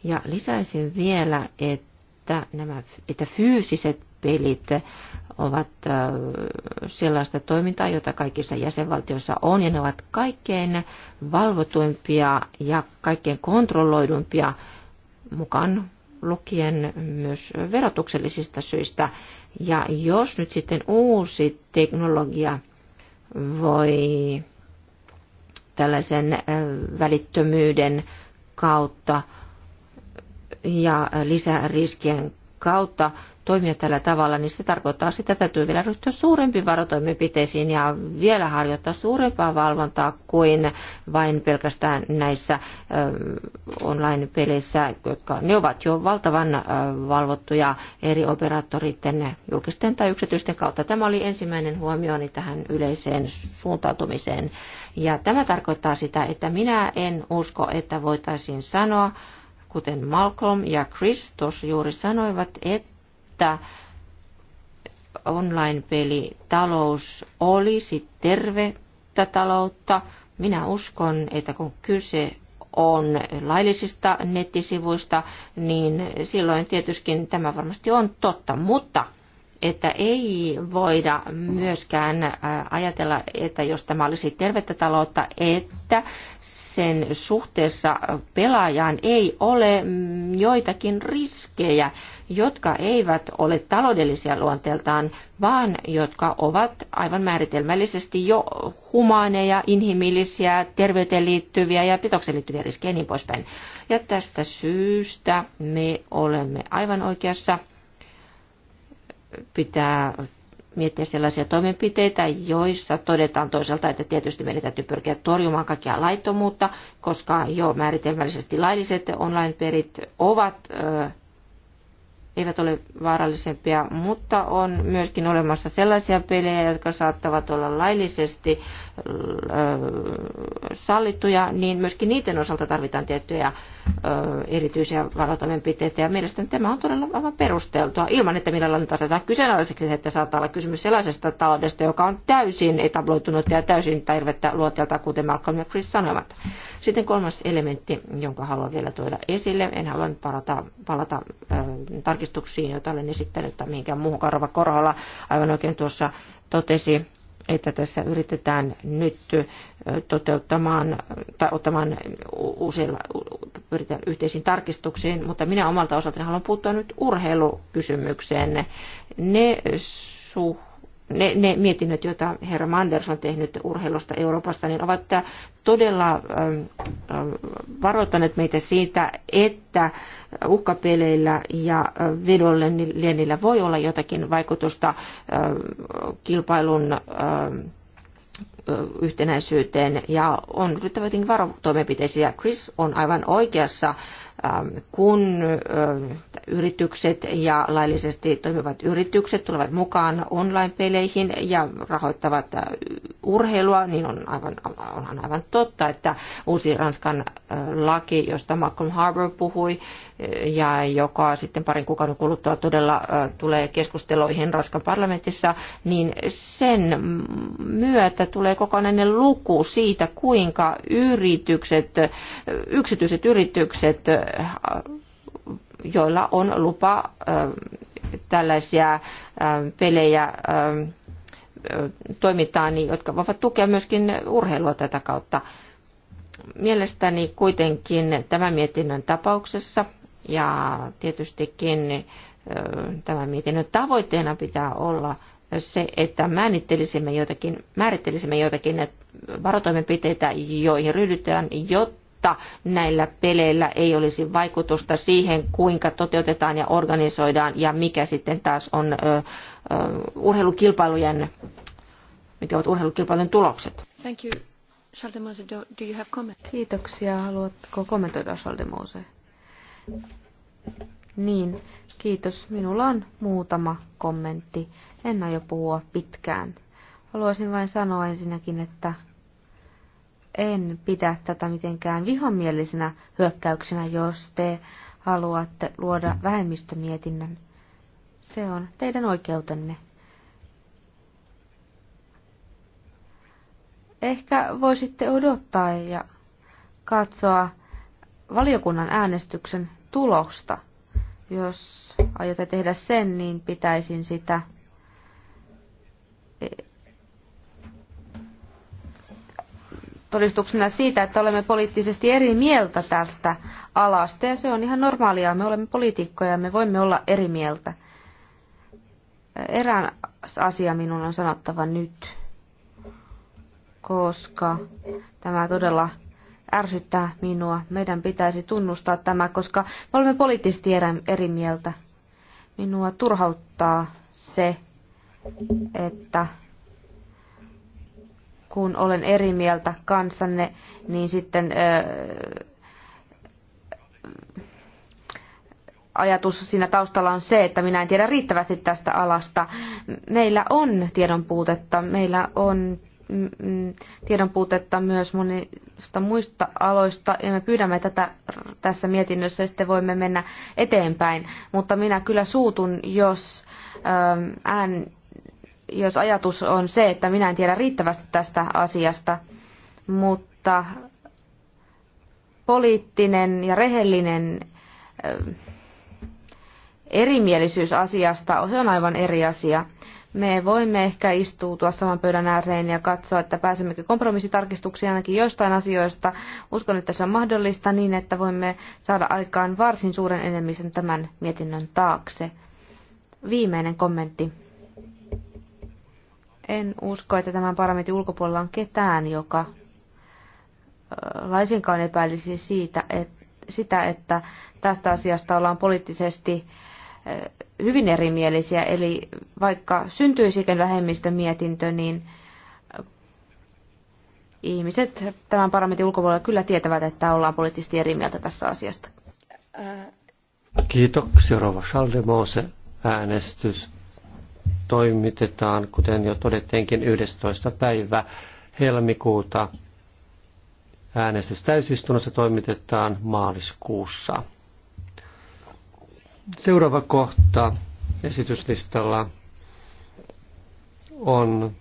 Ja lisäisin vielä, että nämä että fyysiset pelit ovat sellaista toimintaa, jota kaikissa jäsenvaltioissa on, ja ne ovat kaikkein valvotuimpia ja kaikkein kontrolloidumpia mukaan lukien myös verotuksellisista syistä. Ja jos nyt sitten uusi teknologia voi tällaisen välittömyyden kautta ja lisäriskien kautta toimia tällä tavalla, niin se tarkoittaa sitä, että täytyy vielä ryhtyä suurempiin varotoimenpiteisiin ja vielä harjoittaa suurempaa valvontaa kuin vain pelkästään näissä online-peleissä, jotka ne ovat jo valtavan valvottuja eri operaattoriiden julkisten tai yksityisten kautta. Tämä oli ensimmäinen huomioni tähän yleiseen suuntautumiseen. Ja tämä tarkoittaa sitä, että minä en usko, että voitaisiin sanoa, kuten Malcolm ja Chris tuossa juuri sanoivat, että että online-pelitalous olisi tervettä taloutta. Minä uskon, että kun kyse on laillisista nettisivuista, niin silloin tietysti tämä varmasti on totta, mutta että ei voida myöskään äh, ajatella, että jos tämä olisi tervettä taloutta, että sen suhteessa pelaajaan ei ole joitakin riskejä jotka eivät ole taloudellisia luonteeltaan, vaan jotka ovat aivan määritelmällisesti jo humaaneja, inhimillisiä, terveyteen liittyviä ja pitokseen liittyviä riskejä ja niin poispäin. Ja tästä syystä me olemme aivan oikeassa. Pitää miettiä sellaisia toimenpiteitä, joissa todetaan toisaalta, että tietysti meidän täytyy pyrkiä torjumaan kaikkia laittomuutta, koska jo määritelmällisesti lailliset online-perit ovat eivät ole vaarallisempia, mutta on myöskin olemassa sellaisia pelejä, jotka saattavat olla laillisesti sallittuja, niin myöskin niiden osalta tarvitaan tiettyjä erityisiä varotoimenpiteitä. Ja mielestäni tämä on todella aivan perusteltua, ilman että millä nyt asetetaan kyseenalaiseksi, että saattaa olla kysymys sellaisesta taloudesta, joka on täysin etabloitunut ja täysin tervettä luotelta, kuten Malcolm ja Chris sanovat. Sitten kolmas elementti, jonka haluan vielä tuoda esille. En halua nyt palata, palata äh, tarkistuksiin, joita olen esittänyt, tai mihinkään muuhun. Karva Korhola aivan oikein tuossa totesi, että tässä yritetään nyt toteuttamaan tai ottamaan useilla, pyritään yhteisiin tarkistuksiin, mutta minä omalta osaltani haluan puuttua nyt urheilukysymykseen. Ne suh- ne, ne mietinnöt, joita herra Manders on tehnyt urheilusta Euroopassa, niin ovat todella ähm, ähm, varoittaneet meitä siitä, että uhkapeleillä ja äh, vedonlyönnillä voi olla jotakin vaikutusta ähm, kilpailun yhtenäisyyteen ja on ryhtyvä jotenkin varotoimenpiteisiä. Chris on aivan oikeassa Ähm, kun ähm, yritykset ja laillisesti toimivat yritykset tulevat mukaan online-peleihin ja rahoittavat äh, urheilua, niin on aivan, onhan aivan totta, että uusi Ranskan äh, laki, josta Malcolm Harbour puhui, ja joka sitten parin kuukauden kuluttua todella tulee keskusteluihin Ranskan parlamentissa, niin sen myötä tulee kokonainen luku siitä, kuinka yritykset, yksityiset yritykset, joilla on lupa tällaisia pelejä toimitaan, niin jotka voivat tukea myöskin urheilua tätä kautta. Mielestäni kuitenkin tämän mietinnön tapauksessa – ja tietystikin tämän mietinnön tavoitteena pitää olla se, että määrittelisimme joitakin, määrittelisimme joitakin varotoimenpiteitä, joihin ryhdytään, jotta näillä peleillä ei olisi vaikutusta siihen, kuinka toteutetaan ja organisoidaan ja mikä sitten taas on ö, urheilukilpailujen, mitkä ovat urheilukilpailujen tulokset. Thank you. do, you have comment? Kiitoksia. Haluatko kommentoida, Saldemose? Niin, kiitos. Minulla on muutama kommentti. En aio puhua pitkään. Haluaisin vain sanoa ensinnäkin, että en pidä tätä mitenkään vihamielisenä hyökkäyksenä, jos te haluatte luoda vähemmistömietinnön. Se on teidän oikeutenne. Ehkä voisitte odottaa ja katsoa valiokunnan äänestyksen tulosta. Jos aiotte tehdä sen, niin pitäisin sitä e, todistuksena siitä, että olemme poliittisesti eri mieltä tästä alasta ja se on ihan normaalia. Me olemme poliitikkoja ja me voimme olla eri mieltä. Erään asia minun on sanottava nyt, koska tämä todella ärsyttää minua. Meidän pitäisi tunnustaa tämä, koska me olemme poliittisesti eri mieltä. Minua turhauttaa se, että kun olen eri mieltä kanssanne, niin sitten öö, ajatus siinä taustalla on se, että minä en tiedä riittävästi tästä alasta. Meillä on tiedon puutetta, meillä on Mm, mm, tiedon puutetta myös monista muista aloista ja me pyydämme tätä tässä mietinnössä ja sitten voimme mennä eteenpäin. Mutta minä kyllä suutun, jos, ähm, ään, jos ajatus on se, että minä en tiedä riittävästi tästä asiasta, mutta poliittinen ja rehellinen ähm, erimielisyys asiasta, se on aivan eri asia. Me voimme ehkä istuutua saman pöydän ääreen ja katsoa, että pääsemmekö kompromissitarkistuksiin ainakin joistain asioista. Uskon, että se on mahdollista niin, että voimme saada aikaan varsin suuren enemmistön tämän mietinnön taakse. Viimeinen kommentti. En usko, että tämän parlamentin ulkopuolella on ketään, joka laisinkaan epäilisi siitä, että, sitä, että tästä asiasta ollaan poliittisesti hyvin erimielisiä. Eli vaikka syntyisikin vähemmistömietintö, niin ihmiset tämän parlamentin ulkopuolella kyllä tietävät, että ollaan poliittisesti eri mieltä tästä asiasta. Kiitoksia, Rova Schaldemose. Äänestys toimitetaan, kuten jo todettiinkin, 11. päivä helmikuuta. Äänestys täysistunnossa toimitetaan maaliskuussa. Seuraava kohta esityslistalla on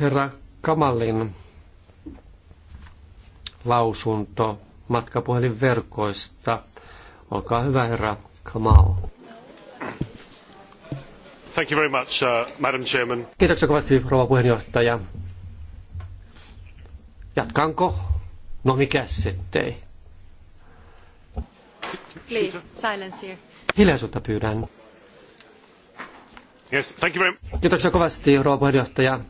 herra Kamallin lausunto matkapuhelinverkoista. Olkaa hyvä, herra Kamal. Thank you very much, uh, Madam Chairman. Kiitoksia kovasti, rouva puheenjohtaja. Jatkanko? No mikä sitten? Hiljaisuutta pyydän. Yes, thank you very Kiitoksia kovasti, rouva puheenjohtaja.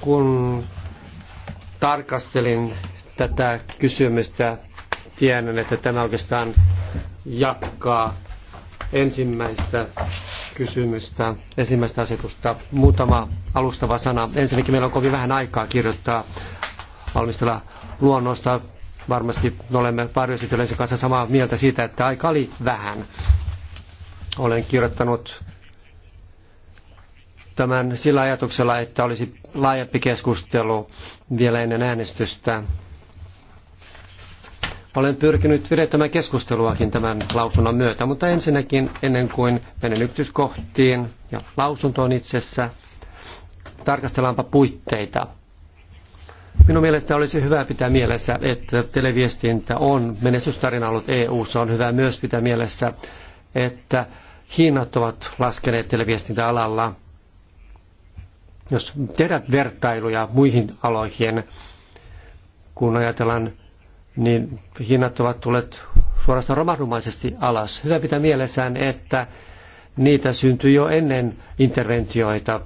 Kun tarkastelin tätä kysymystä, tiedän, että tämä oikeastaan jatkaa ensimmäistä kysymystä, ensimmäistä asetusta. Muutama alustava sana. Ensinnäkin meillä on kovin vähän aikaa kirjoittaa, valmistella luonnosta varmasti olemme varjoesityöläisen kanssa samaa mieltä siitä, että aika oli vähän. Olen kirjoittanut tämän sillä ajatuksella, että olisi laajempi keskustelu vielä ennen äänestystä. Olen pyrkinyt virettämään keskusteluakin tämän lausunnon myötä, mutta ensinnäkin ennen kuin menen yksityiskohtiin ja lausuntoon itsessä, tarkastellaanpa puitteita – Minun mielestä olisi hyvä pitää mielessä, että televiestintä on menestystarina ollut EU-ssa. On hyvä myös pitää mielessä, että hinnat ovat laskeneet televiestintäalalla. Jos tehdään vertailuja muihin aloihin, kun ajatellaan, niin hinnat ovat tulleet suorastaan romahdumaisesti alas. Hyvä pitää mielessään, että niitä syntyi jo ennen interventioita,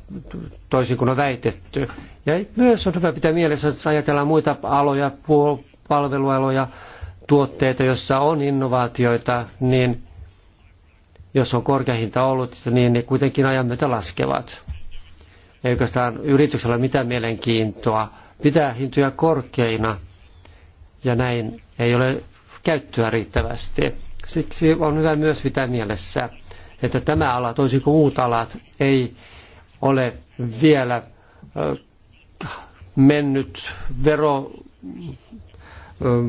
toisin kuin on väitetty. Ja myös on hyvä pitää mielessä, että ajatellaan muita aloja, palvelualoja, tuotteita, joissa on innovaatioita, niin jos on korkea hinta ollut, niin, niin ne kuitenkin ajan myötä laskevat. Ei oikeastaan yrityksellä ole mitään mielenkiintoa pitää hintoja korkeina, ja näin ei ole käyttöä riittävästi. Siksi on hyvä myös pitää mielessä, että tämä ala, toisin kuin muut alat, ei ole vielä mennyt vero,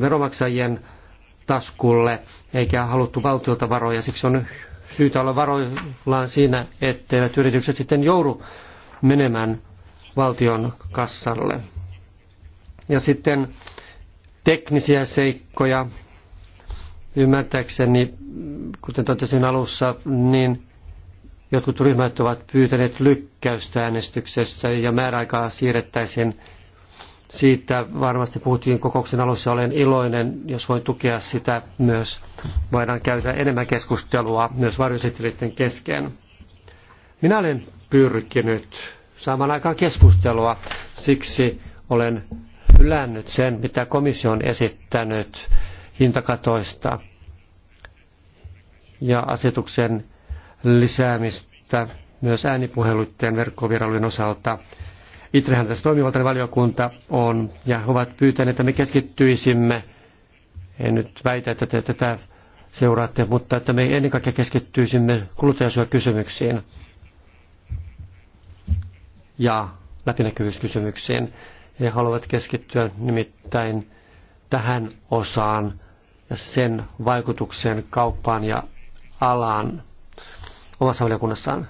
veromaksajien taskulle, eikä haluttu valtiolta varoja. Siksi on syytä olla varoillaan siinä, etteivät yritykset sitten joudu menemään valtion kassalle. Ja sitten teknisiä seikkoja, Ymmärtääkseni, kuten totesin alussa, niin jotkut ryhmät ovat pyytäneet lykkäystä äänestyksessä ja määräaikaa siirrettäisiin siitä varmasti puhuttiin kokouksen alussa. Olen iloinen, jos voin tukea sitä myös. Voidaan käydä enemmän keskustelua myös varjosittelijöiden kesken. Minä olen pyrkinyt saamaan aikaan keskustelua, siksi olen hylännyt sen, mitä komissio on esittänyt hintakatoista ja asetuksen lisäämistä myös äänipuheluiden verkkovierailujen osalta. Itsehän tässä toimivaltainen valiokunta on ja he ovat pyytäneet, että me keskittyisimme, en nyt väitä, että te tätä seuraatte, mutta että me ennen kaikkea keskittyisimme kysymyksiin ja läpinäkyvyyskysymyksiin. He haluavat keskittyä nimittäin tähän osaan ja sen vaikutuksen kauppaan ja alaan omassa valiokunnassaan.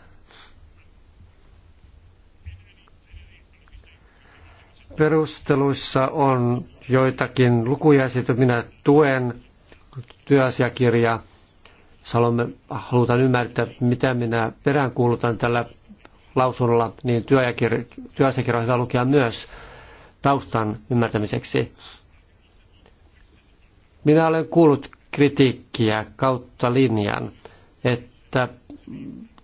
Perusteluissa on joitakin lukuja esitetty. Minä tuen työasiakirjaa. haluamme, halutaan ymmärtää, mitä minä peräänkuulutan tällä lausunnolla, niin työasiakirja on hyvä lukea myös taustan ymmärtämiseksi. Minä olen kuullut kritiikkiä kautta linjan, että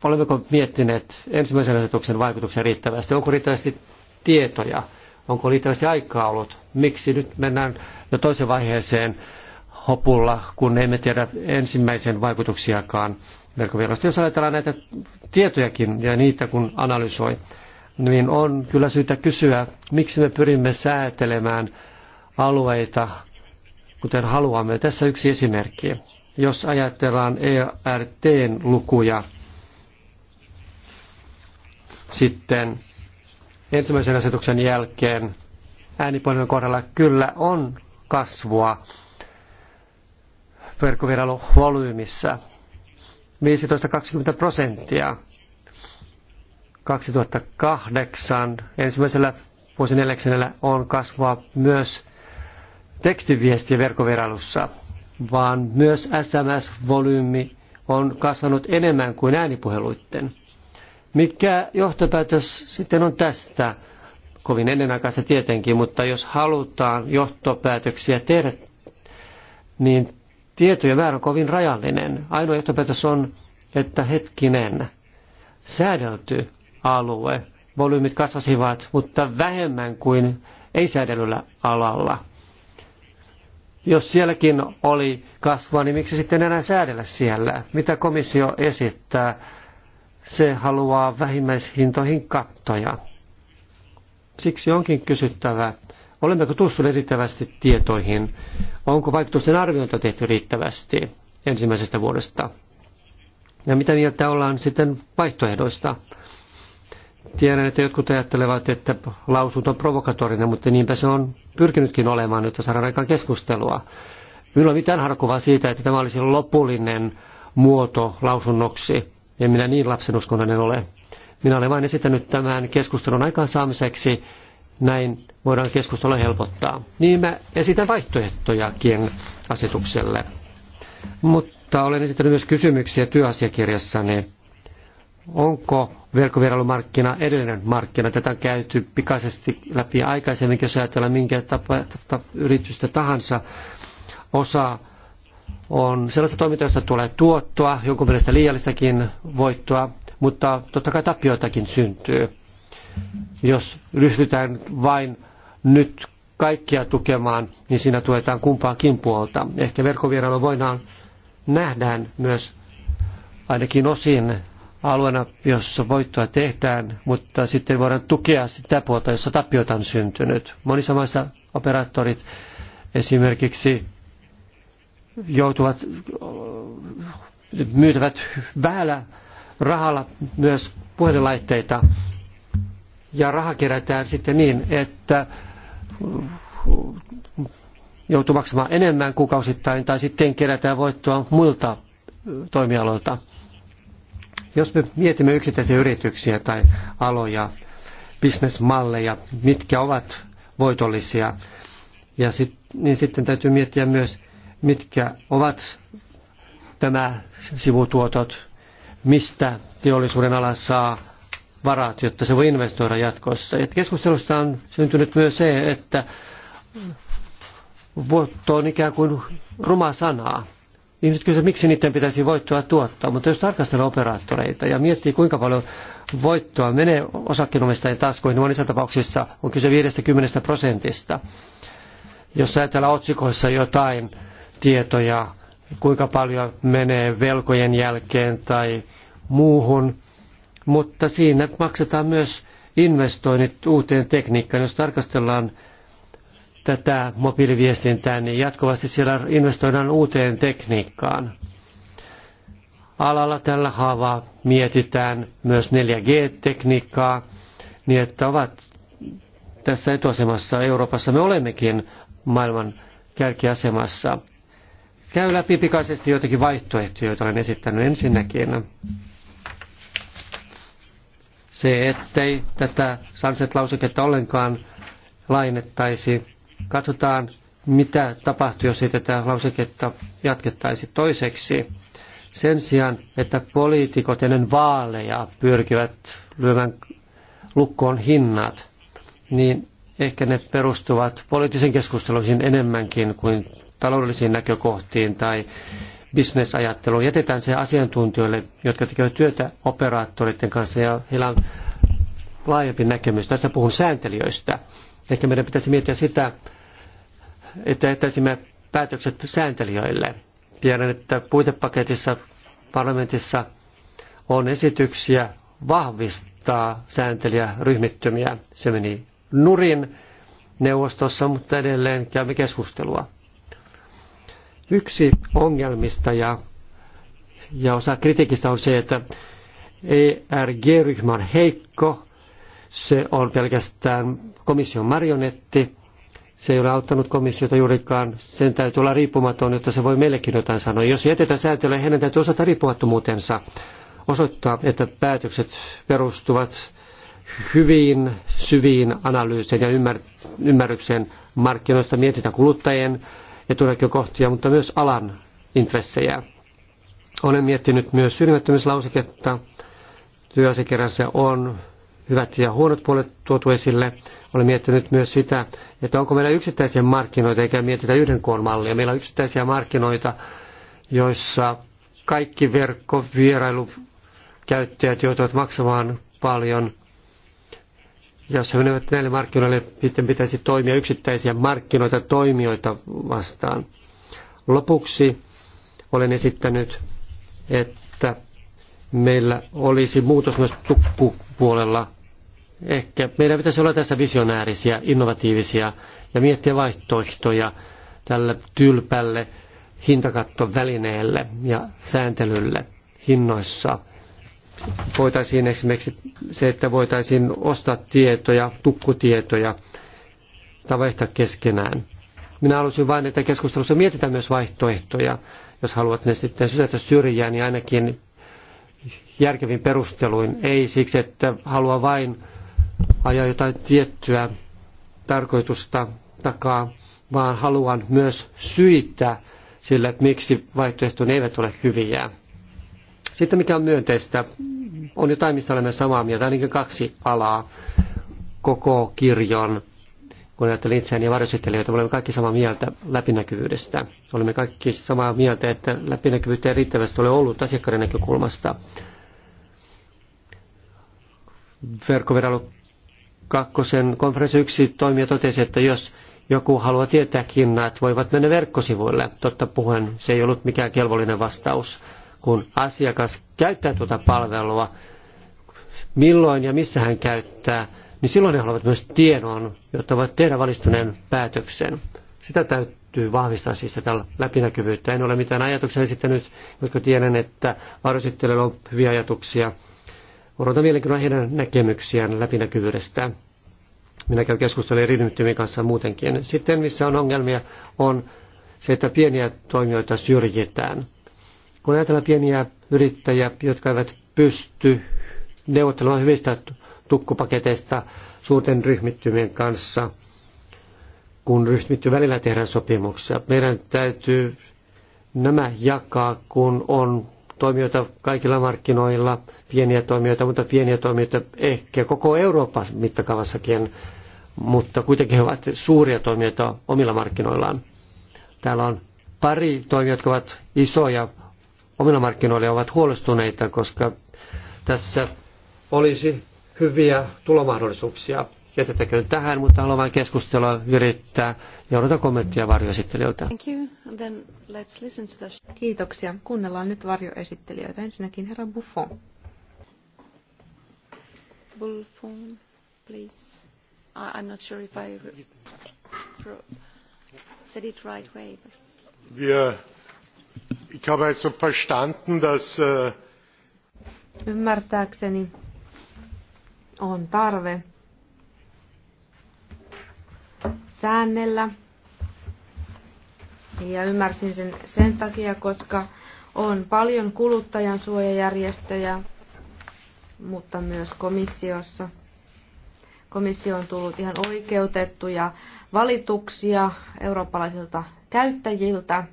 olemmeko miettineet ensimmäisen asetuksen vaikutuksia riittävästi, onko riittävästi tietoja, onko riittävästi aikaa ollut, miksi nyt mennään jo toiseen vaiheeseen hopulla, kun emme tiedä ensimmäisen vaikutuksiakaan verkkovirrasta. Jos ajatellaan näitä tietojakin ja niitä kun analysoi, niin on kyllä syytä kysyä, miksi me pyrimme säätelemään alueita kuten haluamme. Tässä yksi esimerkki. Jos ajatellaan ERTn lukuja, sitten ensimmäisen asetuksen jälkeen äänipuhelimen kohdalla kyllä on kasvua verkkovierailuvolyymissa 15-20 prosenttia. 2008 ensimmäisellä vuosineljäksellä on kasvua myös tekstiviestiä verkkovierailussa, vaan myös SMS-volyymi on kasvanut enemmän kuin äänipuheluiden. Mikä johtopäätös sitten on tästä? Kovin ennenaikaista tietenkin, mutta jos halutaan johtopäätöksiä tehdä, niin tietojen määrä on kovin rajallinen. Ainoa johtopäätös on, että hetkinen, säädelty alue, volyymit kasvasivat, mutta vähemmän kuin ei-säädellyllä alalla. Jos sielläkin oli kasvua, niin miksi sitten enää säädellä siellä? Mitä komissio esittää? Se haluaa vähimmäishintoihin kattoja. Siksi onkin kysyttävä, olemmeko tutustuneet riittävästi tietoihin? Onko vaikutusten arviointia tehty riittävästi ensimmäisestä vuodesta? Ja mitä mieltä ollaan sitten vaihtoehdoista? Tiedän, että jotkut ajattelevat, että lausunto on provokatorinen, mutta niinpä se on pyrkinytkin olemaan, jotta saadaan aikaan keskustelua. Minulla on mitään harkuvaa siitä, että tämä olisi lopullinen muoto lausunnoksi. En minä niin lapsenuskonnainen ole. Minä olen vain esittänyt tämän keskustelun aikaansaamiseksi. Näin voidaan keskustelua helpottaa. Niin mä esitän vaihtoehtojakin asetukselle. Mutta olen esittänyt myös kysymyksiä työasiakirjassani. Onko verkkovierailumarkkina, edellinen markkina. Tätä on käyty pikaisesti läpi aikaisemmin, jos ajatellaan minkä tapa, tapa, yritystä tahansa. Osa on sellaista toimintaa, josta tulee tuottoa, jonkun mielestä liiallistakin voittoa, mutta totta kai tapioitakin syntyy. Jos ryhdytään vain nyt kaikkia tukemaan, niin siinä tuetaan kumpaakin puolta. Ehkä verkkovierailu voidaan nähdään myös ainakin osin alueena, jossa voittoa tehdään, mutta sitten voidaan tukea sitä puolta, jossa tappiota on syntynyt. Monissa maissa operaattorit esimerkiksi joutuvat, myytävät vähällä rahalla myös puhelinlaitteita ja raha kerätään sitten niin, että joutuu maksamaan enemmän kuukausittain tai sitten kerätään voittoa muilta toimialoilta. Jos me mietimme yksittäisiä yrityksiä tai aloja, bisnesmalleja, mitkä ovat voitollisia, ja sit, niin sitten täytyy miettiä myös, mitkä ovat tämä sivutuotot, mistä teollisuuden ala saa varat, jotta se voi investoida jatkossa. Ja keskustelusta on syntynyt myös se, että vuotto on ikään kuin ruma sanaa. Ihmiset kysyvät, miksi niiden pitäisi voittoa tuottaa, mutta jos tarkastellaan operaattoreita ja miettii, kuinka paljon voittoa menee osakkeenomistajien taskuihin, niin monissa tapauksissa on kyse 50 prosentista. Jos ajatellaan otsikoissa jotain tietoja, kuinka paljon menee velkojen jälkeen tai muuhun, mutta siinä maksetaan myös investoinnit uuteen tekniikkaan. Jos tarkastellaan tätä mobiiliviestintää, niin jatkuvasti siellä investoidaan uuteen tekniikkaan. Alalla tällä haavaa mietitään myös 4G-tekniikkaa, niin että ovat tässä etuasemassa Euroopassa. Me olemmekin maailman kärkiasemassa. Käy läpi pikaisesti joitakin vaihtoehtoja, joita olen esittänyt ensinnäkin. Se, ettei tätä sunset-lauseketta ollenkaan lainettaisi Katsotaan, mitä tapahtuu, jos ei tätä lauseketta jatkettaisi toiseksi. Sen sijaan, että poliitikot ennen vaaleja pyrkivät lyömään lukkoon hinnat, niin ehkä ne perustuvat poliittisen keskusteluihin enemmänkin kuin taloudellisiin näkökohtiin tai bisnesajatteluun. Jätetään se asiantuntijoille, jotka tekevät työtä operaattoreiden kanssa ja heillä on laajempi näkemys. Tässä puhun sääntelijöistä. Ehkä meidän pitäisi miettiä sitä, että jättäisimme päätökset sääntelijöille. Tiedän, että puitepaketissa parlamentissa on esityksiä vahvistaa ryhmittymiä. Se meni nurin neuvostossa, mutta edelleen käymme keskustelua. Yksi ongelmista ja, ja osa kritiikistä on se, että ERG-ryhmä on heikko se on pelkästään komission marionetti. Se ei ole auttanut komissiota juurikaan. Sen täytyy olla riippumaton, jotta se voi meillekin jotain sanoa. Jos jätetään sääntelyä, heidän täytyy osata riippumattomuutensa osoittaa, että päätökset perustuvat hyviin syviin analyyseihin ja ymmär, ymmärrykseen markkinoista, mietitään kuluttajien etunäkökohtia, mutta myös alan intressejä. Olen miettinyt myös syrjimättömyyslauseketta. Työasiakirjassa on hyvät ja huonot puolet tuotu esille. Olen miettinyt myös sitä, että onko meillä yksittäisiä markkinoita, eikä mietitä yhden koon mallia. Meillä on yksittäisiä markkinoita, joissa kaikki verkkovierailukäyttäjät joutuvat maksamaan paljon. Jos he menevät näille markkinoille, sitten pitäisi toimia yksittäisiä markkinoita toimijoita vastaan. Lopuksi olen esittänyt, että meillä olisi muutos myös tukkupuolella. Ehkä meidän pitäisi olla tässä visionäärisiä, innovatiivisia ja miettiä vaihtoehtoja tälle tylpälle hintakattovälineelle ja sääntelylle hinnoissa. Voitaisiin esimerkiksi se, että voitaisiin ostaa tietoja, tukkutietoja tai vaihtaa keskenään. Minä haluaisin vain, että keskustelussa mietitään myös vaihtoehtoja. Jos haluat ne sitten sysätä syrjään, niin ainakin järkevin perusteluin, ei siksi, että halua vain ajaa jotain tiettyä tarkoitusta takaa, vaan haluan myös syyttää sille, miksi vaihtoehtoja eivät ole hyviä. Sitten mikä on myönteistä, on jotain, mistä olemme samaa mieltä, ainakin kaksi alaa koko kirjon, kun ajattelin itseäni ja varjosittelijoita, olemme kaikki samaa mieltä läpinäkyvyydestä. Olemme kaikki samaa mieltä, että läpinäkyvyyttä ei riittävästi ole ollut asiakkaiden näkökulmasta verkkoviralu kakkosen konferenssi yksi toimija totesi, että jos joku haluaa tietää hinnat, voivat mennä verkkosivuille. Totta puhuen, se ei ollut mikään kelvollinen vastaus, kun asiakas käyttää tuota palvelua, milloin ja missä hän käyttää, niin silloin he haluavat myös tiedon, jotta voivat tehdä valistuneen päätöksen. Sitä täytyy vahvistaa siis tällä läpinäkyvyyttä. En ole mitään ajatuksia esittänyt, koska tiedän, että varjosittelijoilla on hyviä ajatuksia – Odotan mielenkiinnolla heidän näkemyksiään läpinäkyvyydestä. Minä käyn keskustelua eri ryhmittymien kanssa muutenkin. Sitten missä on ongelmia on se, että pieniä toimijoita syrjitään. Kun ajatellaan pieniä yrittäjiä, jotka eivät pysty neuvottelemaan hyvistä tukkupaketeista suurten ryhmittymien kanssa, kun ryhmitty välillä tehdään sopimuksia. Meidän täytyy nämä jakaa, kun on toimijoita kaikilla markkinoilla, pieniä toimijoita, mutta pieniä toimijoita ehkä koko Euroopan mittakaavassakin, mutta kuitenkin he ovat suuria toimijoita omilla markkinoillaan. Täällä on pari toimijoita, jotka ovat isoja omilla markkinoilla ja ovat huolestuneita, koska tässä olisi hyviä tulomahdollisuuksia jätetäköön tähän, mutta haluan vain keskustelua virittää ja odota kommenttia varjoesittelijöiltä. Kiitoksia. Kuunnellaan nyt varjoesittelijöitä. Ensinnäkin herra Buffon. Buffon, please. I, I'm not sure if I said it right way. Wir, ich habe also verstanden, dass... Äh, Ymmärtääkseni on tarve säännellä. Ja ymmärsin sen sen takia, koska on paljon kuluttajan suojajärjestöjä, mutta myös komissiossa. Komissio on tullut ihan oikeutettuja valituksia eurooppalaisilta käyttäjiltä.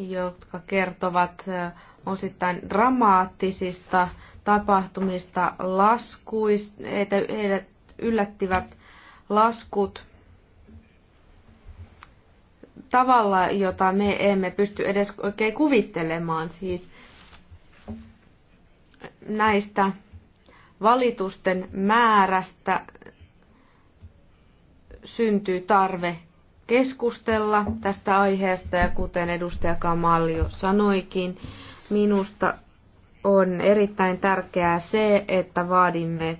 jotka kertovat osittain dramaattisista tapahtumista laskuista, heidät yllättivät laskut tavalla, jota me emme pysty edes oikein kuvittelemaan. Siis näistä valitusten määrästä syntyy tarve keskustella tästä aiheesta ja kuten edustaja Kamalio jo sanoikin, minusta on erittäin tärkeää se, että vaadimme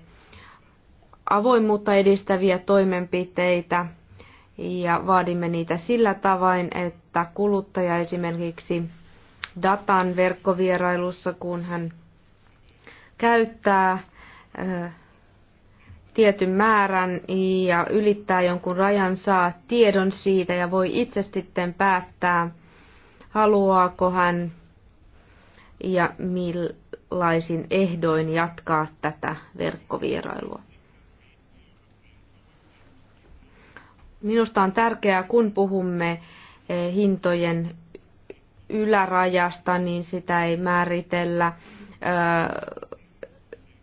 avoimuutta edistäviä toimenpiteitä ja vaadimme niitä sillä tavoin, että kuluttaja esimerkiksi datan verkkovierailussa, kun hän käyttää tietyn määrän ja ylittää jonkun rajan, saa tiedon siitä ja voi itse sitten päättää, haluaako hän ja millaisin ehdoin jatkaa tätä verkkovierailua. Minusta on tärkeää, kun puhumme eh, hintojen ylärajasta, niin sitä ei määritellä eh,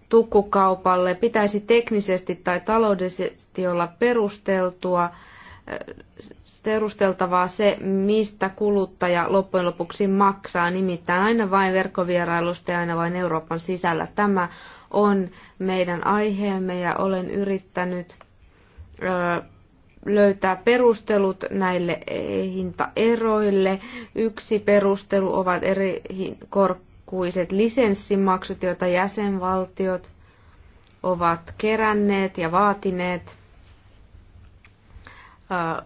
tukkukaupalle. Pitäisi teknisesti tai taloudellisesti olla perusteltua perusteltavaa se, mistä kuluttaja loppujen lopuksi maksaa, nimittäin aina vain verkkovierailusta ja aina vain Euroopan sisällä. Tämä on meidän aiheemme ja olen yrittänyt löytää perustelut näille hintaeroille. Yksi perustelu ovat eri korkuiset lisenssimaksut, joita jäsenvaltiot ovat keränneet ja vaatineet –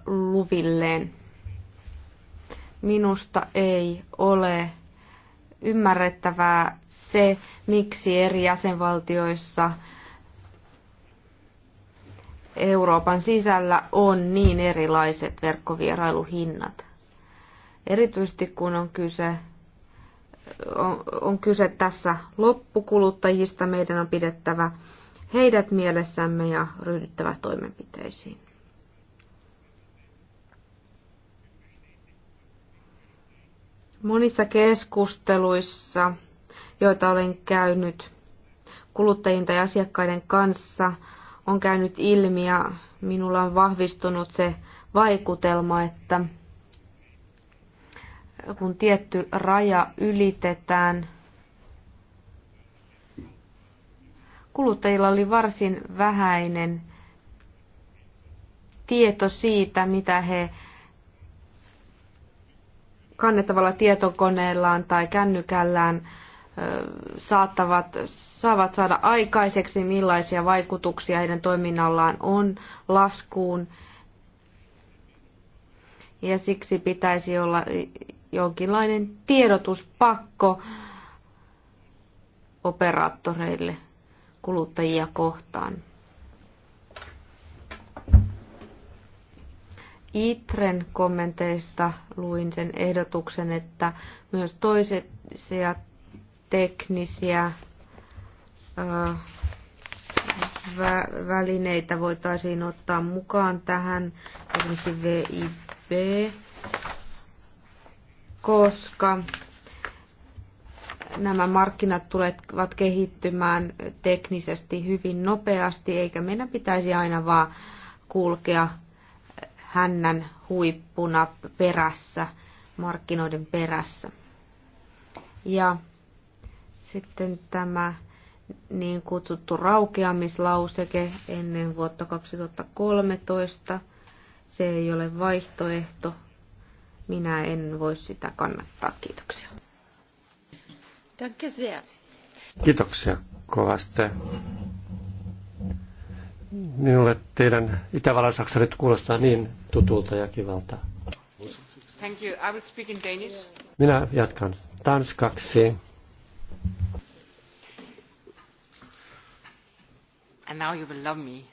luvilleen. Minusta ei ole ymmärrettävää se, miksi eri jäsenvaltioissa Euroopan sisällä on niin erilaiset verkkovierailuhinnat. Erityisesti kun on kyse, on, on kyse tässä loppukuluttajista, meidän on pidettävä heidät mielessämme ja ryhdyttävä toimenpiteisiin. Monissa keskusteluissa, joita olen käynyt kuluttajien tai asiakkaiden kanssa, on käynyt ilmi ja minulla on vahvistunut se vaikutelma, että kun tietty raja ylitetään, kuluttajilla oli varsin vähäinen tieto siitä, mitä he kannettavalla tietokoneellaan tai kännykällään saattavat, saavat saada aikaiseksi, niin millaisia vaikutuksia heidän toiminnallaan on laskuun. Ja siksi pitäisi olla jonkinlainen tiedotuspakko operaattoreille kuluttajia kohtaan. ITREN kommenteista luin sen ehdotuksen, että myös toisia teknisiä välineitä voitaisiin ottaa mukaan tähän, esimerkiksi VIB, koska nämä markkinat tulevat kehittymään teknisesti hyvin nopeasti, eikä meidän pitäisi aina vaan kulkea hännän huippuna perässä, markkinoiden perässä. Ja sitten tämä niin kutsuttu raukeamislauseke ennen vuotta 2013, se ei ole vaihtoehto. Minä en voi sitä kannattaa. Kiitoksia. Kiitoksia kovasti. Minulle teidän Itävallan saksarit kuulostaa niin tutulta ja kivalta. Thank you. I will speak in Danish. Minä jatkan tanskaksi. And now you will love me.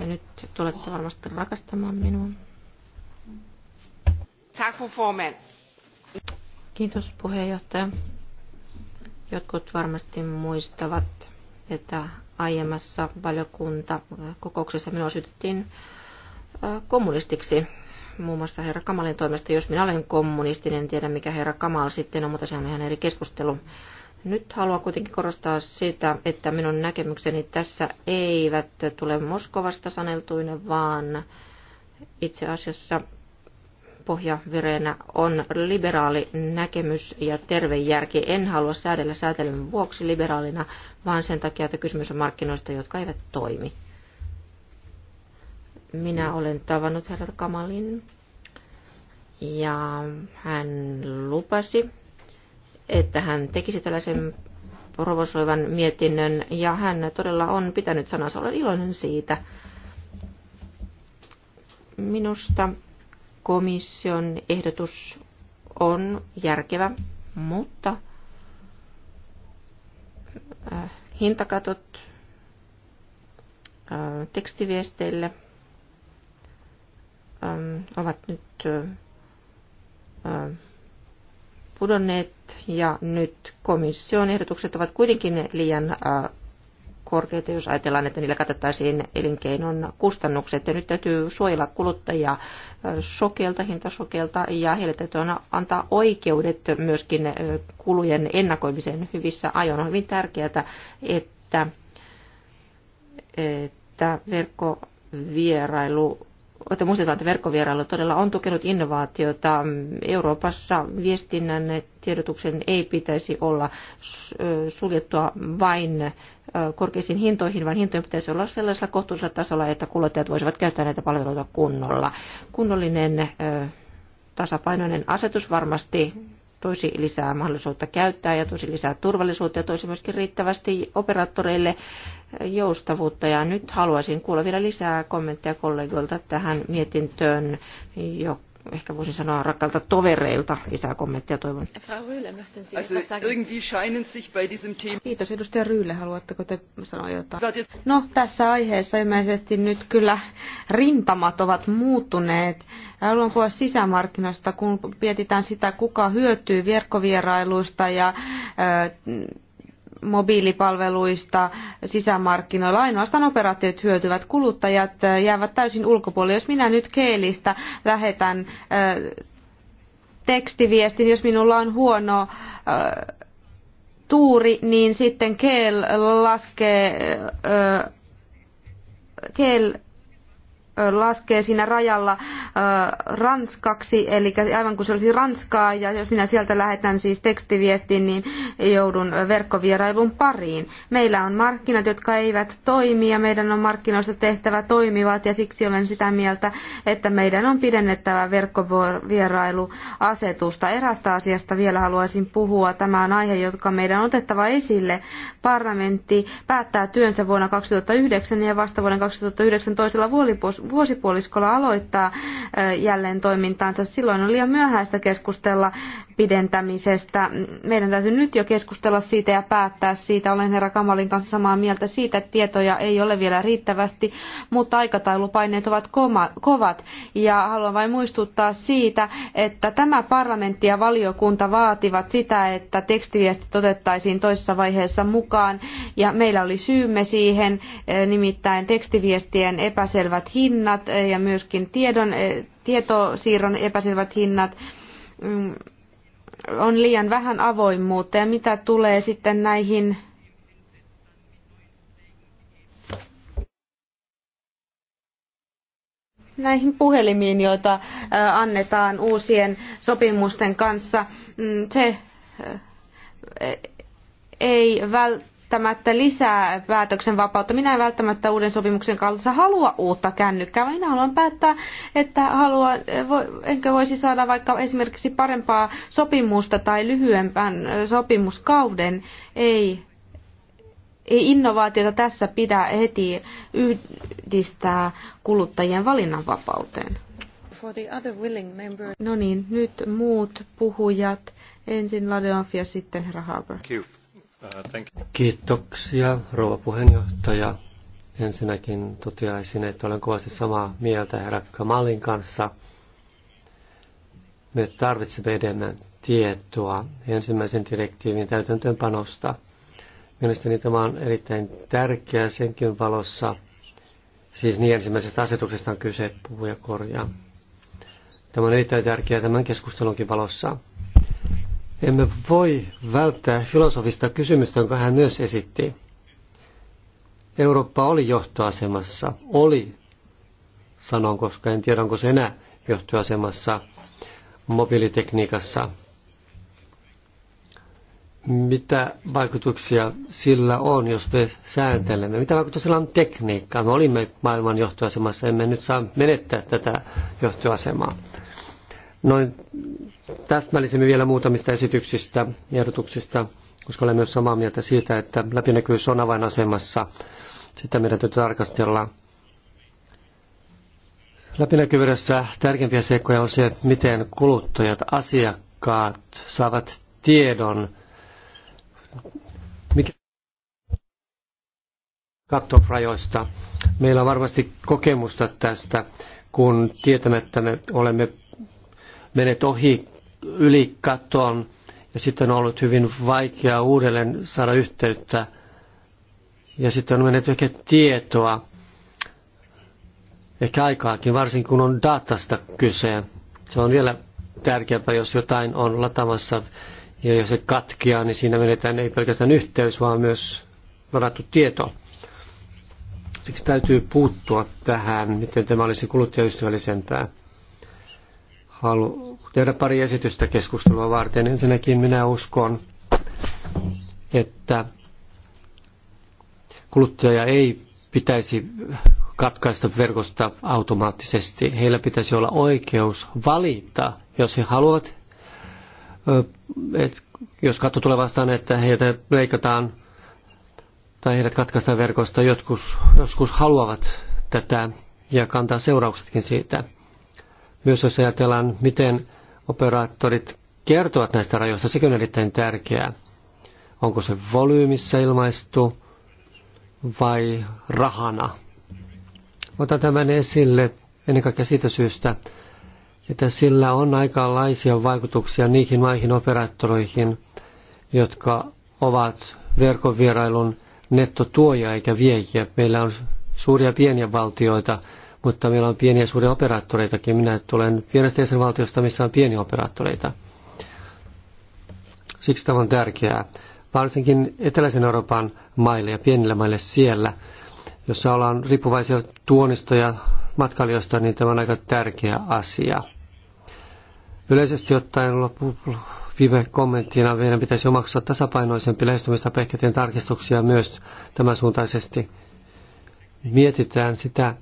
Ja nyt tulette varmasti rakastamaan minua. Tack för formen. Kiitos puheenjohtaja. Jotkut varmasti muistavat että aiemmassa valiokunta kokouksessa minua syytettiin kommunistiksi muun muassa herra Kamalin toimesta. Jos minä olen kommunistinen, en tiedä mikä herra Kamal sitten on, mutta se on ihan eri keskustelu. Nyt haluan kuitenkin korostaa sitä, että minun näkemykseni tässä eivät tule Moskovasta saneltuina, vaan itse asiassa pohjavireenä on liberaali näkemys ja terve järki. En halua säädellä säätelyn vuoksi liberaalina, vaan sen takia, että kysymys on markkinoista, jotka eivät toimi. Minä olen tavannut herra Kamalin ja hän lupasi, että hän tekisi tällaisen provosoivan mietinnön ja hän todella on pitänyt sanansa. Olen iloinen siitä. Minusta komission ehdotus on järkevä, mutta äh, hintakatot äh, tekstiviesteille ähm, ovat nyt äh, pudonneet ja nyt komission ehdotukset ovat kuitenkin liian korkeita, jos ajatellaan, että niillä katettaisiin elinkeinon kustannukset. Ja nyt täytyy suojella kuluttajia sokelta, hintasokelta, ja heille täytyy antaa oikeudet myöskin kulujen ennakoimiseen hyvissä ajoin. On hyvin tärkeää, että, että verkkovierailu että muistetaan, että verkkovierailu todella on tukenut innovaatiota. Euroopassa viestinnän tiedotuksen ei pitäisi olla suljettua vain korkeisiin hintoihin, vaan hintojen pitäisi olla sellaisella kohtuullisella tasolla, että kuluttajat voisivat käyttää näitä palveluita kunnolla. Kunnollinen tasapainoinen asetus varmasti toisi lisää mahdollisuutta käyttää ja toisi lisää turvallisuutta ja toisi myöskin riittävästi operaattoreille joustavuutta. Ja nyt haluaisin kuulla vielä lisää kommentteja kollegoilta tähän mietintöön, joka ehkä voisi sanoa rakkailta tovereilta. Lisää kommenttia toivon. Kiitos edustaja Ryyle, haluatteko te sanoa jotain? No tässä aiheessa ilmeisesti nyt kyllä rintamat ovat muuttuneet. Haluan puhua sisämarkkinoista, kun mietitään sitä, kuka hyötyy verkkovierailuista ja mobiilipalveluista sisämarkkinoilla. Ainoastaan operaattorit hyötyvät, kuluttajat äh, jäävät täysin ulkopuolelle. Jos minä nyt keelistä lähetän äh, tekstiviestin, jos minulla on huono äh, tuuri, niin sitten keel laskee, keel laskee siinä rajalla ranskaksi, eli aivan kuin se olisi ranskaa, ja jos minä sieltä lähetän siis tekstiviestin, niin joudun verkkovierailun pariin. Meillä on markkinat, jotka eivät toimi, ja meidän on markkinoista tehtävä toimivat, ja siksi olen sitä mieltä, että meidän on pidennettävä verkkovierailuasetusta. Erästä asiasta vielä haluaisin puhua. Tämä on aihe, joka meidän on otettava esille. Parlamentti päättää työnsä vuonna 2009 ja vasta vuoden 2019 vuolipuolella vuosipuoliskolla aloittaa jälleen toimintaansa. Silloin on liian myöhäistä keskustella pidentämisestä. Meidän täytyy nyt jo keskustella siitä ja päättää siitä. Olen herra Kamalin kanssa samaa mieltä siitä, että tietoja ei ole vielä riittävästi, mutta aikataulupaineet ovat kovat. Ja haluan vain muistuttaa siitä, että tämä parlamentti ja valiokunta vaativat sitä, että tekstiviestit otettaisiin toisessa vaiheessa mukaan. Ja meillä oli syymme siihen, eh, nimittäin tekstiviestien epäselvät hinnat eh, ja myöskin tiedon, eh, tietosiirron epäselvät hinnat mm, on liian vähän avoimuutta. Ja mitä tulee sitten näihin näihin puhelimiin, joita annetaan uusien sopimusten kanssa, mm, se e, ei välttämättä välttämättä lisää päätöksen vapautta. Minä en välttämättä uuden sopimuksen kanssa halua uutta kännykkää. Minä haluan päättää, että haluan, enkö voisi saada vaikka esimerkiksi parempaa sopimusta tai lyhyempän sopimuskauden. Ei, ei innovaatiota tässä pidä heti yhdistää kuluttajien valinnanvapauteen. No niin, nyt muut puhujat. Ensin Ladeonf ja sitten herra Haber. Kiitos. Uh, Kiitoksia, rouva puheenjohtaja. Ensinnäkin toteaisin, että olen kovasti samaa mieltä herra Kamalin kanssa. Me tarvitsemme enemmän tietoa ensimmäisen direktiivin täytäntöönpanosta. Mielestäni tämä on erittäin tärkeää senkin valossa. Siis niin ensimmäisestä asetuksesta on kyse puhuja korjaa. Tämä on erittäin tärkeää tämän keskustelunkin valossa. Emme voi välttää filosofista kysymystä, jonka hän myös esitti. Eurooppa oli johtoasemassa. Oli, sanon, koska en tiedä, onko se enää johtoasemassa mobiilitekniikassa. Mitä vaikutuksia sillä on, jos me sääntelemme? Mitä vaikutuksia sillä on tekniikkaan? Me olimme maailman johtoasemassa, emme nyt saa menettää tätä johtoasemaa noin täsmällisemmin vielä muutamista esityksistä ja ehdotuksista, koska olen myös samaa mieltä siitä, että läpinäkyvyys on avainasemassa. Sitä meidän täytyy tarkastella. Läpinäkyvyydessä tärkeimpiä seikkoja on se, miten kuluttajat, asiakkaat saavat tiedon, mikä kattofrajoista. Meillä on varmasti kokemusta tästä, kun tietämättä me olemme menet ohi yli katon ja sitten on ollut hyvin vaikea uudelleen saada yhteyttä ja sitten on menetty ehkä tietoa, ehkä aikaakin, varsinkin kun on datasta kyse. Se on vielä tärkeämpää, jos jotain on latamassa ja jos se katkeaa, niin siinä menetään ei pelkästään yhteys, vaan myös varattu tieto. Siksi täytyy puuttua tähän, miten tämä olisi kuluttajaystävällisempää halu tehdä pari esitystä keskustelua varten. Ensinnäkin minä uskon, että kuluttaja ei pitäisi katkaista verkosta automaattisesti. Heillä pitäisi olla oikeus valita, jos he haluavat, että jos katto tulee vastaan, että heitä leikataan tai heidät katkaistaan verkosta, jotkut, joskus haluavat tätä ja kantaa seurauksetkin siitä. Myös jos ajatellaan, miten operaattorit kertovat näistä rajoista, sekin on erittäin tärkeää. Onko se volyymissa ilmaistu vai rahana? Otan tämän esille ennen kaikkea siitä syystä, että sillä on aikalaisia vaikutuksia niihin maihin operaattoreihin, jotka ovat verkon nettotuoja eikä viejiä. Meillä on suuria pieniä valtioita, mutta meillä on pieniä ja suuria operaattoreitakin. Minä tulen pienestä jäsenvaltiosta, missä on pieniä operaattoreita. Siksi tämä on tärkeää. Varsinkin eteläisen Euroopan maille ja pienille maille siellä, jossa ollaan riippuvaisia tuonista ja matkailijoista, niin tämä on aika tärkeä asia. Yleisesti ottaen loppu, viime kommenttina meidän pitäisi omaksua tasapainoisempi lähestymistä ehkä tarkistuksia myös tämän suuntaisesti. Mietitään sitä,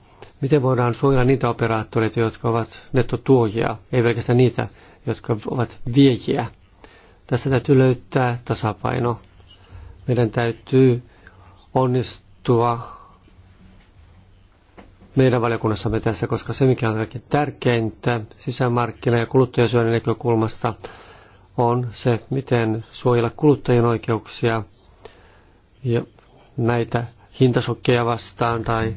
Miten voidaan suojella niitä operaattoreita, jotka ovat nettotuojia, ei pelkästään niitä, jotka ovat viejiä? Tässä täytyy löytää tasapaino. Meidän täytyy onnistua meidän valiokunnassamme tässä, koska se mikä on kaikkein tärkeintä sisämarkkina- ja kuluttajasyönnin näkökulmasta on se, miten suojella kuluttajien oikeuksia ja näitä hintasokkeja vastaan tai mm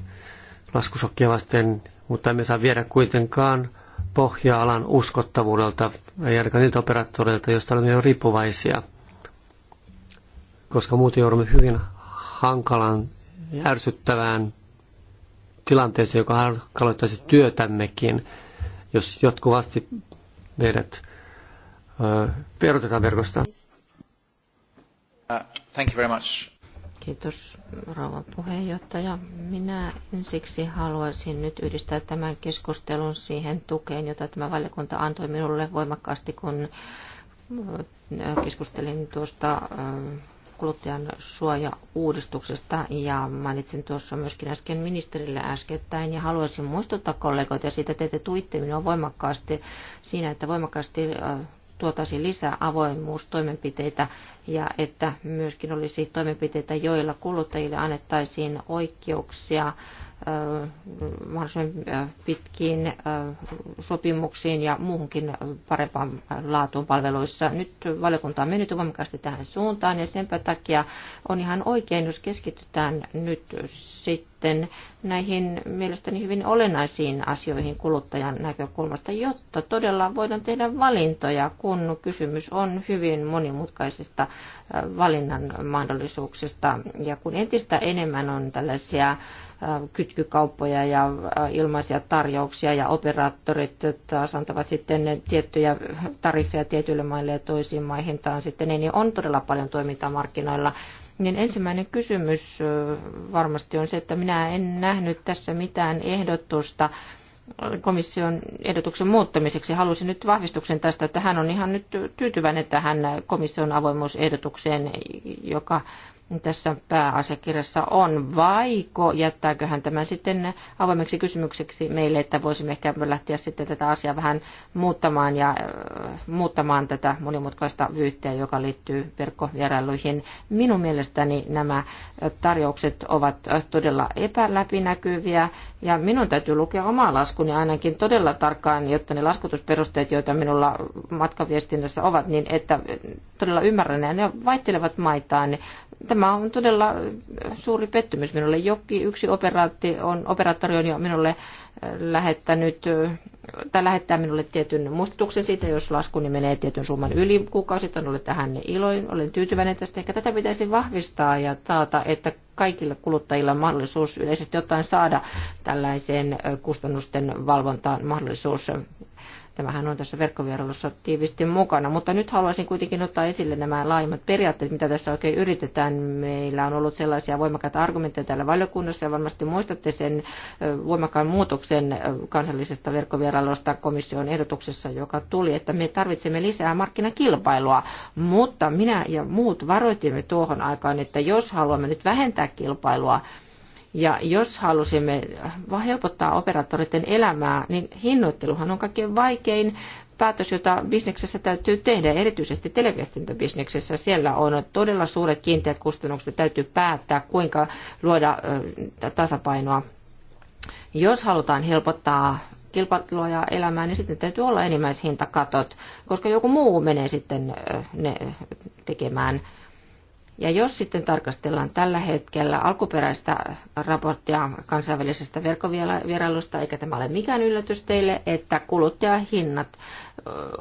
laskusokkia vasten, mutta emme saa viedä kuitenkaan pohja-alan uskottavuudelta, ei ainakaan niiltä operaattoreilta, joista olemme jo riippuvaisia, koska muuten joudumme hyvin hankalan ja ärsyttävään tilanteeseen, joka hankaloittaisi työtämmekin, jos jatkuvasti meidät perutetaan verkosta. Uh, thank you very much. Kiitos rouva puheenjohtaja. Minä ensiksi haluaisin nyt yhdistää tämän keskustelun siihen tukeen, jota tämä valiokunta antoi minulle voimakkaasti, kun keskustelin tuosta kuluttajan suoja-uudistuksesta ja mainitsin tuossa myöskin äsken ministerille äskettäin ja haluaisin muistuttaa kollegoita siitä, että te tuitte minua voimakkaasti siinä, että voimakkaasti tuotaisiin lisää avoimuustoimenpiteitä ja että myöskin olisi toimenpiteitä, joilla kuluttajille annettaisiin oikeuksia mahdollisimman pitkiin sopimuksiin ja muuhunkin parempaan laatuun palveluissa. Nyt valiokunta on mennyt voimakkaasti tähän suuntaan ja senpä takia on ihan oikein, jos keskitytään nyt sitten sitten näihin mielestäni hyvin olennaisiin asioihin kuluttajan näkökulmasta, jotta todella voidaan tehdä valintoja, kun kysymys on hyvin monimutkaisista äh, valinnan mahdollisuuksista. Ja kun entistä enemmän on tällaisia äh, kytkykauppoja ja äh, ilmaisia tarjouksia ja operaattorit taas antavat sitten tiettyjä tariffeja tietyille maille ja toisiin maihin taas sitten, niin on todella paljon toimintaa markkinoilla niin ensimmäinen kysymys varmasti on se, että minä en nähnyt tässä mitään ehdotusta komission ehdotuksen muuttamiseksi. Halusin nyt vahvistuksen tästä, että hän on ihan nyt tyytyväinen tähän komission avoimuusehdotukseen, joka tässä pääasiakirjassa on, vaiko jättääkö hän tämän sitten avoimeksi kysymykseksi meille, että voisimme ehkä lähteä sitten tätä asiaa vähän muuttamaan ja äh, muuttamaan tätä monimutkaista vyyhtiä, joka liittyy verkkovierailuihin. Minun mielestäni nämä tarjoukset ovat todella epäläpinäkyviä ja minun täytyy lukea omaa laskuni ainakin todella tarkkaan, jotta ne laskutusperusteet, joita minulla matkaviestinnässä ovat, niin että todella ymmärrän ja ne vaihtelevat maitaan tämä on todella suuri pettymys minulle. Jokin yksi operaatti on, operaattori on jo minulle äh, lähettänyt, äh, tai lähettää minulle tietyn muistutuksen siitä, jos laskuni menee tietyn summan yli on ollut tähän iloin, olen tyytyväinen tästä. Ehkä tätä pitäisi vahvistaa ja taata, että kaikilla kuluttajilla on mahdollisuus yleisesti ottaen saada tällaiseen äh, kustannusten valvontaan mahdollisuus. Tämähän on tässä verkkovierailussa tiivisti mukana, mutta nyt haluaisin kuitenkin ottaa esille nämä laajemmat periaatteet, mitä tässä oikein yritetään. Meillä on ollut sellaisia voimakkaita argumentteja täällä valiokunnassa ja varmasti muistatte sen voimakkaan muutoksen kansallisesta verkkovierailusta komission ehdotuksessa, joka tuli, että me tarvitsemme lisää markkinakilpailua, mutta minä ja muut varoitimme tuohon aikaan, että jos haluamme nyt vähentää kilpailua, ja jos halusimme helpottaa operaattoreiden elämää, niin hinnoitteluhan on kaikkein vaikein päätös, jota bisneksessä täytyy tehdä, erityisesti televiestintäbisneksessä. Siellä on todella suuret kiinteät kustannukset, täytyy päättää, kuinka luoda tasapainoa. Jos halutaan helpottaa kilpailua ja elämää, niin sitten täytyy olla enimmäishintakatot, koska joku muu menee sitten ne tekemään ja jos sitten tarkastellaan tällä hetkellä alkuperäistä raporttia kansainvälisestä verkkovierailusta, eikä tämä ole mikään yllätys teille, että kuluttajahinnat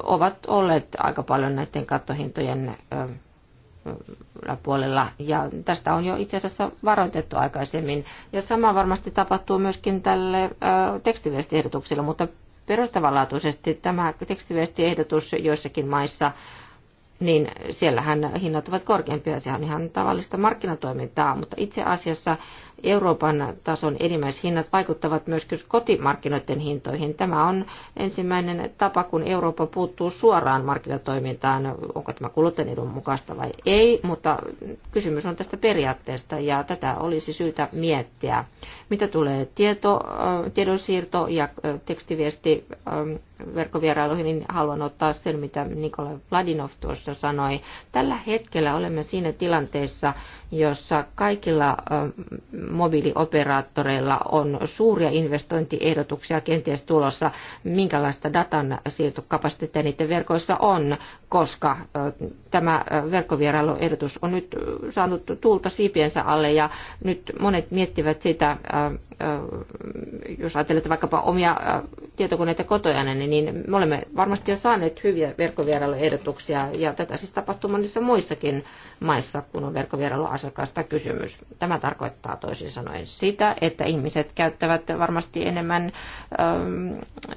ovat olleet aika paljon näiden kattohintojen puolella. Ja tästä on jo itse asiassa varoitettu aikaisemmin. Ja sama varmasti tapahtuu myöskin tälle tekstiviestiehdotukselle, mutta perustavanlaatuisesti tämä tekstiviestiehdotus joissakin maissa niin siellähän hinnat ovat korkeampia. Se on ihan tavallista markkinatoimintaa, mutta itse asiassa Euroopan tason enimmäishinnat vaikuttavat myös kotimarkkinoiden hintoihin. Tämä on ensimmäinen tapa, kun Eurooppa puuttuu suoraan markkinatoimintaan, onko tämä kuluttajan edun mukaista vai ei, mutta kysymys on tästä periaatteesta ja tätä olisi syytä miettiä. Mitä tulee tieto, äh, tiedonsiirto ja äh, tekstiviesti ähm, verkkovierailuihin, niin haluan ottaa sen, mitä Nikola Vladinov tuossa sanoi. Tällä hetkellä olemme siinä tilanteessa, jossa kaikilla ähm, mobiilioperaattoreilla on suuria investointiehdotuksia kenties tulossa, minkälaista datan siirtokapasiteettia niiden verkoissa on, koska tämä verkkovierailuehdotus on nyt saanut tuulta siipiensä alle ja nyt monet miettivät sitä, jos ajattelette vaikkapa omia tietokoneita kotoja, niin, niin me olemme varmasti jo saaneet hyviä verkkovierailuehdotuksia ja tätä siis tapahtuu monissa muissakin maissa, kun on verkkovierailuasiakkaasta kysymys. Tämä tarkoittaa toista toisin sanoen sitä, että ihmiset käyttävät varmasti enemmän ähm,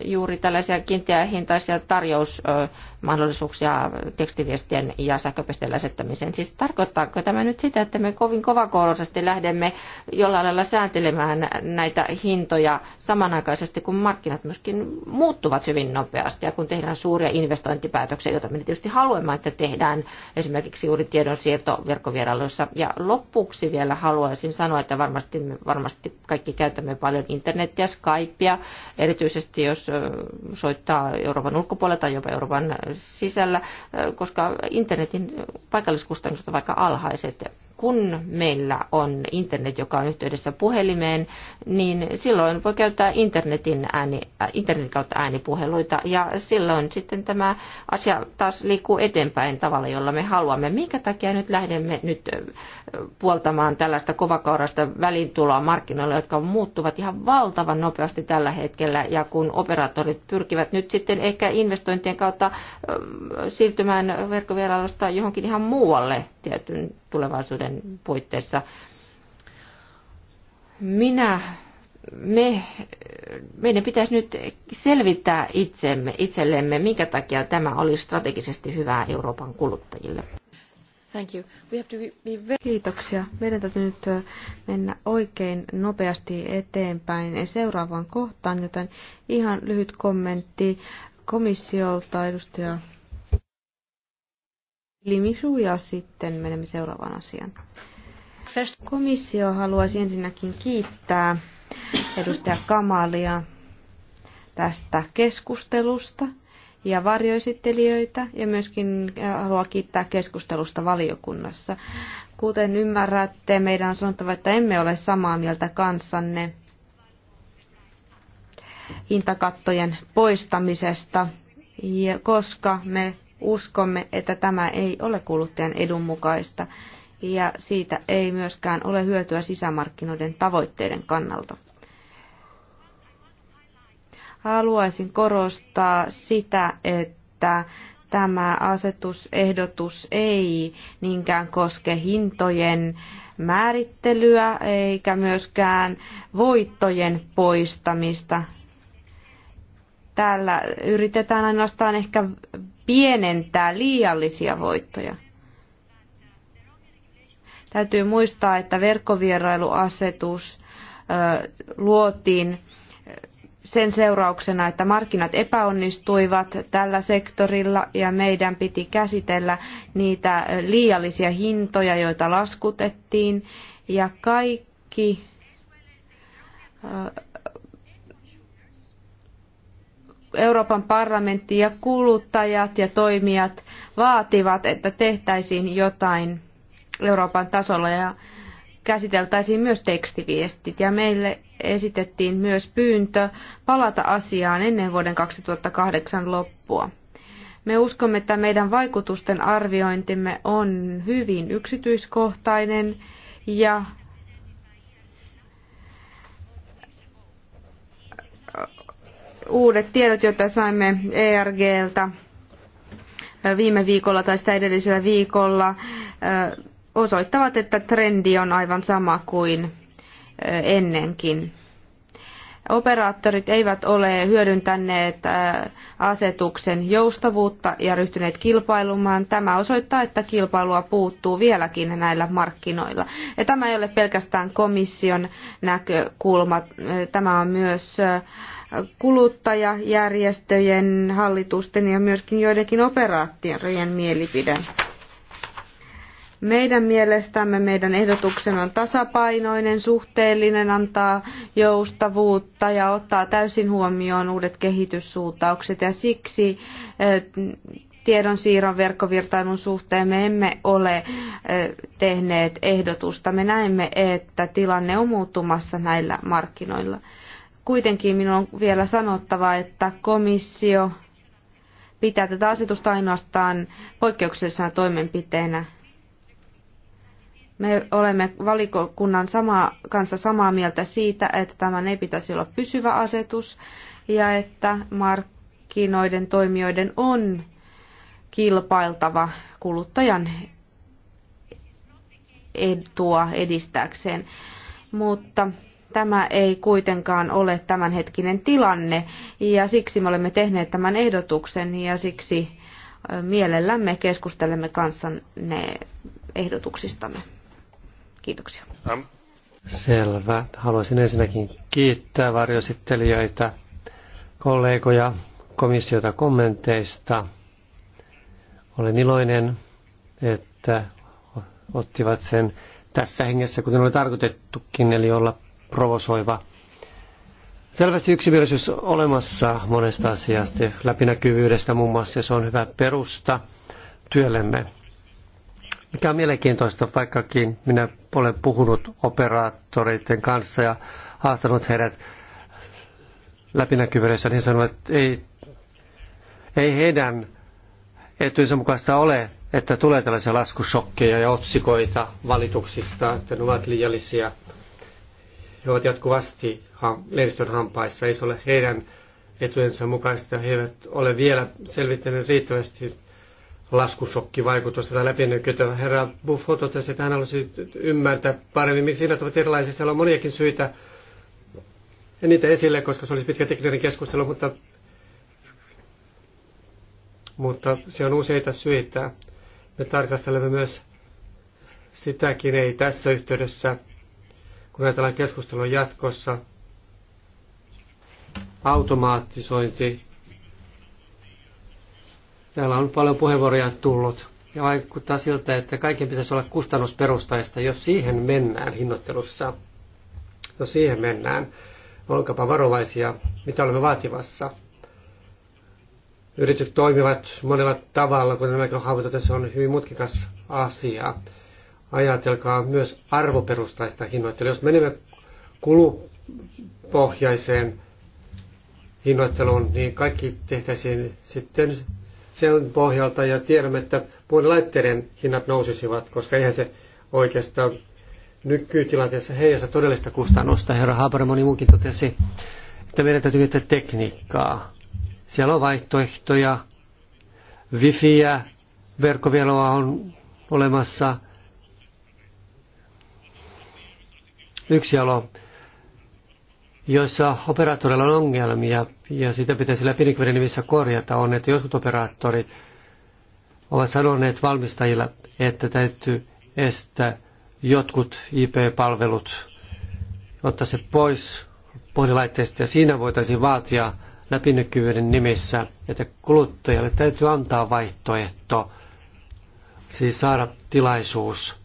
juuri tällaisia kiinteähintaisia tarjousmahdollisuuksia tekstiviestien ja sähköpisteen lähettämiseen. Siis tarkoittaako tämä nyt sitä, että me kovin kovakooroisesti lähdemme jollain lailla sääntelemään näitä hintoja samanaikaisesti, kun markkinat myöskin muuttuvat hyvin nopeasti ja kun tehdään suuria investointipäätöksiä, joita me tietysti haluamme, että tehdään esimerkiksi juuri tiedonsiirto verkkovierailuissa. Ja lopuksi vielä haluaisin sanoa, että varmasti varmasti, me varmasti kaikki käytämme paljon internetiä, Skypea, erityisesti jos soittaa Euroopan ulkopuolella tai jopa Euroopan sisällä, koska internetin paikalliskustannukset ovat aika alhaiset kun meillä on internet, joka on yhteydessä puhelimeen, niin silloin voi käyttää internetin, ääni, äh, internetin kautta äänipuheluita ja silloin sitten tämä asia taas liikkuu eteenpäin tavalla, jolla me haluamme. Minkä takia nyt lähdemme nyt äh, puoltamaan tällaista kovakaurasta välintuloa markkinoille, jotka muuttuvat ihan valtavan nopeasti tällä hetkellä ja kun operaattorit pyrkivät nyt sitten ehkä investointien kautta äh, siirtymään verkkovierailusta johonkin ihan muualle tietyn tulevaisuuden sen puitteissa. Minä, me, meidän pitäisi nyt selvittää itsemme, itsellemme, minkä takia tämä oli strategisesti hyvää Euroopan kuluttajille. Thank you. We have to be... Kiitoksia. Meidän täytyy nyt mennä oikein nopeasti eteenpäin seuraavaan kohtaan, joten ihan lyhyt kommentti komissiolta edustaja Limisu ja sitten menemme seuraavaan asiaan. Komissio haluaisi ensinnäkin kiittää edustaja Kamalia tästä keskustelusta ja varjoesittelijöitä ja myöskin äh, haluaa kiittää keskustelusta valiokunnassa. Kuten ymmärrätte, meidän on sanottava, että emme ole samaa mieltä kanssanne hintakattojen poistamisesta, koska me uskomme, että tämä ei ole kuluttajan edun mukaista ja siitä ei myöskään ole hyötyä sisämarkkinoiden tavoitteiden kannalta. Haluaisin korostaa sitä, että tämä asetusehdotus ei niinkään koske hintojen määrittelyä eikä myöskään voittojen poistamista. Täällä yritetään ainoastaan ehkä pienentää liiallisia voittoja. Täytyy muistaa, että verkkovierailuasetus luotiin sen seurauksena, että markkinat epäonnistuivat tällä sektorilla ja meidän piti käsitellä niitä liiallisia hintoja, joita laskutettiin ja kaikki Euroopan parlamentti ja kuluttajat ja toimijat vaativat, että tehtäisiin jotain Euroopan tasolla ja käsiteltäisiin myös tekstiviestit. Ja meille esitettiin myös pyyntö palata asiaan ennen vuoden 2008 loppua. Me uskomme, että meidän vaikutusten arviointimme on hyvin yksityiskohtainen ja uudet tiedot, joita saimme ERGltä viime viikolla tai sitä edellisellä viikolla, osoittavat, että trendi on aivan sama kuin ennenkin. Operaattorit eivät ole hyödyntäneet asetuksen joustavuutta ja ryhtyneet kilpailumaan. Tämä osoittaa, että kilpailua puuttuu vieläkin näillä markkinoilla. Ja tämä ei ole pelkästään komission näkökulma, tämä on myös kuluttajajärjestöjen, hallitusten ja myöskin joidenkin operaattorien mielipide. Meidän mielestämme meidän ehdotuksemme on tasapainoinen, suhteellinen, antaa joustavuutta ja ottaa täysin huomioon uudet kehityssuuntaukset ja siksi eh, tiedonsiirron verkkovirtailun suhteen me emme ole eh, tehneet ehdotusta. Me näemme, että tilanne on muuttumassa näillä markkinoilla. Kuitenkin minun on vielä sanottava, että komissio pitää tätä asetusta ainoastaan poikkeuksellisena toimenpiteenä. Me olemme valikokunnan sama, kanssa samaa mieltä siitä, että tämän ei pitäisi olla pysyvä asetus ja että markkinoiden toimijoiden on kilpailtava kuluttajan etua edistääkseen. Mutta Tämä ei kuitenkaan ole tämänhetkinen tilanne ja siksi me olemme tehneet tämän ehdotuksen ja siksi mielellämme keskustelemme kanssanne ehdotuksistamme. Kiitoksia. Selvä. Haluaisin ensinnäkin kiittää varjosittelijöitä, kollegoja, komissiota kommenteista. Olen iloinen, että ottivat sen tässä hengessä, kuten oli tarkoitettukin, eli olla provosoiva. Selvästi yksimielisyys olemassa monesta asiasta, läpinäkyvyydestä muun muassa, ja se on hyvä perusta työllemme. Mikä on mielenkiintoista, vaikkakin minä olen puhunut operaattoreiden kanssa ja haastanut heidät läpinäkyvyydessä, niin sanoin, että ei, ei heidän etuinsa mukaista ole, että tulee tällaisia laskushokkeja ja otsikoita valituksista, että ne ovat liiallisia he ovat jatkuvasti lehdistön hampaissa. Ei se ole heidän etujensa mukaista. He eivät ole vielä selvittäneet riittävästi laskusokkivaikutusta tai läpinäkytävä. Herra Buffo totesi, että hän halusi ymmärtää paremmin, miksi hinnat ovat erilaisia. Siellä on moniakin syitä. En niitä esille, koska se olisi pitkä tekninen keskustelu, mutta, mutta se on useita syitä. Me tarkastelemme myös sitäkin, ei tässä yhteydessä kun ajatellaan keskustelun jatkossa, automaattisointi. Täällä on paljon puheenvuoroja tullut. Ja vaikuttaa siltä, että kaiken pitäisi olla kustannusperustaista, jos siihen mennään hinnoittelussa. Jos siihen mennään, olkapa varovaisia, mitä olemme vaativassa. Yritykset toimivat monella tavalla, kun nämä tässä on hyvin mutkikas asia ajatelkaa myös arvoperustaista hinnoittelua. Jos menemme kulupohjaiseen hinnoitteluun, niin kaikki tehtäisiin sitten sen pohjalta ja tiedämme, että laitteiden hinnat nousisivat, koska eihän se oikeastaan nykytilanteessa heijasta todellista kustannusta. Herra Haaparmoni muukin totesi, että meidän täytyy miettiä tekniikkaa. Siellä on vaihtoehtoja, wifiä, verkkoveloa on olemassa – yksi alo, joissa operaattoreilla on ongelmia ja sitä pitäisi läpinäkyvyyden nimissä korjata on, että jotkut operaattorit ovat sanoneet valmistajilla, että täytyy estää jotkut IP-palvelut, ottaa se pois puhelinlaitteista ja siinä voitaisiin vaatia läpinäkyvyyden nimissä, että kuluttajalle täytyy antaa vaihtoehto, siis saada tilaisuus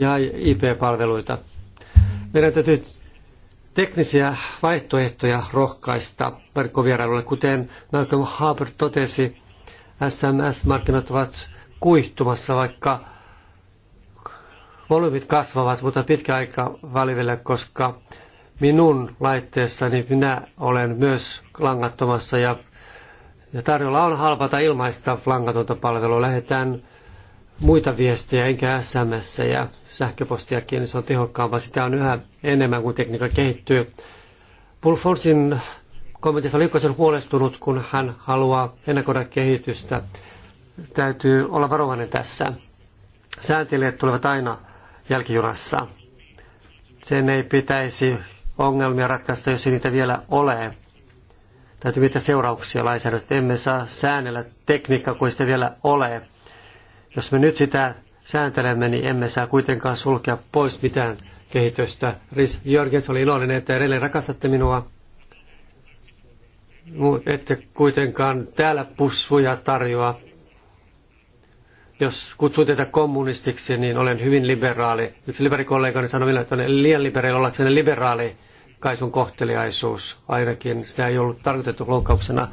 ja IP-palveluita. Meidän täytyy teknisiä vaihtoehtoja rohkaista verkkovierailulle. Kuten Malcolm Harper totesi, SMS-markkinat ovat kuihtumassa, vaikka volyymit kasvavat, mutta pitkä aika välillä, koska minun laitteessani minä olen myös langattomassa ja ja tarjolla on halpa tai ilmaista langatonta palvelua. Lähetään muita viestejä, enkä SMS ja sähköpostiakin, niin se on tehokkaampaa. Sitä on yhä enemmän, kuin tekniikka kehittyy. Pulforsin kommentissa oli ikkoisen huolestunut, kun hän haluaa ennakoida kehitystä. Täytyy olla varovainen tässä. Sääntelijät tulevat aina jälkijunassa. Sen ei pitäisi ongelmia ratkaista, jos ei niitä vielä ole Täytyy miettiä seurauksia lainsäädännöstä. Emme saa säännellä tekniikkaa, kun sitä vielä ole. Jos me nyt sitä sääntelemme, niin emme saa kuitenkaan sulkea pois mitään kehitystä. Ris Jörgens oli iloinen, että edelleen rakastatte minua. Ette kuitenkaan täällä pussuja tarjoa. Jos kutsuu teitä kommunistiksi, niin olen hyvin liberaali. Yksi liberikollegani sanoi minulle, että olen liian liberaali ollakseni liberaali kaisun kohteliaisuus, ainakin sitä ei ollut tarkoitettu loukkauksena.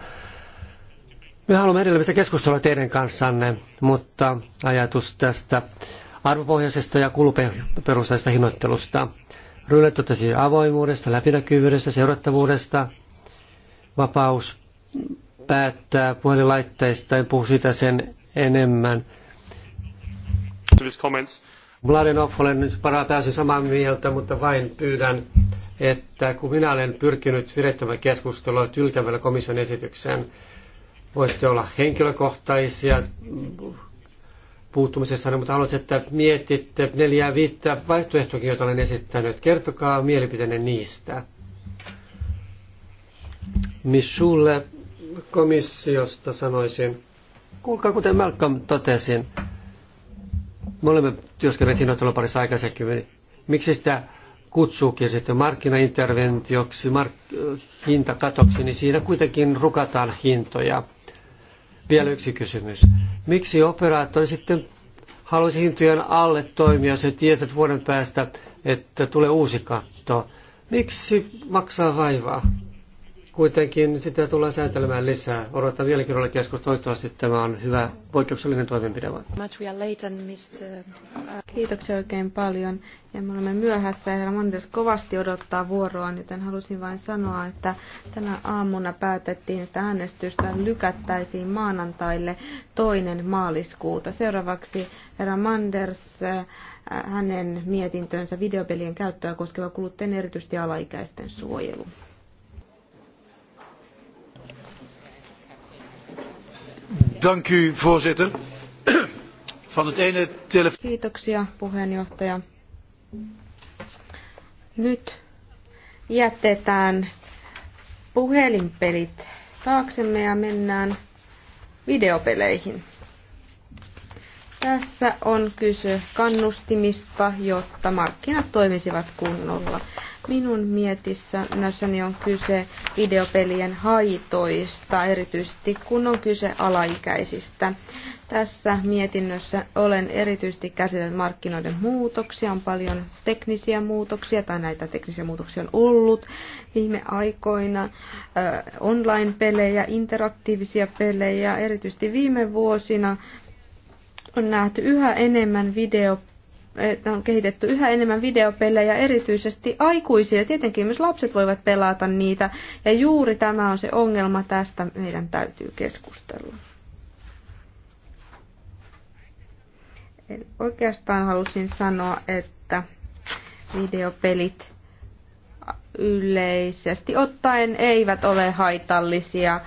Me haluamme edelleen keskustella teidän kanssanne, mutta ajatus tästä arvopohjaisesta ja kuluperustaisesta hinnoittelusta. Rylle totesi avoimuudesta, läpinäkyvyydestä, seurattavuudesta, vapaus päättää puhelinlaitteista, en puhu sitä sen enemmän. Mladenov, olen parataasi samaa mieltä, mutta vain pyydän, että kun minä olen pyrkinyt virettämään keskustelua tylkävällä komission esitykseen, voitte olla henkilökohtaisia puuttumisessa, mutta haluaisin, että mietitte neljää viittä vaihtoehtoakin, joita olen esittänyt. Kertokaa mielipiteenne niistä. Missulle komissiosta sanoisin, kuulkaa kuten Malcolm totesin, me olemme työskennelleet hinnoittelun parissa aikaisemmin. Miksi sitä kutsuukin sitten markkinainterventioksi, mark- hintakatoksi, niin siinä kuitenkin rukataan hintoja. Vielä yksi kysymys. Miksi operaattori sitten haluaisi hintojen alle toimia, se tietää vuoden päästä, että tulee uusi katto? Miksi maksaa vaivaa? Kuitenkin sitä tullaan säätelemään lisää. Odotan vieläkin olla keskus. Toivottavasti tämä on hyvä poikkeuksellinen toimenpide. Uh, Kiitoksia oikein paljon. Ja me olemme myöhässä ja herra Montes kovasti odottaa vuoroa, joten halusin vain sanoa, että tänä aamuna päätettiin, että äänestystä lykättäisiin maanantaille toinen maaliskuuta. Seuraavaksi herra Manders, äh, hänen mietintönsä videopelien käyttöä koskeva kuluttajien erityisesti alaikäisten suojelu. voorzitter van het ene Kiitoksia puheenjohtaja. Nyt jätetään puhelinpelit taaksemme ja mennään videopeleihin. Tässä on kyse kannustimista, jotta markkinat toimisivat kunnolla. Minun mietissä mietissäni on kyse videopelien haitoista, erityisesti kun on kyse alaikäisistä. Tässä mietinnössä olen erityisesti käsitellyt markkinoiden muutoksia. On paljon teknisiä muutoksia, tai näitä teknisiä muutoksia on ollut viime aikoina. Online-pelejä, interaktiivisia pelejä, erityisesti viime vuosina on nähty yhä enemmän videopelejä että on kehitetty yhä enemmän videopelejä, erityisesti aikuisia. Tietenkin myös lapset voivat pelata niitä, ja juuri tämä on se ongelma, tästä meidän täytyy keskustella. Eli oikeastaan halusin sanoa, että videopelit yleisesti ottaen eivät ole haitallisia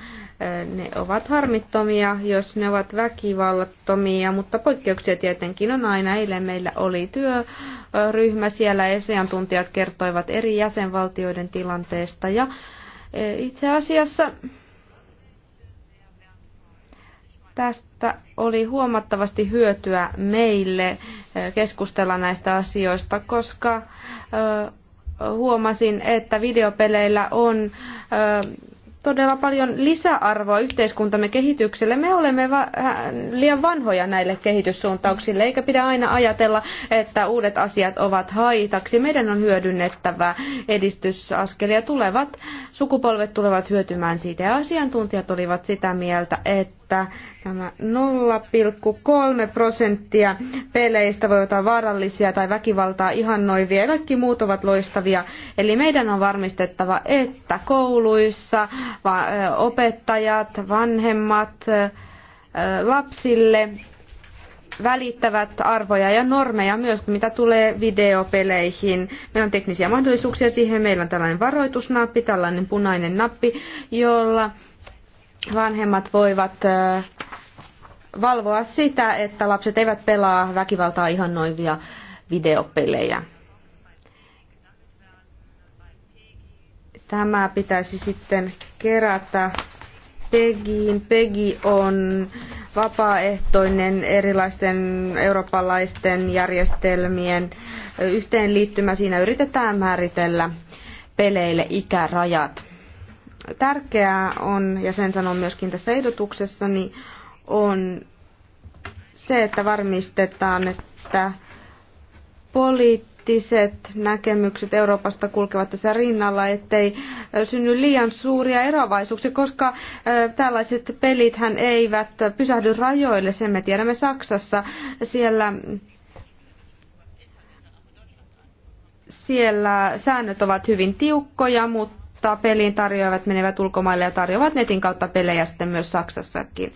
ne ovat harmittomia, jos ne ovat väkivallattomia, mutta poikkeuksia tietenkin on aina. Eilen meillä oli työryhmä, siellä asiantuntijat kertoivat eri jäsenvaltioiden tilanteesta ja e, itse asiassa tästä oli huomattavasti hyötyä meille e, keskustella näistä asioista, koska e, huomasin, että videopeleillä on todella paljon lisäarvoa yhteiskuntamme kehitykselle. Me olemme liian vanhoja näille kehityssuuntauksille, eikä pidä aina ajatella, että uudet asiat ovat haitaksi. Meidän on hyödynnettävä edistysaskelia. Tulevat sukupolvet tulevat hyötymään siitä. Ja asiantuntijat olivat sitä mieltä, että että tämä 0,3 prosenttia peleistä voi olla vaarallisia tai väkivaltaa ihannoivia ja kaikki muut ovat loistavia. Eli meidän on varmistettava, että kouluissa opettajat, vanhemmat lapsille välittävät arvoja ja normeja myös, mitä tulee videopeleihin. Meillä on teknisiä mahdollisuuksia siihen. Meillä on tällainen varoitusnappi, tällainen punainen nappi, jolla vanhemmat voivat valvoa sitä, että lapset eivät pelaa väkivaltaa ihannoivia videopelejä. Tämä pitäisi sitten kerätä Pegiin. Pegi on vapaaehtoinen erilaisten eurooppalaisten järjestelmien yhteenliittymä. Siinä yritetään määritellä peleille ikärajat tärkeää on, ja sen sanon myöskin tässä niin on se, että varmistetaan, että poliittiset näkemykset Euroopasta kulkevat tässä rinnalla, ettei synny liian suuria eroavaisuuksia, koska tällaiset pelithän eivät pysähdy rajoille, sen me tiedämme Saksassa. Siellä siellä säännöt ovat hyvin tiukkoja, mutta kautta peliin tarjoavat, menevät ulkomaille ja tarjoavat netin kautta pelejä sitten myös Saksassakin.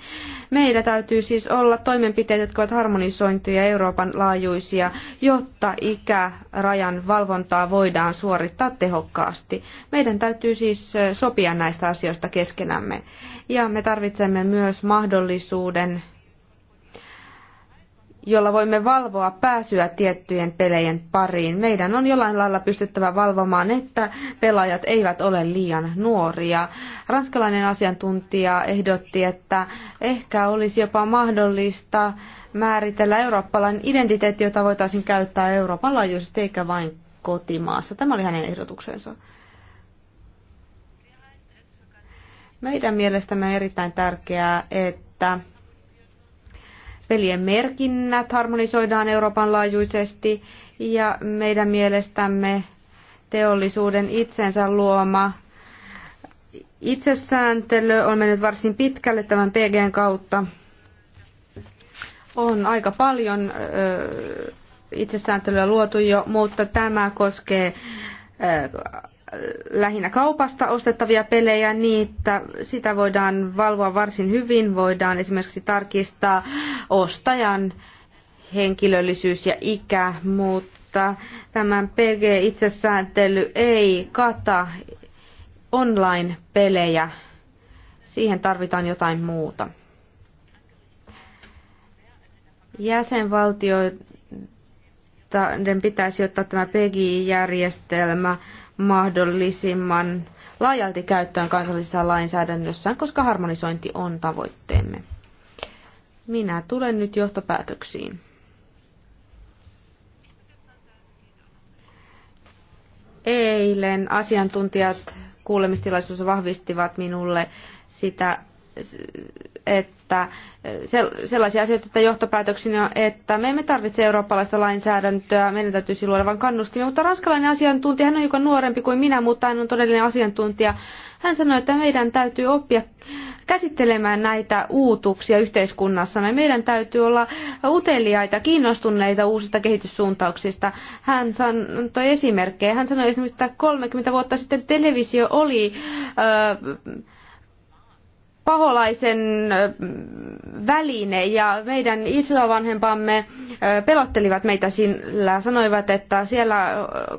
Meillä täytyy siis olla toimenpiteet, jotka ovat harmonisointuja Euroopan laajuisia, jotta ikärajan valvontaa voidaan suorittaa tehokkaasti. Meidän täytyy siis sopia näistä asioista keskenämme. Ja me tarvitsemme myös mahdollisuuden jolla voimme valvoa pääsyä tiettyjen pelejen pariin. Meidän on jollain lailla pystyttävä valvomaan, että pelaajat eivät ole liian nuoria. Ranskalainen asiantuntija ehdotti, että ehkä olisi jopa mahdollista määritellä eurooppalainen identiteetti, jota voitaisiin käyttää Euroopan laajuisesti eikä vain kotimaassa. Tämä oli hänen ehdotuksensa. Meidän mielestämme on erittäin tärkeää, että Pelien merkinnät harmonisoidaan Euroopan laajuisesti ja meidän mielestämme teollisuuden itsensä luoma itsesääntely on mennyt varsin pitkälle tämän PGn kautta. On aika paljon itsesääntelyä luotu jo, mutta tämä koskee lähinnä kaupasta ostettavia pelejä, niitä, sitä voidaan valvoa varsin hyvin. Voidaan esimerkiksi tarkistaa ostajan henkilöllisyys ja ikä, mutta tämän PG-itsesääntely ei kata online-pelejä. Siihen tarvitaan jotain muuta. Jäsenvaltioiden pitäisi ottaa tämä PGI-järjestelmä mahdollisimman laajalti käyttöön kansallisessa lainsäädännössään, koska harmonisointi on tavoitteemme. Minä tulen nyt johtopäätöksiin. Eilen asiantuntijat kuulemistilaisuus vahvistivat minulle sitä, että sellaisia asioita, että johtopäätöksinä, että me emme tarvitse eurooppalaista lainsäädäntöä, meidän täytyisi luoda vain kannustimia, mutta ranskalainen asiantuntija, hän on hiukan nuorempi kuin minä, mutta hän on todellinen asiantuntija. Hän sanoi, että meidän täytyy oppia käsittelemään näitä uutuuksia yhteiskunnassamme. Meidän täytyy olla uteliaita, kiinnostuneita uusista kehityssuuntauksista. Hän sanoi esimerkkejä. Hän sanoi esimerkiksi, että 30 vuotta sitten televisio oli... Öö, paholaisen väline ja meidän isovanhempamme pelottelivat meitä sillä, sanoivat, että siellä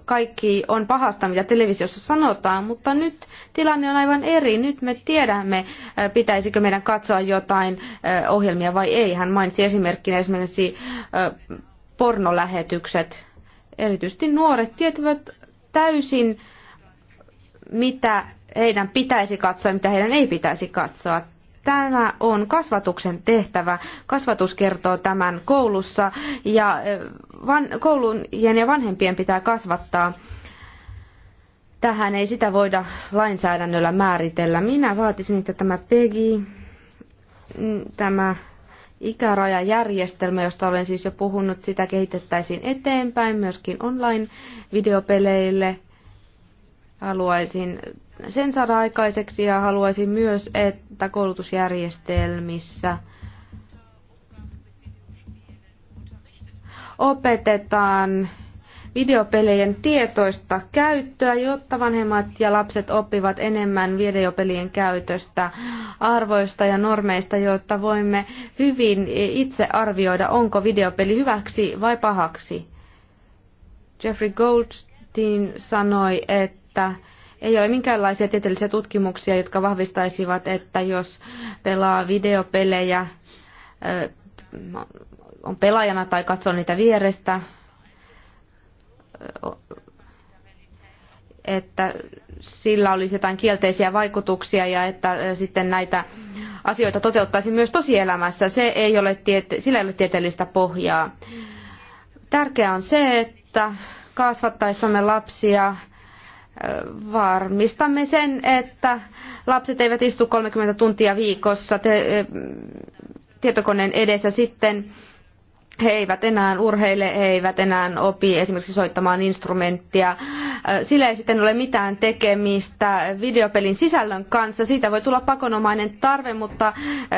kaikki on pahasta, mitä televisiossa sanotaan, mutta nyt tilanne on aivan eri. Nyt me tiedämme, pitäisikö meidän katsoa jotain ohjelmia vai ei. Hän mainitsi esimerkkinä esimerkiksi pornolähetykset. Erityisesti nuoret tietävät täysin, mitä heidän pitäisi katsoa ja mitä heidän ei pitäisi katsoa. Tämä on kasvatuksen tehtävä. Kasvatus kertoo tämän koulussa ja eh, van, koulujen ja vanhempien pitää kasvattaa. Tähän ei sitä voida lainsäädännöllä määritellä. Minä vaatisin, että tämä PEGI, mm, tämä ikärajajärjestelmä, josta olen siis jo puhunut, sitä kehitettäisiin eteenpäin myöskin online-videopeleille. Haluaisin sen saada aikaiseksi ja haluaisin myös, että koulutusjärjestelmissä opetetaan videopelien tietoista käyttöä, jotta vanhemmat ja lapset oppivat enemmän videopelien käytöstä, arvoista ja normeista, jotta voimme hyvin itse arvioida, onko videopeli hyväksi vai pahaksi. Jeffrey Goldstein sanoi, että ei ole minkäänlaisia tieteellisiä tutkimuksia, jotka vahvistaisivat, että jos pelaa videopelejä, on pelaajana tai katsoo niitä vierestä, että sillä olisi jotain kielteisiä vaikutuksia ja että sitten näitä asioita toteuttaisi myös tosielämässä. Se ei ole tiete- sillä ei ole tieteellistä pohjaa. Tärkeää on se, että kasvattaessamme lapsia varmistamme sen, että lapset eivät istu 30 tuntia viikossa tietokoneen edessä sitten he eivät enää urheile, he eivät enää opi esimerkiksi soittamaan instrumenttia. Sillä ei sitten ole mitään tekemistä videopelin sisällön kanssa. Siitä voi tulla pakonomainen tarve, mutta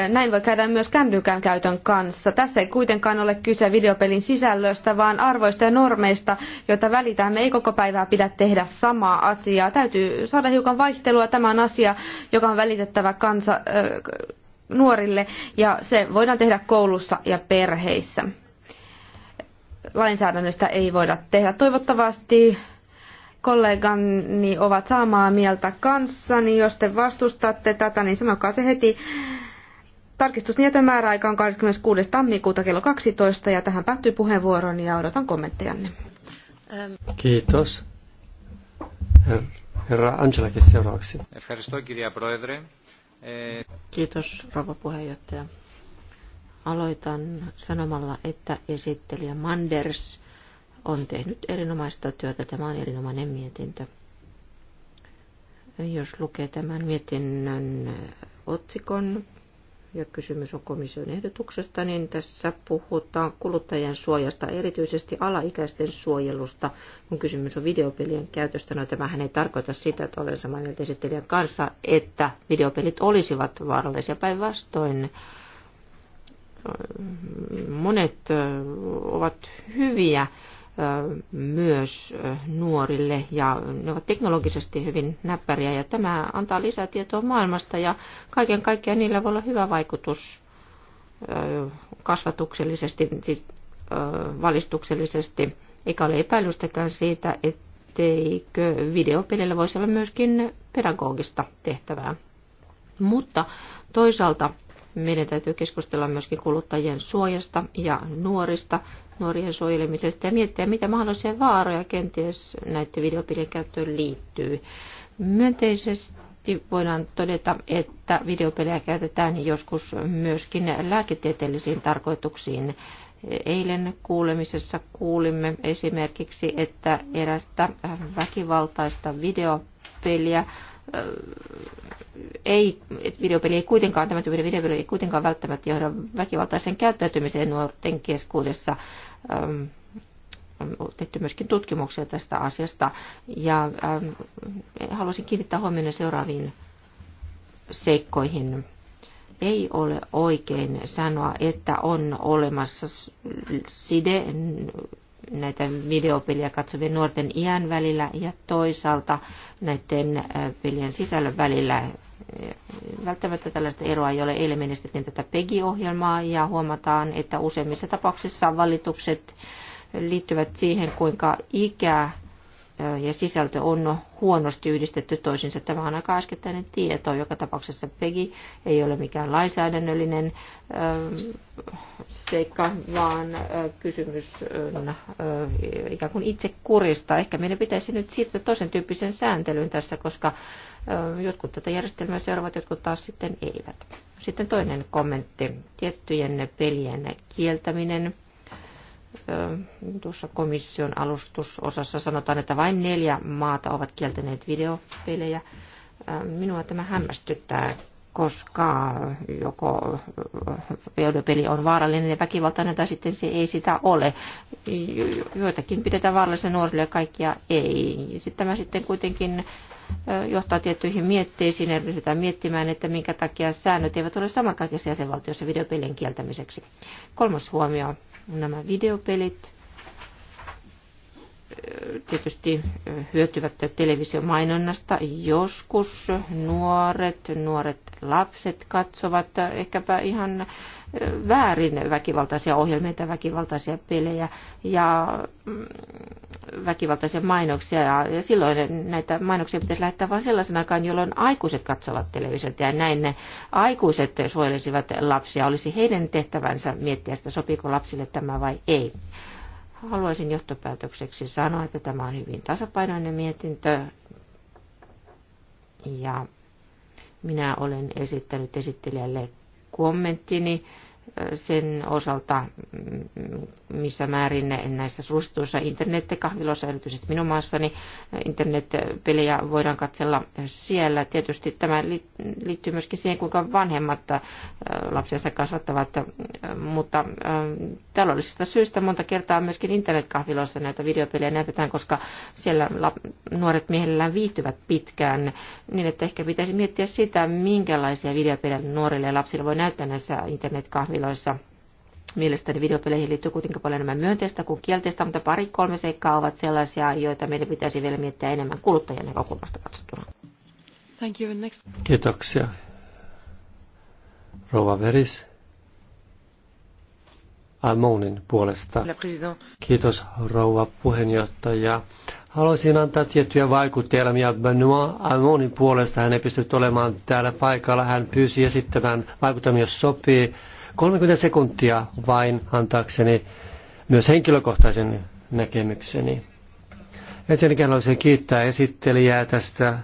näin voi käydä myös kännykän käytön kanssa. Tässä ei kuitenkaan ole kyse videopelin sisällöstä, vaan arvoista ja normeista, joita välitämme. Ei koko päivää pidä tehdä samaa asiaa. Täytyy saada hiukan vaihtelua. Tämä on asia, joka on välitettävä kansa, nuorille ja se voidaan tehdä koulussa ja perheissä lainsäädännöstä ei voida tehdä. Toivottavasti kollegani ovat samaa mieltä kanssani. Jos te vastustatte tätä, niin sanokaa se heti. Tarkistusnietojen määräaika on 26. tammikuuta kello 12 ja tähän päättyy puheenvuoroni ja odotan kommenttejanne. Kiitos. Herra Angelakin seuraavaksi. Kiitos, rouva puheenjohtaja. Aloitan sanomalla, että esittelijä Manders on tehnyt erinomaista työtä. Tämä on erinomainen mietintö. Jos lukee tämän mietinnön otsikon ja kysymys on komission ehdotuksesta, niin tässä puhutaan kuluttajien suojasta, erityisesti alaikäisten suojelusta. Kun kysymys on videopelien käytöstä, no tämähän ei tarkoita sitä, että olen samaa mieltä esittelijän kanssa, että videopelit olisivat vaarallisia päinvastoin. Monet ovat hyviä myös nuorille ja ne ovat teknologisesti hyvin näppäriä ja tämä antaa lisää tietoa maailmasta ja kaiken kaikkiaan niillä voi olla hyvä vaikutus kasvatuksellisesti, siis valistuksellisesti, eikä ole epäilystäkään siitä, etteikö videopelillä voisi olla myöskin pedagogista tehtävää. Mutta toisaalta meidän täytyy keskustella myöskin kuluttajien suojasta ja nuorista, nuorien suojelemisesta ja miettiä, mitä mahdollisia vaaroja kenties näiden videopelien käyttöön liittyy. Myönteisesti voidaan todeta, että videopelejä käytetään joskus myöskin lääketieteellisiin tarkoituksiin. Eilen kuulemisessa kuulimme esimerkiksi, että erästä väkivaltaista videopeliä ei, että videopeli ei kuitenkaan, tämä tyyppinen videopeli ei kuitenkaan välttämättä johda väkivaltaiseen käyttäytymiseen nuorten keskuudessa. Öm, on tehty myöskin tutkimuksia tästä asiasta. Ja ähm, haluaisin kiinnittää huomioon seuraaviin seikkoihin. Ei ole oikein sanoa, että on olemassa side näitä videopeliä katsovien nuorten iän välillä ja toisaalta näiden äh, pelien sisällön välillä. Välttämättä tällaista eroa ei ole. Eilen menestettiin tätä PEGI-ohjelmaa ja huomataan, että useimmissa tapauksissa valitukset liittyvät siihen, kuinka ikä ja sisältö on huonosti yhdistetty toisiinsa. Tämä on aika äskettäinen tieto. Joka tapauksessa PEGI ei ole mikään lainsäädännöllinen seikka, vaan kysymys on ikään kuin itse kurista. Ehkä meidän pitäisi nyt siirtyä toisen tyyppiseen sääntelyyn tässä, koska jotkut tätä järjestelmää seuraavat, jotkut taas sitten eivät. Sitten toinen kommentti, tiettyjen pelien kieltäminen tuossa komission alustusosassa sanotaan, että vain neljä maata ovat kieltäneet videopelejä. Minua tämä hämmästyttää, koska joko videopeli on vaarallinen ja väkivaltainen tai sitten se ei sitä ole. Joitakin pidetään vaarallisena nuorille ja kaikkia ei. Sitten tämä sitten kuitenkin johtaa tiettyihin mietteisiin ja ryhdytään miettimään, että minkä takia säännöt eivät ole samankaikaisia jäsenvaltioissa videopelien kieltämiseksi. Kolmas huomio nämä videopelit tietysti hyötyvät televisiomainonnasta. Joskus nuoret, nuoret lapset katsovat ehkäpä ihan väärin väkivaltaisia ohjelmia väkivaltaisia pelejä ja mm, väkivaltaisia mainoksia. Ja silloin näitä mainoksia pitäisi lähettää vain sellaisen aikaan, jolloin aikuiset katsovat televisiota ja näin ne aikuiset suojelisivat lapsia. Olisi heidän tehtävänsä miettiä että sopiiko lapsille tämä vai ei haluaisin johtopäätökseksi sanoa, että tämä on hyvin tasapainoinen mietintö. Ja minä olen esittänyt esittelijälle kommenttini sen osalta, missä määrin näissä suosituissa internettikahviloissa, erityisesti minun maassani, internetpelejä voidaan katsella siellä. Tietysti tämä liittyy myöskin siihen, kuinka vanhemmat äh, lapsensa kasvattavat, äh, mutta äh, taloudellisista syistä monta kertaa myöskin internetkahviloissa näitä videopelejä näytetään, koska siellä nuoret miehellään viihtyvät pitkään, niin että ehkä pitäisi miettiä sitä, minkälaisia videopelejä nuorille ja lapsille voi näyttää näissä internetkahviloissa kahviloissa. Mielestäni videopeleihin liittyy kuitenkin paljon enemmän myönteistä kuin kielteistä, mutta pari-kolme seikkaa ovat sellaisia, joita meidän pitäisi vielä miettiä enemmän kuluttajien näkökulmasta katsottuna. Thank you. Next. Kiitoksia. Rova Veris. Almonin puolesta. Kiitos rouva puheenjohtaja. Haluaisin antaa tiettyjä vaikutelmia Benoit Almonin puolesta. Hän ei pystynyt olemaan täällä paikalla. Hän pyysi esittämään vaikutelmia, jos sopii. 30 sekuntia vain antaakseni myös henkilökohtaisen näkemykseni. Ensinnäkin haluaisin kiittää esittelijää tästä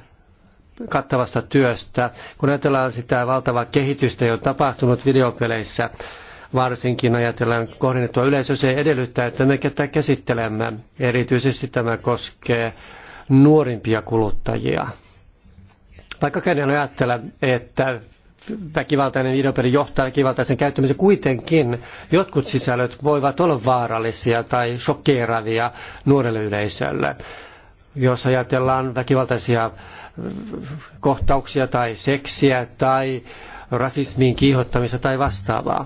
kattavasta työstä. Kun ajatellaan sitä valtavaa kehitystä, jota on tapahtunut videopeleissä, varsinkin ajatellaan kohdennettua yleisö, se edellyttää, että me tätä käsittelemme. Erityisesti tämä koskee nuorimpia kuluttajia. Vaikka en ajattele, että väkivaltainen videopeli johtaa väkivaltaisen käyttämiseen. Kuitenkin jotkut sisällöt voivat olla vaarallisia tai shokkeeravia nuorelle yleisölle. Jos ajatellaan väkivaltaisia äh, kohtauksia tai seksiä tai rasismiin kiihottamista tai vastaavaa.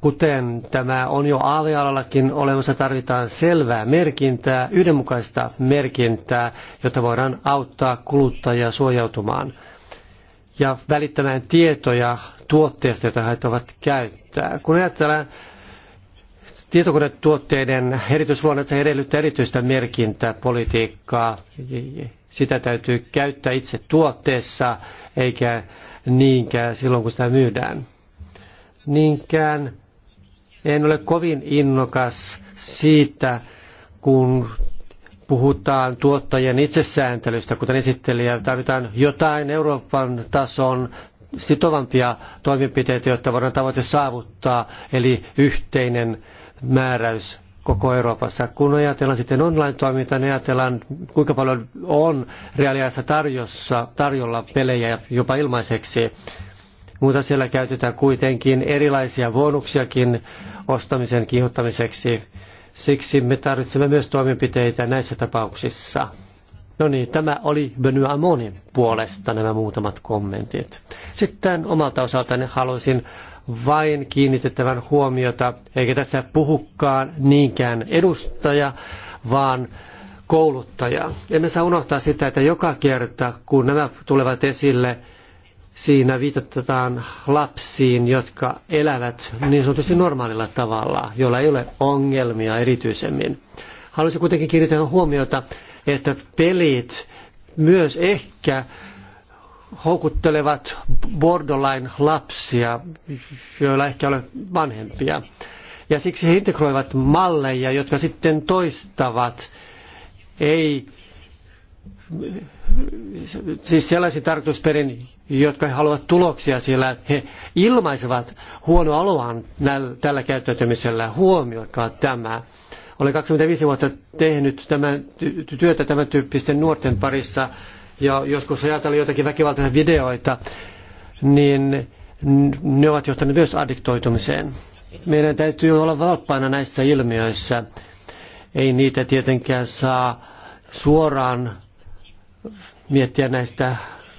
Kuten tämä on jo aavealallakin olemassa, tarvitaan selvää merkintää, yhdenmukaista merkintää, jota voidaan auttaa kuluttajia suojautumaan – ja välittämään tietoja tuotteista, joita he ovat käyttää. Kun ajatellaan tietokonetuotteiden erityisluonne, se edellyttää erityistä merkintää politiikkaa. Sitä täytyy käyttää itse tuotteessa, eikä niinkään silloin, kun sitä myydään. Niinkään en ole kovin innokas siitä, kun puhutaan tuottajien itsesääntelystä, kuten esittelijä. Tarvitaan jotain Euroopan tason sitovampia toimenpiteitä, jotta voidaan tavoite saavuttaa, eli yhteinen määräys koko Euroopassa. Kun ajatellaan sitten online-toimintaa, niin ajatellaan kuinka paljon on reaaliajassa tarjossa, tarjolla pelejä jopa ilmaiseksi. Mutta siellä käytetään kuitenkin erilaisia bonuksiakin ostamisen kiihottamiseksi Siksi me tarvitsemme myös toimenpiteitä näissä tapauksissa. No niin, tämä oli Beny Amonin puolesta nämä muutamat kommentit. Sitten omalta osaltani haluaisin vain kiinnitettävän huomiota, eikä tässä puhukaan niinkään edustaja, vaan kouluttaja. Emme saa unohtaa sitä, että joka kerta kun nämä tulevat esille, Siinä viitataan lapsiin, jotka elävät niin sanotusti normaalilla tavalla, jolla ei ole ongelmia erityisemmin. Haluaisin kuitenkin kiinnittää huomiota, että pelit myös ehkä houkuttelevat borderline lapsia, joilla ehkä ole vanhempia. Ja siksi he integroivat malleja, jotka sitten toistavat, ei siis sellaisen tarkoitusperin, jotka haluavat tuloksia, sillä he ilmaisevat huono oloaan tällä käyttäytymisellä. Huomioikaa tämä. Olen 25 vuotta tehnyt tämän, työtä tämän tyyppisten nuorten parissa ja joskus ajatellut jotakin väkivaltaisia videoita, niin ne ovat johtaneet myös addiktoitumiseen. Meidän täytyy olla valppaana näissä ilmiöissä. Ei niitä tietenkään saa suoraan miettiä näistä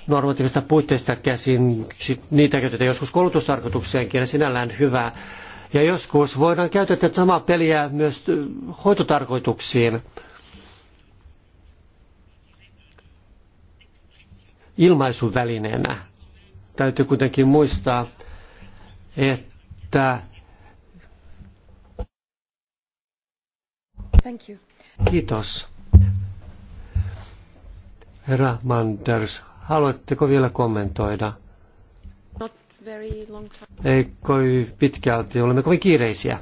normatiivista puitteista käsin. Niitä käytetään joskus koulutustarkoitukseenkin ja sinällään hyvä. Ja joskus voidaan käyttää tätä samaa peliä myös hoitotarkoituksiin. ilmaisuvälineenä. Täytyy kuitenkin muistaa, että... Thank you. Kiitos. Herra Manders, haluatteko vielä kommentoida? Ei kovin pitkälti, olemme kovin kiireisiä.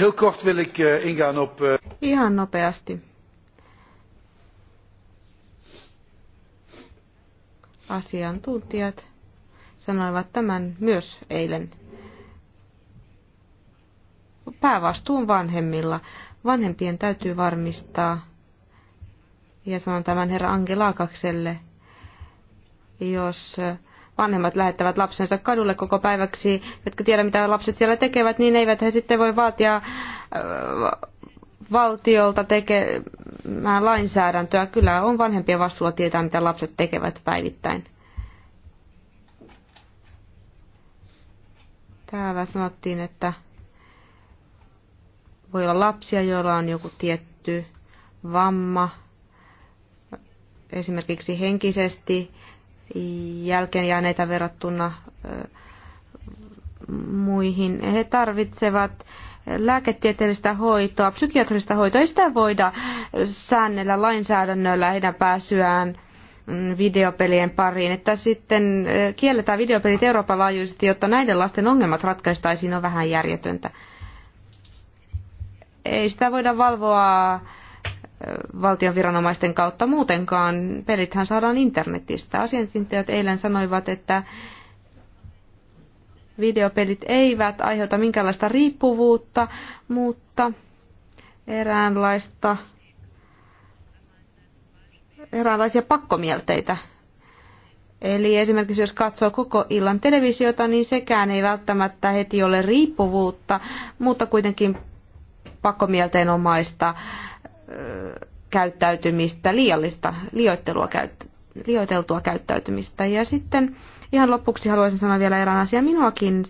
Heel kort wil ik eh, ingaan op... Eh, Ihan nopeasti. Asiantuntijat sanoivat tämän myös eilen. Päävastuun vanhemmilla. Vanhempien täytyy varmistaa, ja sanon tämän herra Angelaakakselle, jos vanhemmat lähettävät lapsensa kadulle koko päiväksi, jotka tiedä mitä lapset siellä tekevät, niin eivät he sitten voi vaatia äh, valtiolta tekemään lainsäädäntöä. Kyllä on vanhempien vastuulla tietää, mitä lapset tekevät päivittäin. Täällä sanottiin, että voi olla lapsia, joilla on joku tietty vamma esimerkiksi henkisesti jälkeen jääneitä verrattuna muihin. He tarvitsevat lääketieteellistä hoitoa, psykiatrista hoitoa. Ei sitä voida säännellä lainsäädännöllä heidän pääsyään videopelien pariin, että sitten kielletään videopelit Euroopan laajuisesti, jotta näiden lasten ongelmat ratkaistaisiin, on vähän järjetöntä. Ei sitä voida valvoa valtion viranomaisten kautta muutenkaan. Pelithän saadaan internetistä. Asiantuntijat eilen sanoivat, että videopelit eivät aiheuta minkäänlaista riippuvuutta, mutta eräänlaista, eräänlaisia pakkomielteitä. Eli esimerkiksi jos katsoo koko illan televisiota, niin sekään ei välttämättä heti ole riippuvuutta, mutta kuitenkin pakkomielteenomaista. omaista käyttäytymistä, liiallista liioittelua liioiteltua käyttäytymistä. Ja sitten ihan lopuksi haluaisin sanoa vielä erään asian. Minuakin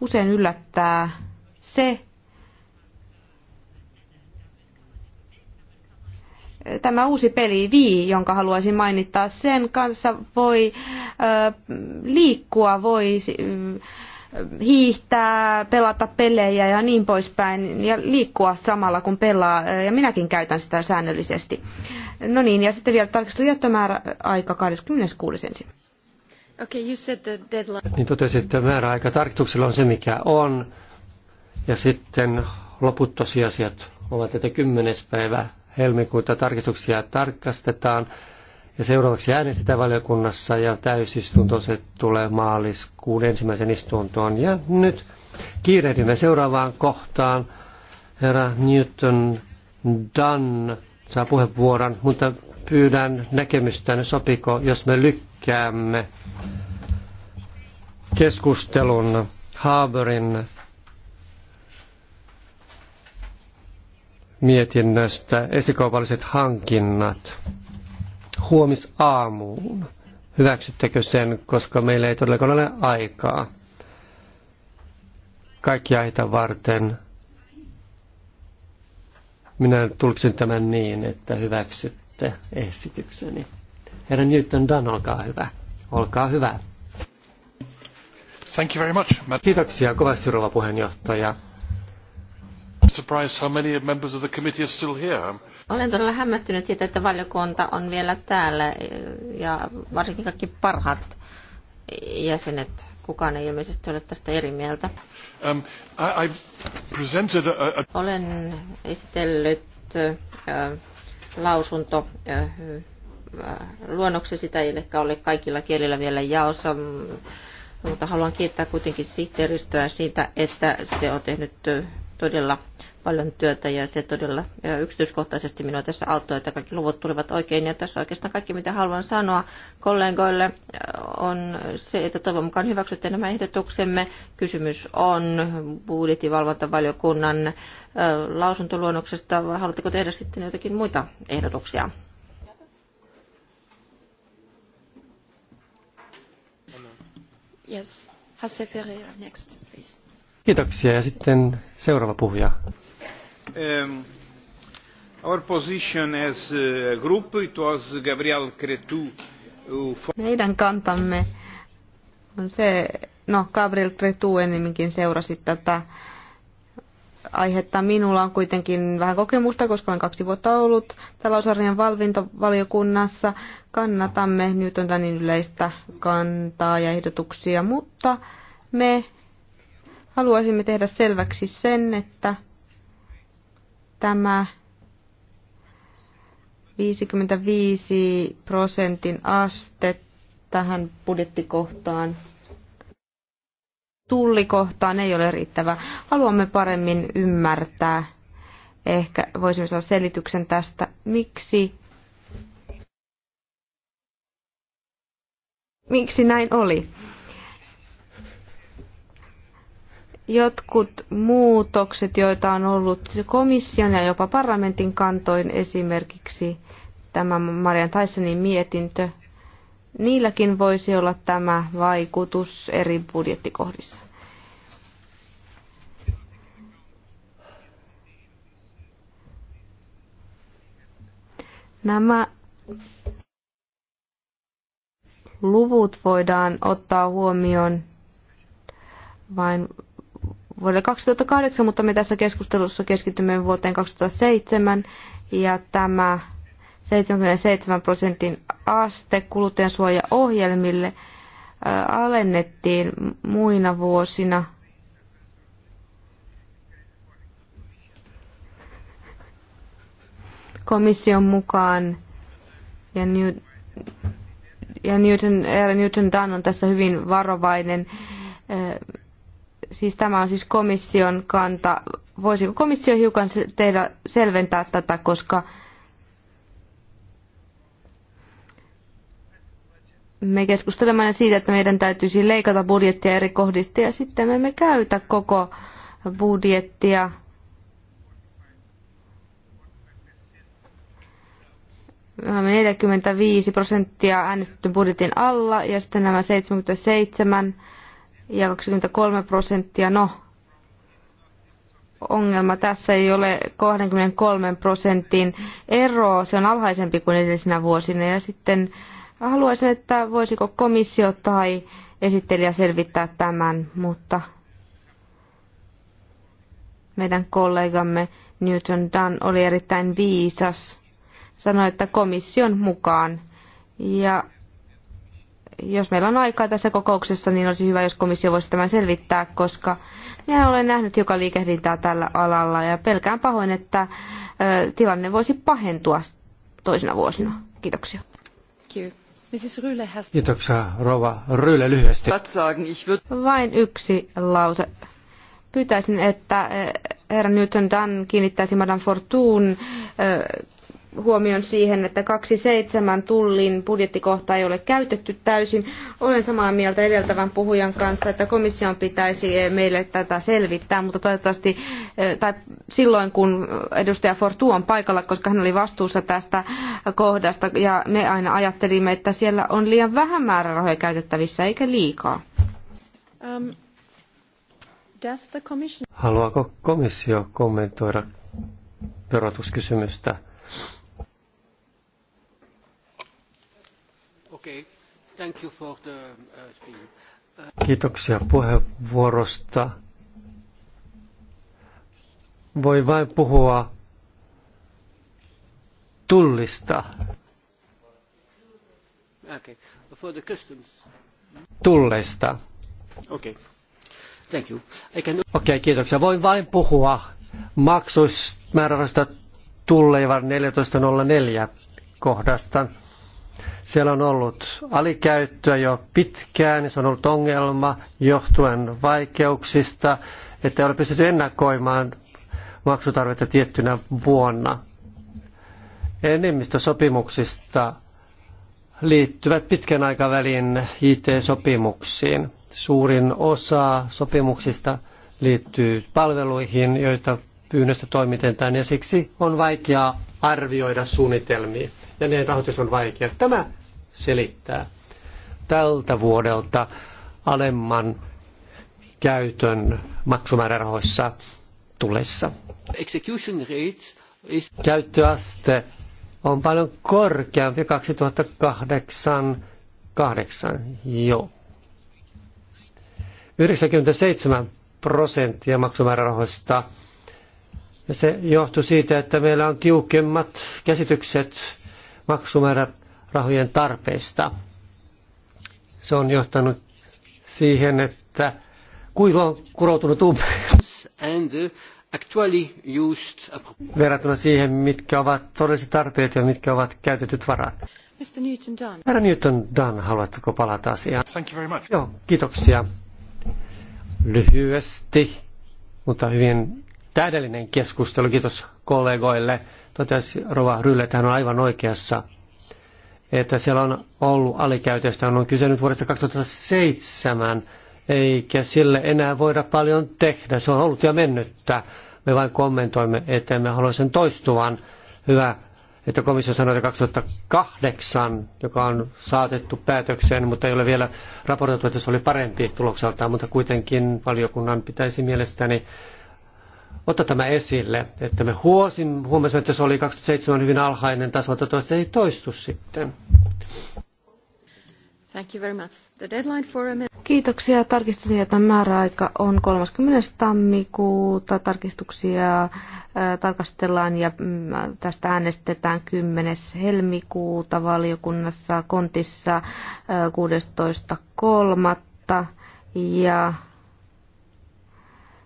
usein yllättää se, tämä uusi peli Vii, jonka haluaisin mainittaa, sen kanssa voi liikkua, voi hiihtää, pelata pelejä ja niin poispäin ja liikkua samalla kun pelaa ja minäkin käytän sitä säännöllisesti. No niin, ja sitten vielä tarkistus jättömäärä aika 26. ensin. Okay, you said the deadline. Niin totesit, että määräaika tarkistuksella on se mikä on ja sitten loput tosiasiat ovat, että 10. päivä helmikuuta tarkistuksia tarkastetaan ja seuraavaksi äänestetään valiokunnassa ja täysistunto se tulee maaliskuun ensimmäisen istuntoon. Ja nyt kiirehdimme seuraavaan kohtaan. Herra Newton Dunn saa puheenvuoron, mutta pyydän näkemystä, sopiko, jos me lykkäämme keskustelun Haberin mietinnöstä esikaupalliset hankinnat huomisaamuun. Hyväksyttekö sen, koska meillä ei todellakaan ole aikaa kaikki aita varten. Minä tulksin tämän niin, että hyväksytte esitykseni. Herra Newton Dan, olkaa hyvä. Olkaa hyvä. Thank you very much. Kiitoksia kovasti, rouva puheenjohtaja. Olen todella hämmästynyt siitä, että valiokunta on vielä täällä ja varsinkin kaikki parhaat jäsenet. Kukaan ei ilmeisesti ole tästä eri mieltä. Um, I, I presented a, a... Olen esitellyt lausunto äh, luonnoksen, sitä ei ehkä ole kaikilla kielillä vielä jaossa, mutta haluan kiittää kuitenkin sihteeristöä siitä, että se on tehnyt todella paljon työtä ja se todella yksityiskohtaisesti minua tässä auttoi, että kaikki luvut tulivat oikein. Ja tässä oikeastaan kaikki, mitä haluan sanoa kollegoille, on se, että toivon mukaan hyväksytte nämä ehdotuksemme. Kysymys on budjettivalvontavaliokunnan lausuntoluonnoksesta. Haluatteko tehdä sitten jotakin muita ehdotuksia? Yes. Hasse Ferreira next, please. Kiitoksia. Ja sitten seuraava puhuja. Um, our position as uh, a group, it was Gabriel Cretu. Who... Meidän kantamme on se, no Gabriel Cretu enemminkin seurasi tätä aihetta. Minulla on kuitenkin vähän kokemusta, koska olen kaksi vuotta ollut talousarjan valvintovaliokunnassa. Kannatamme nyt on yleistä kantaa ja ehdotuksia, mutta me haluaisimme tehdä selväksi sen, että tämä 55 prosentin aste tähän budjettikohtaan tullikohtaan ei ole riittävä. Haluamme paremmin ymmärtää, ehkä voisimme saada selityksen tästä, miksi, miksi näin oli. Jotkut muutokset, joita on ollut komission ja jopa parlamentin kantoin, esimerkiksi tämä Marian Taissanin mietintö, niilläkin voisi olla tämä vaikutus eri budjettikohdissa. Nämä luvut voidaan ottaa huomioon vain vuodelle 2008, mutta me tässä keskustelussa keskitymme vuoteen 2007 ja tämä 77 prosentin aste kuluttajansuojaohjelmille alennettiin muina vuosina. Komission mukaan ja New ja Newton, Newton Dunn on tässä hyvin varovainen siis tämä on siis komission kanta. Voisiko komissio hiukan tehdä selventää tätä, koska me keskustelemme aina siitä, että meidän täytyisi leikata budjettia eri kohdista ja sitten me emme käytä koko budjettia. Me olemme 45 prosenttia äänestetty budjetin alla ja sitten nämä 77 ja 23 prosenttia. No, ongelma tässä ei ole 23 prosentin ero, se on alhaisempi kuin edellisinä vuosina. Ja sitten haluaisin, että voisiko komissio tai esittelijä selvittää tämän, mutta meidän kollegamme Newton Dunn oli erittäin viisas, sanoi, että komission mukaan. Ja jos meillä on aikaa tässä kokouksessa, niin olisi hyvä, jos komissio voisi tämän selvittää, koska minä olen nähnyt hiukan liikehdintää tällä alalla ja pelkään pahoin, että tilanne voisi pahentua toisina vuosina. Kiitoksia. Kiitoksia, Rova Ryle lyhyesti. Vain yksi lause. Pyytäisin, että herra Newton Dunn kiinnittäisi Madame Fortune huomion siihen, että 27 tullin budjettikohta ei ole käytetty täysin. Olen samaa mieltä edeltävän puhujan kanssa, että komission pitäisi eh, meille tätä selvittää, mutta toivottavasti eh, tai silloin kun edustaja Fortu on paikalla, koska hän oli vastuussa tästä kohdasta ja me aina ajattelimme, että siellä on liian vähän määrärahoja käytettävissä eikä liikaa. Um, Haluaako komissio kommentoida verotuskysymystä? Okay. Thank you for the, uh, uh, Kiitoksia puheenvuorosta. Voi vain puhua tullista. Okay. For the customs. Tulleista. Okay. Thank you. I can... Okei, okay, kiitoksia. Voin vain puhua maksuismäärärahoista tulleivan 14.04 kohdasta. Siellä on ollut alikäyttöä jo pitkään, se on ollut ongelma johtuen vaikeuksista, että ei ole pystytty ennakoimaan maksutarvetta tiettynä vuonna. Enemmistö sopimuksista liittyvät pitkän aikavälin IT-sopimuksiin. Suurin osa sopimuksista liittyy palveluihin, joita pyynnöstä toimitetaan, ja siksi on vaikea arvioida suunnitelmia ja niiden rahoitus on vaikea. Tämä selittää tältä vuodelta alemman käytön maksumäärärahoissa tulessa. Execution rates is... Käyttöaste on paljon korkeampi 2008 8, joo. 97 prosenttia maksumäärärahoista. Ja se johtui siitä, että meillä on tiukemmat käsitykset maksumäärärahojen tarpeista. Se on johtanut siihen, että kuilu on kuroutunut umpeen uh, verrattuna siihen, mitkä ovat todelliset tarpeet ja mitkä ovat käytetyt varat. Mr. Newton Dunn. Herra Newton Dunn, haluatteko palata asiaan? Thank you very much. Joo, kiitoksia. Lyhyesti, mutta hyvin täydellinen keskustelu. Kiitos kollegoille totesi Rova Rylle, että hän on aivan oikeassa, että siellä on ollut alikäytöstä. Hän on kyse nyt vuodesta 2007, eikä sille enää voida paljon tehdä. Se on ollut ja mennyttä. Me vain kommentoimme, että me halua sen toistuvan. Hyvä, että komissio sanoi, että 2008, joka on saatettu päätökseen, mutta ei ole vielä raportoitu, että se oli parempi tulokseltaan, mutta kuitenkin valiokunnan pitäisi mielestäni ottaa tämä esille, että me huosin, huomasimme, että se oli 27 hyvin alhainen taso, toivottavasti ei toistu sitten. Thank you very much. The deadline for a... Kiitoksia. Tarkistustietojen määräaika on 30. tammikuuta. Tarkistuksia tarkastellaan ja mm, tästä äänestetään 10. helmikuuta valiokunnassa Kontissa 16.3. ja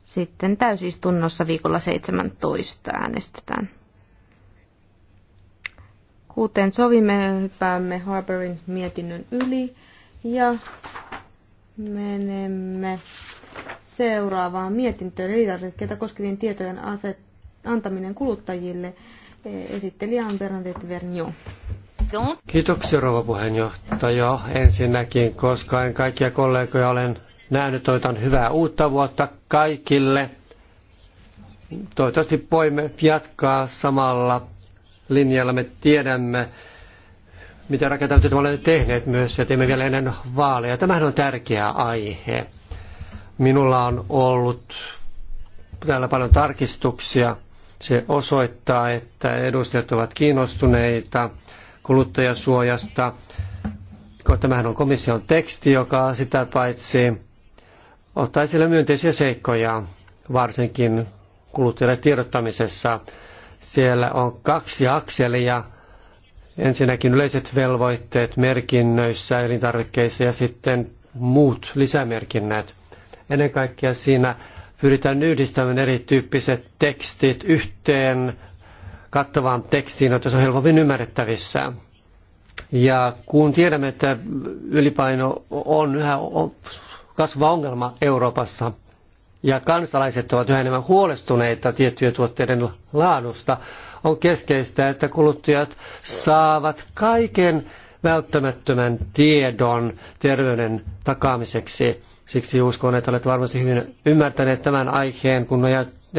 sitten täysistunnossa viikolla 17 äänestetään. Kuten sovimme, hyppäämme Harperin mietinnön yli ja menemme seuraavaan mietintöön elintarvikkeita koskevien tietojen aset, antaminen kuluttajille. Esittelijä on Bernadette Vernio. Kiitoksia rouva puheenjohtaja. Ensinnäkin, koska en kaikkia kollegoja olen Näen, nyt toivotan hyvää uutta vuotta kaikille. Toivottavasti voimme jatkaa samalla linjalla. Me tiedämme, mitä rakentamista olemme tehneet myös ja teemme vielä ennen vaaleja. Tämähän on tärkeä aihe. Minulla on ollut täällä paljon tarkistuksia. Se osoittaa, että edustajat ovat kiinnostuneita kuluttajasuojasta. Tämähän on komission teksti, joka sitä paitsi ottaa esille myönteisiä seikkoja, varsinkin kuluttajille tiedottamisessa. Siellä on kaksi akselia. Ensinnäkin yleiset velvoitteet merkinnöissä elintarvikkeissa ja sitten muut lisämerkinnät. Ennen kaikkea siinä pyritään yhdistämään erityyppiset tekstit yhteen kattavaan tekstiin, jotta se on helpommin ymmärrettävissä. Ja kun tiedämme, että ylipaino on yhä kasvava ongelma Euroopassa. Ja kansalaiset ovat yhä enemmän huolestuneita tiettyjen tuotteiden laadusta. On keskeistä, että kuluttajat saavat kaiken välttämättömän tiedon terveyden takaamiseksi. Siksi uskon, että olette varmasti hyvin ymmärtäneet tämän aiheen, kun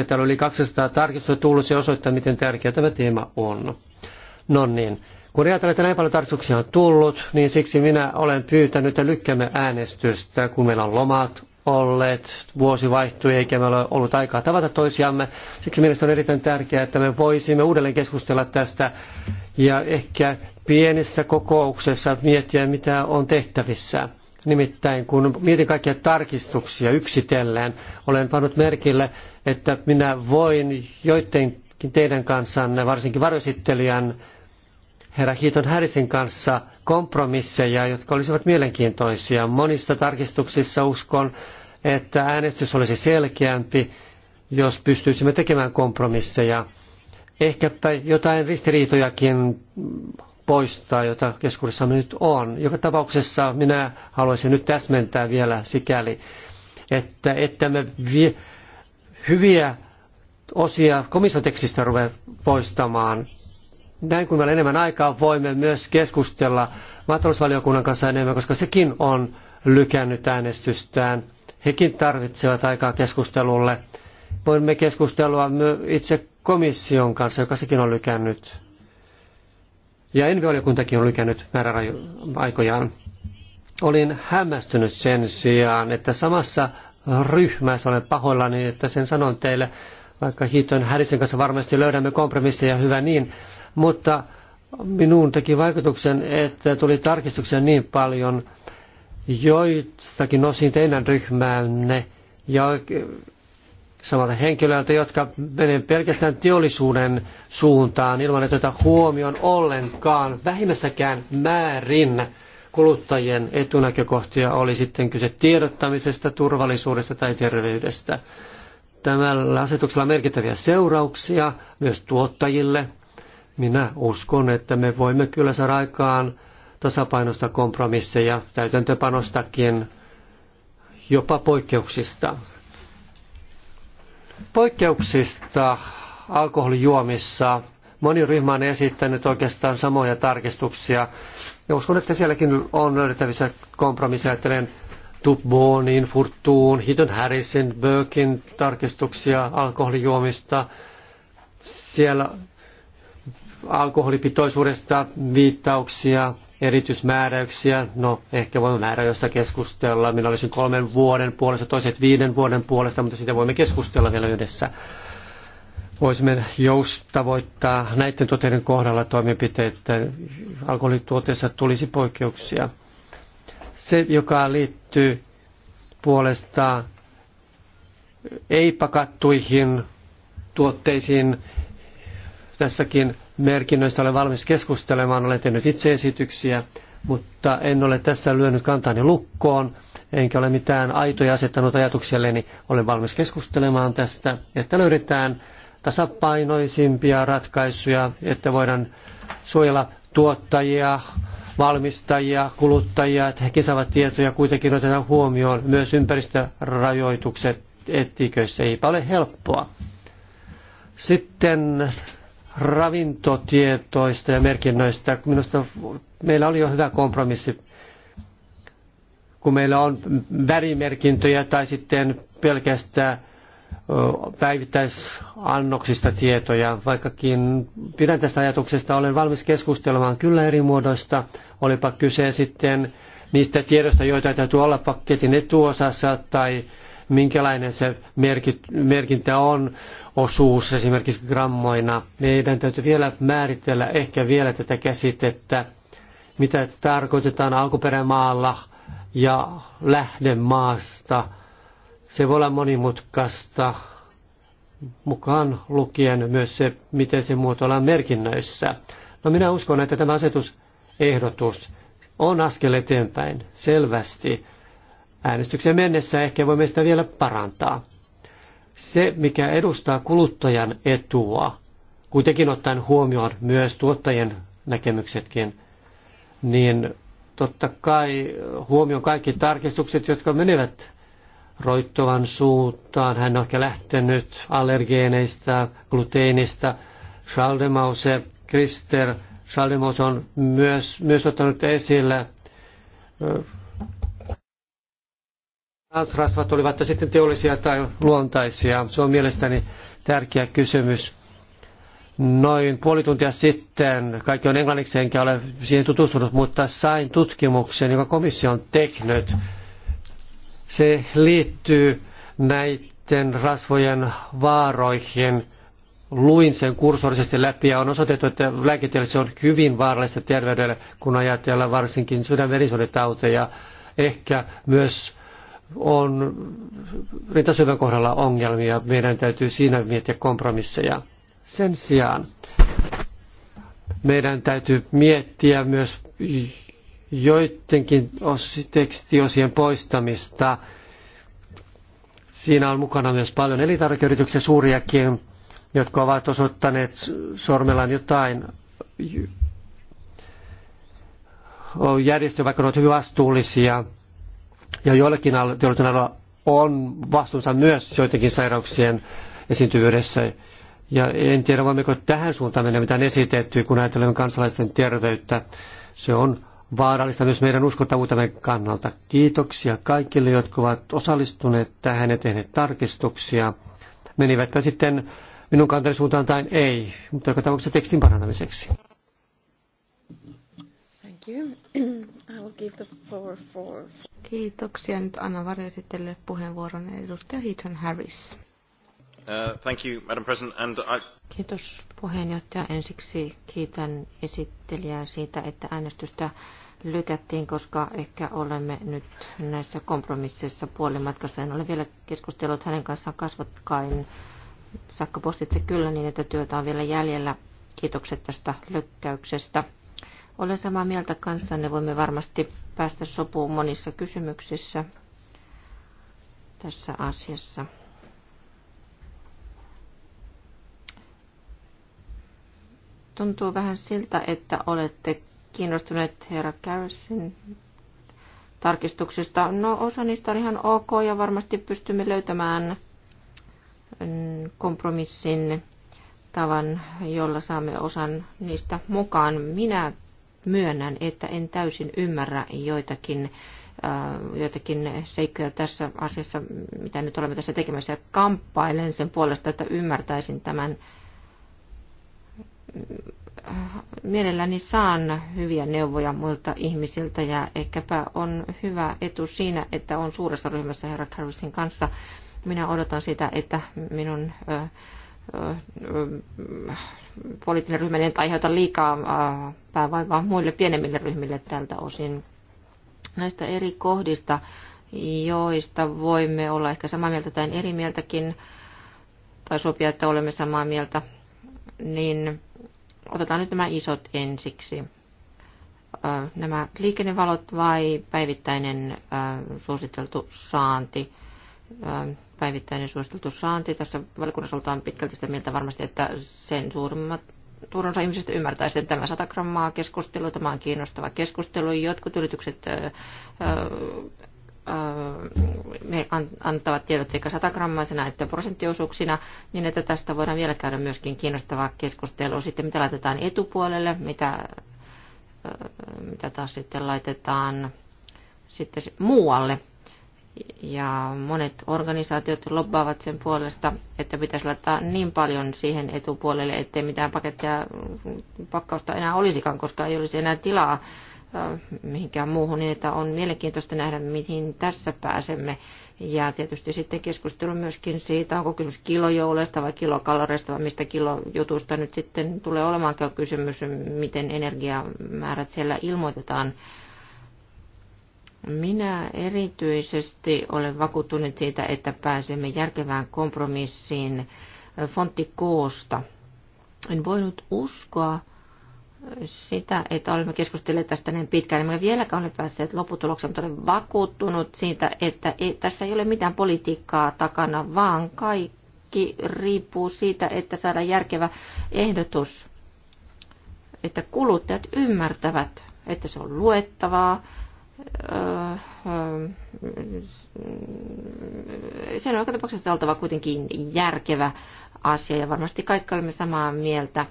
täällä oli 200 tarkistusta tullut, se osoittaa, miten tärkeä tämä teema on. No niin, kun ajatellaan, että näin paljon tarkistuksia on tullut, niin siksi minä olen pyytänyt, että lykkäämme äänestystä, kun meillä on lomat olleet, vuosi vaihtui eikä meillä ole ollut aikaa tavata toisiamme. Siksi mielestäni on erittäin tärkeää, että me voisimme uudelleen keskustella tästä ja ehkä pienessä kokouksessa miettiä, mitä on tehtävissä. Nimittäin kun mietin kaikkia tarkistuksia yksitellen, olen pannut merkille, että minä voin joidenkin teidän kanssanne, varsinkin varjosittelijan herra Hiiton Harrisin kanssa kompromisseja, jotka olisivat mielenkiintoisia. Monissa tarkistuksissa uskon, että äänestys olisi selkeämpi, jos pystyisimme tekemään kompromisseja. Ehkäpä jotain ristiriitojakin poistaa, jota keskuudessamme nyt on. Joka tapauksessa minä haluaisin nyt täsmentää vielä sikäli, että, että me hyviä osia komission ruvetaan poistamaan, näin kun meillä on enemmän aikaa, voimme myös keskustella maatalousvaliokunnan kanssa enemmän, koska sekin on lykännyt äänestystään. Hekin tarvitsevat aikaa keskustelulle. Voimme keskustella itse komission kanssa, joka sekin on lykännyt. Ja valiokuntakin on lykännyt määräaikojaan. Olin hämmästynyt sen sijaan, että samassa ryhmässä olen pahoillani, että sen sanon teille, vaikka Hiiton Härisen kanssa varmasti löydämme kompromisseja, hyvä niin, mutta minuun teki vaikutuksen, että tuli tarkistuksia niin paljon joistakin osin teidän ryhmäänne ja samalta henkilöiltä, jotka menevät pelkästään teollisuuden suuntaan ilman, että tätä huomioon ollenkaan vähimmässäkään määrin kuluttajien etunäkökohtia oli sitten kyse tiedottamisesta, turvallisuudesta tai terveydestä. Tällä asetuksella on merkittäviä seurauksia myös tuottajille, minä uskon, että me voimme kyllä saada aikaan tasapainosta kompromisseja täytäntöpanostakin jopa poikkeuksista. Poikkeuksista alkoholijuomissa moni ryhmä on esittänyt oikeastaan samoja tarkistuksia. Ja uskon, että sielläkin on löydettävissä kompromisseja. Ajattelen Tubbonin, Furtuun, Hiton Harrisin, Birkin tarkistuksia alkoholijuomista. Siellä alkoholipitoisuudesta viittauksia, erityismääräyksiä. No, ehkä voimme määräyksistä keskustella. Minä olisin kolmen vuoden puolesta, toiset viiden vuoden puolesta, mutta siitä voimme keskustella vielä yhdessä. Voisimme joustavoittaa näiden tuotteiden kohdalla toimenpiteet, että alkoholituotteessa tulisi poikkeuksia. Se, joka liittyy puolestaan ei-pakattuihin tuotteisiin, tässäkin merkinnöistä olen valmis keskustelemaan, olen tehnyt itse esityksiä, mutta en ole tässä lyönyt kantani lukkoon, enkä ole mitään aitoja asettanut ajatukselleni. Niin olen valmis keskustelemaan tästä, että löydetään tasapainoisimpia ratkaisuja, että voidaan suojella tuottajia, valmistajia, kuluttajia, että hekin saavat tietoja kuitenkin otetaan huomioon myös ympäristörajoitukset se ei ole helppoa. Sitten ravintotietoista ja merkinnöistä. Minusta meillä oli jo hyvä kompromissi, kun meillä on värimerkintöjä tai sitten pelkästään päivittäisannoksista tietoja, vaikkakin pidän tästä ajatuksesta, olen valmis keskustelemaan kyllä eri muodoista, olipa kyse sitten niistä tiedoista, joita täytyy olla paketin etuosassa tai minkälainen se merkintä on, osuus esimerkiksi grammoina. Meidän täytyy vielä määritellä ehkä vielä tätä käsitettä, mitä tarkoitetaan alkuperämaalla ja lähdemaasta. Se voi olla monimutkaista, mukaan lukien myös se, miten se muotoillaan merkinnöissä. No minä uskon, että tämä asetusehdotus on askel eteenpäin, selvästi. Äänestykseen mennessä ehkä voimme sitä vielä parantaa se, mikä edustaa kuluttajan etua, kuitenkin ottaen huomioon myös tuottajien näkemyksetkin, niin totta kai huomioon kaikki tarkistukset, jotka menevät roittovan suuntaan. Hän on ehkä lähtenyt allergeeneista, gluteenista. Schaldemause, Krister, Schaldemause on myös, myös ottanut esille Transrasvat olivat sitten teollisia tai luontaisia. Se on mielestäni tärkeä kysymys. Noin puoli tuntia sitten, kaikki on englanniksi enkä ole siihen tutustunut, mutta sain tutkimuksen, jonka komissio on tehnyt. Se liittyy näiden rasvojen vaaroihin. Luin sen kursorisesti läpi ja on osoitettu, että lääketieteellisesti on hyvin vaarallista terveydelle, kun ajatellaan varsinkin sydänverisuonitauteja, ehkä myös on rintasyövän kohdalla ongelmia. Meidän täytyy siinä miettiä kompromisseja. Sen sijaan meidän täytyy miettiä myös joidenkin tekstiosien poistamista. Siinä on mukana myös paljon elintarvikeyrityksiä suuriakin, jotka ovat osoittaneet sormellaan jotain järjestöjä, vaikka ne ovat hyvin vastuullisia – ja joillakin teollisuuden aloilla on vastuunsa myös joidenkin sairauksien esiintyvyydessä. Ja en tiedä, voimmeko tähän suuntaan mennä, mitä on esitetty, kun ajatellaan kansalaisten terveyttä. Se on vaarallista myös meidän uskottavuutemme kannalta. Kiitoksia kaikille, jotka ovat osallistuneet tähän ja tehneet tarkistuksia. Menivätkö sitten minun kantani suuntaan tai ei, mutta joka tapauksessa tekstin parantamiseksi. Thank you the for... Kiitoksia. Nyt annan varjoesittelylle puheenvuoron edustaja Heaton Harris. Uh, thank you, Madam President, and I... Kiitos puheenjohtaja. Ensiksi kiitän esittelijää siitä, että äänestystä lykättiin, koska ehkä olemme nyt näissä kompromisseissa puolimatkassa. En ole vielä keskustellut hänen kanssaan kasvatkain sähköpostitse kyllä niin, että työtä on vielä jäljellä. Kiitokset tästä lykkäyksestä. Olen samaa mieltä kanssanne. Voimme varmasti päästä sopuun monissa kysymyksissä tässä asiassa. Tuntuu vähän siltä, että olette kiinnostuneet herra Garrisin tarkistuksista. No osa niistä on ihan ok ja varmasti pystymme löytämään kompromissin tavan, jolla saamme osan niistä mukaan. Minä myönnän, että en täysin ymmärrä joitakin äh, joitakin seikkoja tässä asiassa, mitä nyt olemme tässä tekemässä, ja kamppailen sen puolesta, että ymmärtäisin tämän. Mielelläni saan hyviä neuvoja muilta ihmisiltä, ja ehkäpä on hyvä etu siinä, että on suuressa ryhmässä herra Carrisin kanssa. Minä odotan sitä, että minun äh, poliittinen ryhmä niin ei aiheuta liikaa päävaivaa muille pienemmille ryhmille tältä osin. Näistä eri kohdista, joista voimme olla ehkä samaa mieltä tai eri mieltäkin, tai sopia, että olemme samaa mieltä, niin otetaan nyt nämä isot ensiksi. Nämä liikennevalot vai päivittäinen suositeltu saanti? päivittäinen suositeltu saanti. Tässä valikunnassa oltaan pitkälti sitä mieltä varmasti, että sen suurimmat Turunsa ihmisistä ymmärtää sitten tämä 100 grammaa keskustelu, tämä on kiinnostava keskustelu. Jotkut yritykset ää, ää, antavat tiedot sekä 100 grammaisena että prosenttiosuuksina, niin että tästä voidaan vielä käydä myöskin kiinnostavaa keskustelua. Sitten mitä laitetaan etupuolelle, mitä, ää, mitä taas sitten laitetaan sitten muualle ja monet organisaatiot lobbaavat sen puolesta, että pitäisi laittaa niin paljon siihen etupuolelle, ettei mitään pakettia pakkausta enää olisikaan, koska ei olisi enää tilaa mihinkään muuhun, niin että on mielenkiintoista nähdä, mihin tässä pääsemme. Ja tietysti sitten keskustelu myöskin siitä, onko kysymys kilojouleista vai kilokaloreista vai mistä kilojutusta nyt sitten tulee olemaan kysymys, miten energiamäärät siellä ilmoitetaan minä erityisesti olen vakuuttunut siitä, että pääsemme järkevään kompromissiin fonttikoosta. En voinut uskoa sitä, että olemme keskustelleet tästä niin pitkään. Emme vieläkään ole päässeet lopputulokseen, mutta olen vakuuttunut siitä, että ei, tässä ei ole mitään politiikkaa takana, vaan kaikki riippuu siitä, että saadaan järkevä ehdotus, että kuluttajat ymmärtävät, että se on luettavaa, Äh, äh, sen on joka tapauksessa oltava kuitenkin järkevä asia ja varmasti kaikki olemme samaa mieltä äh,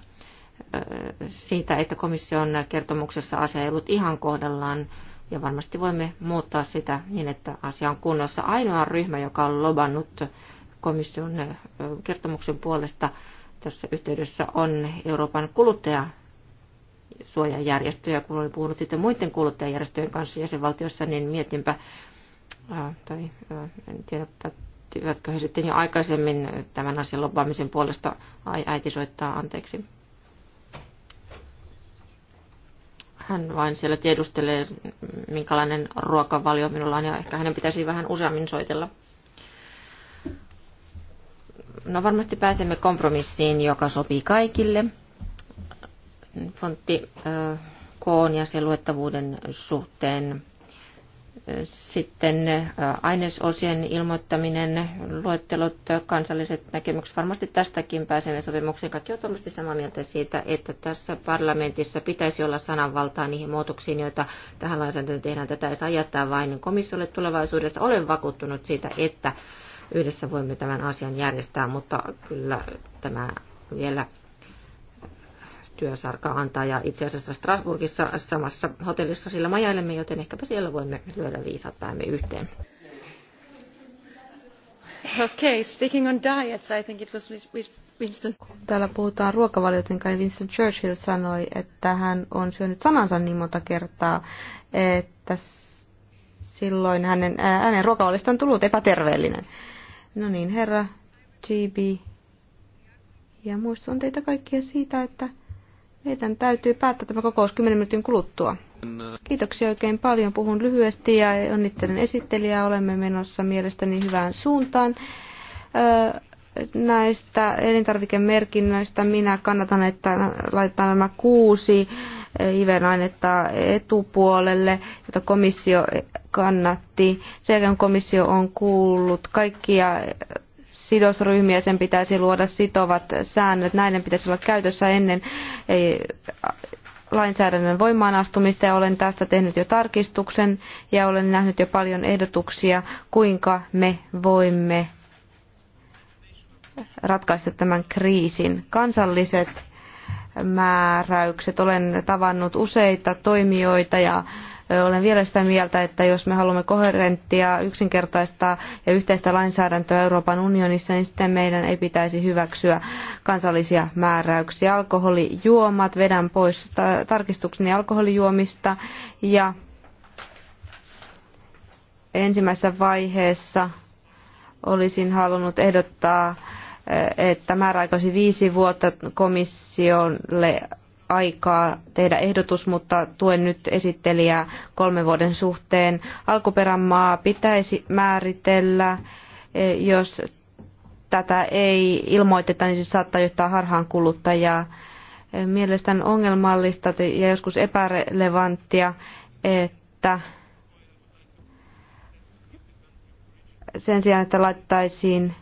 siitä, että komission kertomuksessa asia ei ollut ihan kohdallaan ja varmasti voimme muuttaa sitä niin, että asia on kunnossa. Ainoa ryhmä, joka on lobannut komission kertomuksen puolesta tässä yhteydessä on Euroopan kuluttaja suojajärjestöjä, kun olin puhunut sitten muiden kuluttajajärjestöjen kanssa jäsenvaltiossa, niin mietinpä, tai en tiedä, päättivätkö he sitten jo aikaisemmin tämän asian lobbaamisen puolesta, ai äiti soittaa anteeksi. Hän vain siellä tiedustelee, minkälainen ruokavalio minulla on, ja ehkä hänen pitäisi vähän useammin soitella. No varmasti pääsemme kompromissiin, joka sopii kaikille fontti koon ja sen luettavuuden suhteen. Sitten ainesosien ilmoittaminen, luettelot, kansalliset näkemykset. Varmasti tästäkin pääsemme sopimukseen. Kaikki on varmasti samaa mieltä siitä, että tässä parlamentissa pitäisi olla sananvaltaa niihin muutoksiin, joita tähän lainsäädäntöön tehdään. Tätä ei saa jättää vain komissiolle tulevaisuudessa. Olen vakuuttunut siitä, että yhdessä voimme tämän asian järjestää, mutta kyllä tämä vielä työsarka antaa. Ja itse asiassa Strasbourgissa samassa hotellissa sillä majailemme, joten ehkäpä siellä voimme lyödä viisat päämme yhteen. Okay, speaking on diets, I think it was Winston. Kun täällä puhutaan ruokavaliot, niin kai Winston Churchill sanoi, että hän on syönyt sanansa niin monta kertaa, että silloin hänen, hänen ruokavaliosta on tullut epäterveellinen. No niin, herra GB. Ja muistutan teitä kaikkia siitä, että meidän täytyy päättää tämä kokous 10 minuutin kuluttua. Kiitoksia oikein paljon. Puhun lyhyesti ja onnittelen esittelijää. Olemme menossa mielestäni hyvään suuntaan. Näistä elintarvikemerkinnöistä minä kannatan, että laitetaan nämä kuusi ivenainetta etupuolelle, jota komissio kannatti. Sen komissio on kuullut kaikkia sidosryhmiä, sen pitäisi luoda sitovat säännöt. Näiden pitäisi olla käytössä ennen eh, lainsäädännön voimaan astumista ja olen tästä tehnyt jo tarkistuksen ja olen nähnyt jo paljon ehdotuksia, kuinka me voimme ratkaista tämän kriisin. Kansalliset määräykset. Olen tavannut useita toimijoita ja olen vielä sitä mieltä, että jos me haluamme koherenttia, yksinkertaista ja yhteistä lainsäädäntöä Euroopan unionissa, niin sitten meidän ei pitäisi hyväksyä kansallisia määräyksiä. Alkoholijuomat vedän pois tarkistukseni alkoholijuomista ja ensimmäisessä vaiheessa olisin halunnut ehdottaa, että määräaikaisi viisi vuotta komissiolle aikaa tehdä ehdotus, mutta tuen nyt esittelijää kolmen vuoden suhteen. Alkuperämaa pitäisi määritellä, e, jos tätä ei ilmoiteta, niin se saattaa johtaa harhaan kuluttajaa. E, mielestäni ongelmallista ja joskus epärelevanttia, että sen sijaan, että laittaisiin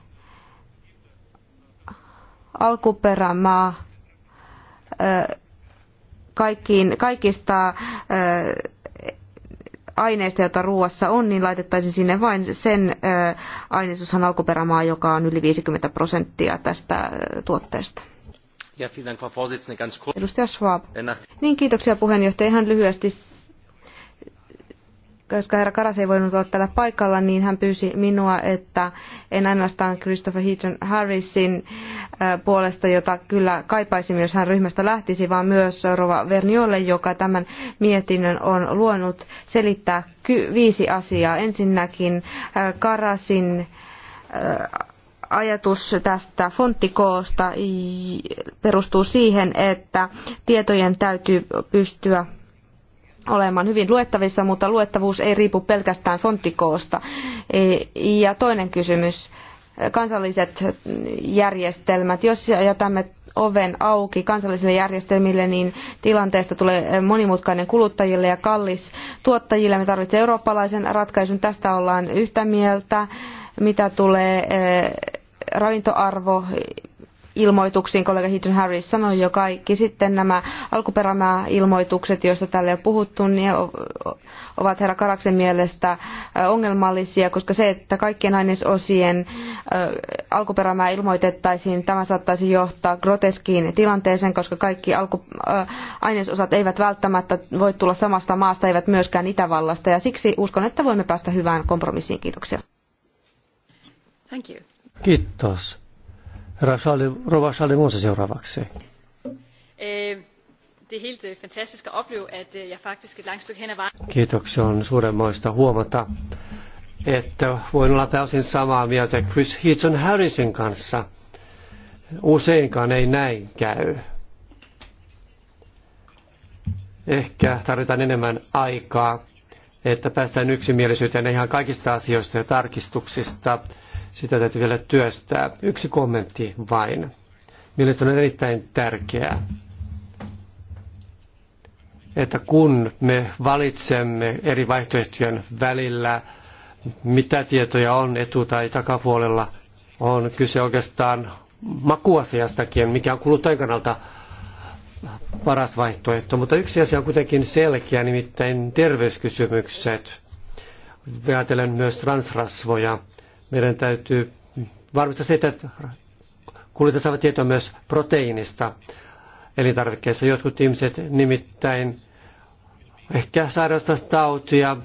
alkuperämaa e, kaikkiin, kaikista aineista, joita ruoassa on, niin laitettaisiin sinne vain sen aineisoshan alkuperämaa, joka on yli 50 prosenttia tästä tuotteesta. Edustaja Schwab. Äh, niin, kiitoksia puheenjohtaja. Ihan lyhyesti koska herra Karas ei voinut olla täällä paikalla, niin hän pyysi minua, että en ainoastaan Christopher Heaton Harrisin puolesta, jota kyllä kaipaisin, jos hän ryhmästä lähtisi, vaan myös Rova Verniolle, joka tämän mietinnön on luonut selittää viisi asiaa. Ensinnäkin Karasin ajatus tästä fonttikoosta perustuu siihen, että tietojen täytyy pystyä olemaan hyvin luettavissa, mutta luettavuus ei riipu pelkästään fonttikoosta. E, ja toinen kysymys, kansalliset järjestelmät. Jos jätämme oven auki kansallisille järjestelmille, niin tilanteesta tulee monimutkainen kuluttajille ja kallis tuottajille. Me tarvitsemme eurooppalaisen ratkaisun, tästä ollaan yhtä mieltä, mitä tulee e, ravintoarvo ilmoituksiin. Kollega Heaton Harris sanoi jo kaikki. Sitten nämä alkuperämää ilmoitukset, joista täällä jo puhuttu, niin ovat herra Karaksen mielestä ongelmallisia, koska se, että kaikkien ainesosien alkuperämää ilmoitettaisiin, tämä saattaisi johtaa groteskiin tilanteeseen, koska kaikki alku, ainesosat eivät välttämättä voi tulla samasta maasta, eivät myöskään Itävallasta, ja siksi uskon, että voimme päästä hyvään kompromissiin. Kiitoksia. Thank you. Kiitos. Rova Schaldemose seuraavaksi. Kiitoksia on suuremmoista huomata, että voin olla täysin samaa mieltä Chris Hitson Harrisin kanssa. Useinkaan ei näin käy. Ehkä tarvitaan enemmän aikaa, että päästään yksimielisyyteen ihan kaikista asioista ja tarkistuksista sitä täytyy vielä työstää. Yksi kommentti vain. Mielestäni on erittäin tärkeää, että kun me valitsemme eri vaihtoehtojen välillä, mitä tietoja on etu- tai takapuolella, on kyse oikeastaan makuasiastakin, mikä on kuluttajan kannalta paras vaihtoehto. Mutta yksi asia on kuitenkin selkeä, nimittäin terveyskysymykset. Ajatellen myös transrasvoja. Meidän täytyy varmistaa se, että kuljettajat saavat tietoa myös proteiinista elintarvikkeissa. Jotkut ihmiset nimittäin ehkä sairastavat tautia,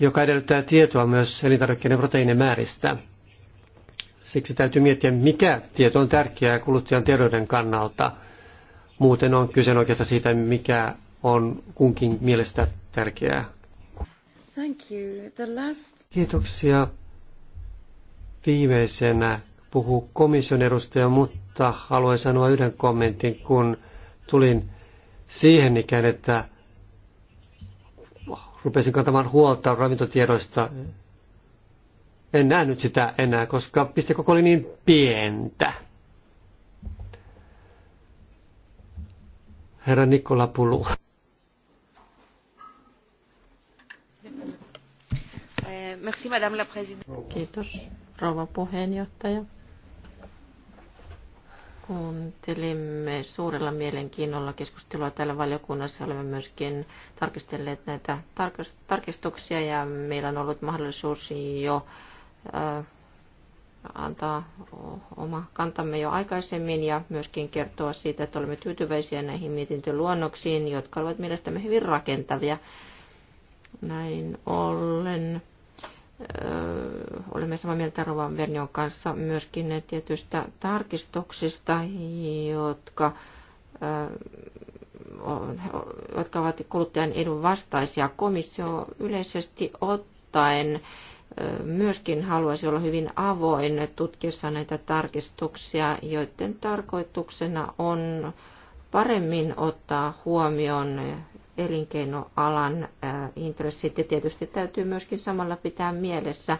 joka edellyttää tietoa myös elintarvikkeiden proteiinimääristä. Siksi täytyy miettiä, mikä tieto on tärkeää kuluttajan terveyden kannalta. Muuten on kyse oikeastaan siitä, mikä on kunkin mielestä tärkeää. Thank you. The last... Kiitoksia viimeisenä puhuu komission edustaja, mutta haluan sanoa yhden kommentin, kun tulin siihen ikään, että rupesin kantamaan huolta ravintotiedoista. En nyt sitä enää, koska pistekoko oli niin pientä. Herra Nikola Pulu. Eh, merci, Madame la Présidente. Kiitos rouva puheenjohtaja. Kuuntelimme suurella mielenkiinnolla keskustelua täällä valiokunnassa. Olemme myöskin tarkistelleet näitä tarkistuksia ja meillä on ollut mahdollisuus jo äh, antaa oma kantamme jo aikaisemmin ja myöskin kertoa siitä, että olemme tyytyväisiä näihin mietintöluonnoksiin, jotka ovat mielestämme hyvin rakentavia. Näin ollen Öö, olemme samaa mieltä Rovan Vernion kanssa myöskin tietyistä tarkistuksista, jotka, öö, jotka ovat kuluttajan edun vastaisia. Komissio yleisesti ottaen öö, myöskin haluaisi olla hyvin avoin tutkiessa näitä tarkistuksia, joiden tarkoituksena on paremmin ottaa huomioon elinkeinoalan intressit. Ja tietysti täytyy myöskin samalla pitää mielessä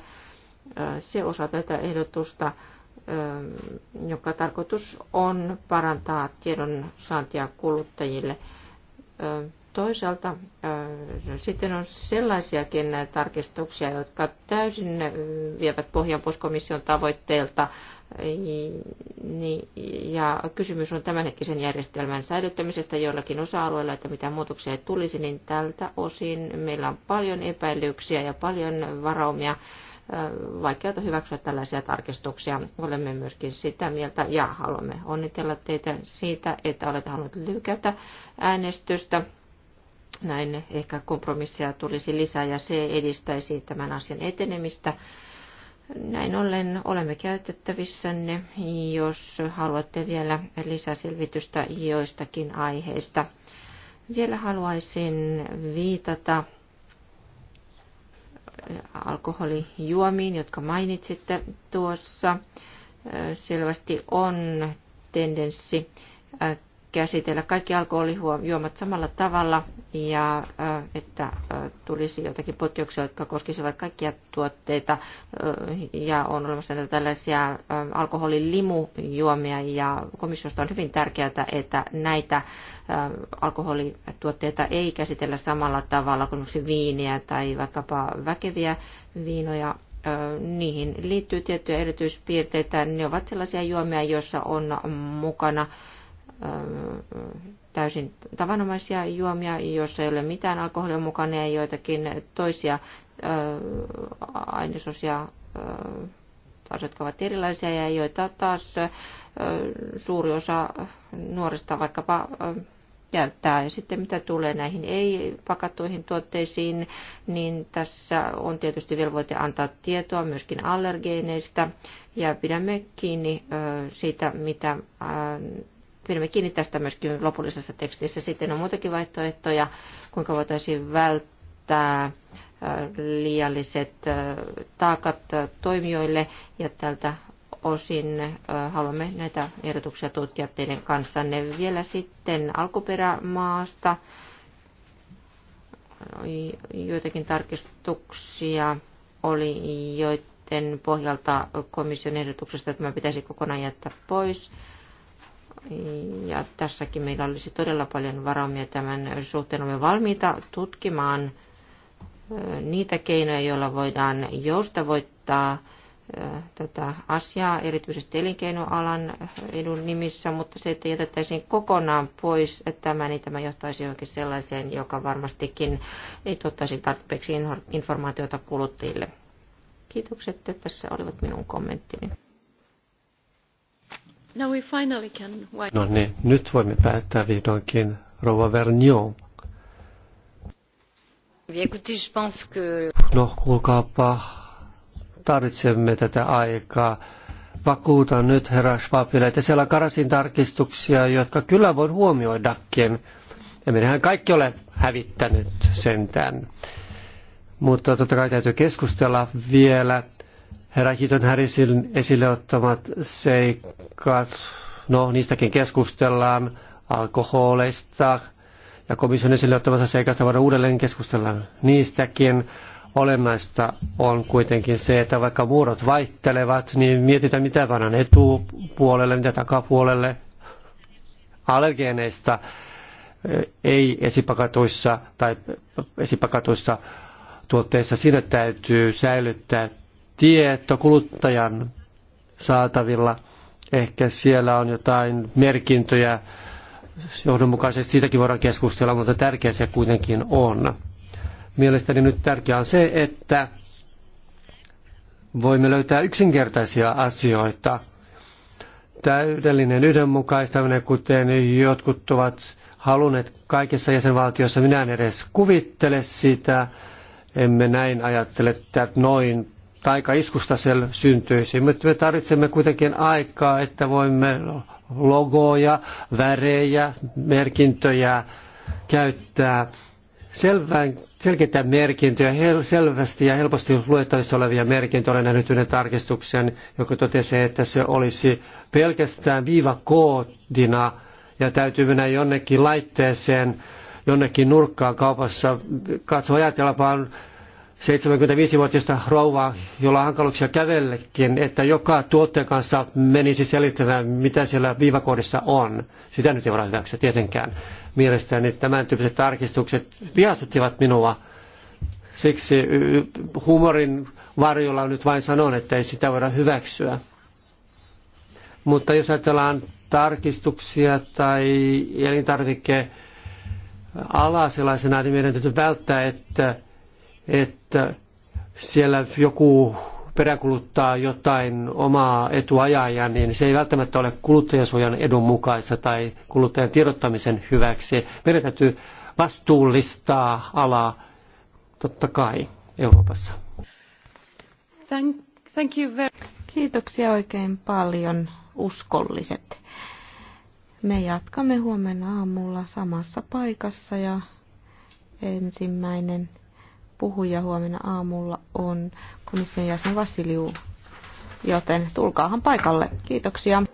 se osa tätä ehdotusta, joka tarkoitus on parantaa tiedon saantia kuluttajille. Toisaalta sitten on sellaisiakin tarkistuksia, jotka täysin vievät pohjan poskomission tavoitteelta niin, ja kysymys on tämänhetkisen järjestelmän säilyttämisestä joillakin osa-alueilla, että mitä muutoksia ei tulisi, niin tältä osin meillä on paljon epäilyksiä ja paljon varaumia äh, vaikeata hyväksyä tällaisia tarkistuksia. Olemme myöskin sitä mieltä ja haluamme onnitella teitä siitä, että olette halunneet lykätä äänestystä. Näin ehkä kompromissia tulisi lisää ja se edistäisi tämän asian etenemistä. Näin ollen olemme käytettävissänne, jos haluatte vielä lisäselvitystä joistakin aiheista. Vielä haluaisin viitata alkoholijuomiin, jotka mainitsitte tuossa. Selvästi on tendenssi käsitellä kaikki alkoholijuomat samalla tavalla ja että tulisi jotakin poikkeuksia, jotka koskisivat kaikkia tuotteita ja on olemassa näitä tällaisia alkoholilimujuomia ja komissiosta on hyvin tärkeää, että näitä alkoholituotteita ei käsitellä samalla tavalla kuin viiniä tai vaikkapa väkeviä viinoja niihin liittyy tiettyjä erityispiirteitä. Ne ovat sellaisia juomia, joissa on mukana täysin tavanomaisia juomia, joissa ei ole mitään alkoholia mukana ja joitakin toisia ainesosia taas, jotka ovat erilaisia ja joita taas suuri osa nuorista vaikkapa käyttää. Ja sitten mitä tulee näihin ei-pakattuihin tuotteisiin, niin tässä on tietysti velvoite antaa tietoa myöskin allergeeneista ja pidämme kiinni siitä, mitä Pidämme kiinni tästä myöskin lopullisessa tekstissä. Sitten on muitakin vaihtoehtoja, kuinka voitaisiin välttää äh, liialliset äh, taakat äh, toimijoille ja tältä osin haluamme näitä ehdotuksia tutkia teidän kanssanne. Vielä sitten alkuperämaasta joitakin tarkistuksia oli, joiden pohjalta komission ehdotuksesta tämä pitäisi kokonaan jättää pois. Ja tässäkin meillä olisi todella paljon varamia tämän suhteen. Olemme valmiita tutkimaan niitä keinoja, joilla voidaan joustavoittaa tätä asiaa, erityisesti elinkeinoalan edun nimissä, mutta se, että jätettäisiin kokonaan pois, että tämä, niin tämä johtaisi johonkin sellaiseen, joka varmastikin ei tuottaisi tarpeeksi informaatiota kuluttajille. Kiitokset, että tässä olivat minun kommenttini. Now we finally can... No niin, nyt voimme päättää vihdoinkin Rova Vernion. No kuulkaapa, tarvitsemme tätä aikaa. Vakuutan nyt herra Schwabille, että siellä on Karasin tarkistuksia, jotka kyllä voi huomioidakin. Ja minähän kaikki ole hävittänyt sentään. Mutta totta kai täytyy keskustella vielä Herra Hiton Harrisin esille ottamat seikat, no niistäkin keskustellaan, alkoholeista ja komission esille ottamassa seikasta voidaan uudelleen keskustella niistäkin. Olennaista on kuitenkin se, että vaikka muodot vaihtelevat, niin mietitään mitä pannaan etupuolelle, mitä takapuolelle. Allergeeneista eh, ei esipakatuissa tai esipakatuissa tuotteissa sinne täytyy säilyttää tieto kuluttajan saatavilla. Ehkä siellä on jotain merkintöjä, johdonmukaisesti siitäkin voidaan keskustella, mutta tärkeä se kuitenkin on. Mielestäni nyt tärkeää on se, että voimme löytää yksinkertaisia asioita. Täydellinen yhdenmukaistaminen, kuten jotkut ovat halunneet kaikessa jäsenvaltiossa, minä en edes kuvittele sitä. Emme näin ajattele että noin taikaiskusta siellä syntyisi. Mutta me tarvitsemme kuitenkin aikaa, että voimme logoja, värejä, merkintöjä käyttää Selvän, selkeitä merkintöjä, hel, selvästi ja helposti luettavissa olevia merkintöjä. Olen nähnyt yhden tarkistuksen, joka totesi, että se olisi pelkästään viivakoodina ja täytyy mennä jonnekin laitteeseen, jonnekin nurkkaan kaupassa. Katso, vaan 75-vuotiaista rouvaa, jolla on hankaluuksia kävellekin, että joka tuotteen kanssa menisi selittämään, mitä siellä viivakoodissa on. Sitä nyt ei voida hyväksyä tietenkään. Mielestäni tämän tyyppiset tarkistukset vihastuttivat minua. Siksi huumorin varjolla nyt vain sanon, että ei sitä voida hyväksyä. Mutta jos ajatellaan tarkistuksia tai elintarvike alaa sellaisena, niin meidän täytyy välttää, että että siellä joku peräkuluttaa jotain omaa etuajaa, niin se ei välttämättä ole kuluttajansuojan edun mukaista tai kuluttajan tiedottamisen hyväksi. Meidän täytyy vastuullistaa alaa totta kai Euroopassa. Thank, thank you very... Kiitoksia oikein paljon uskolliset. Me jatkamme huomenna aamulla samassa paikassa ja ensimmäinen puhuja huomenna aamulla on komission jäsen Vassiliu, joten tulkaahan paikalle. Kiitoksia.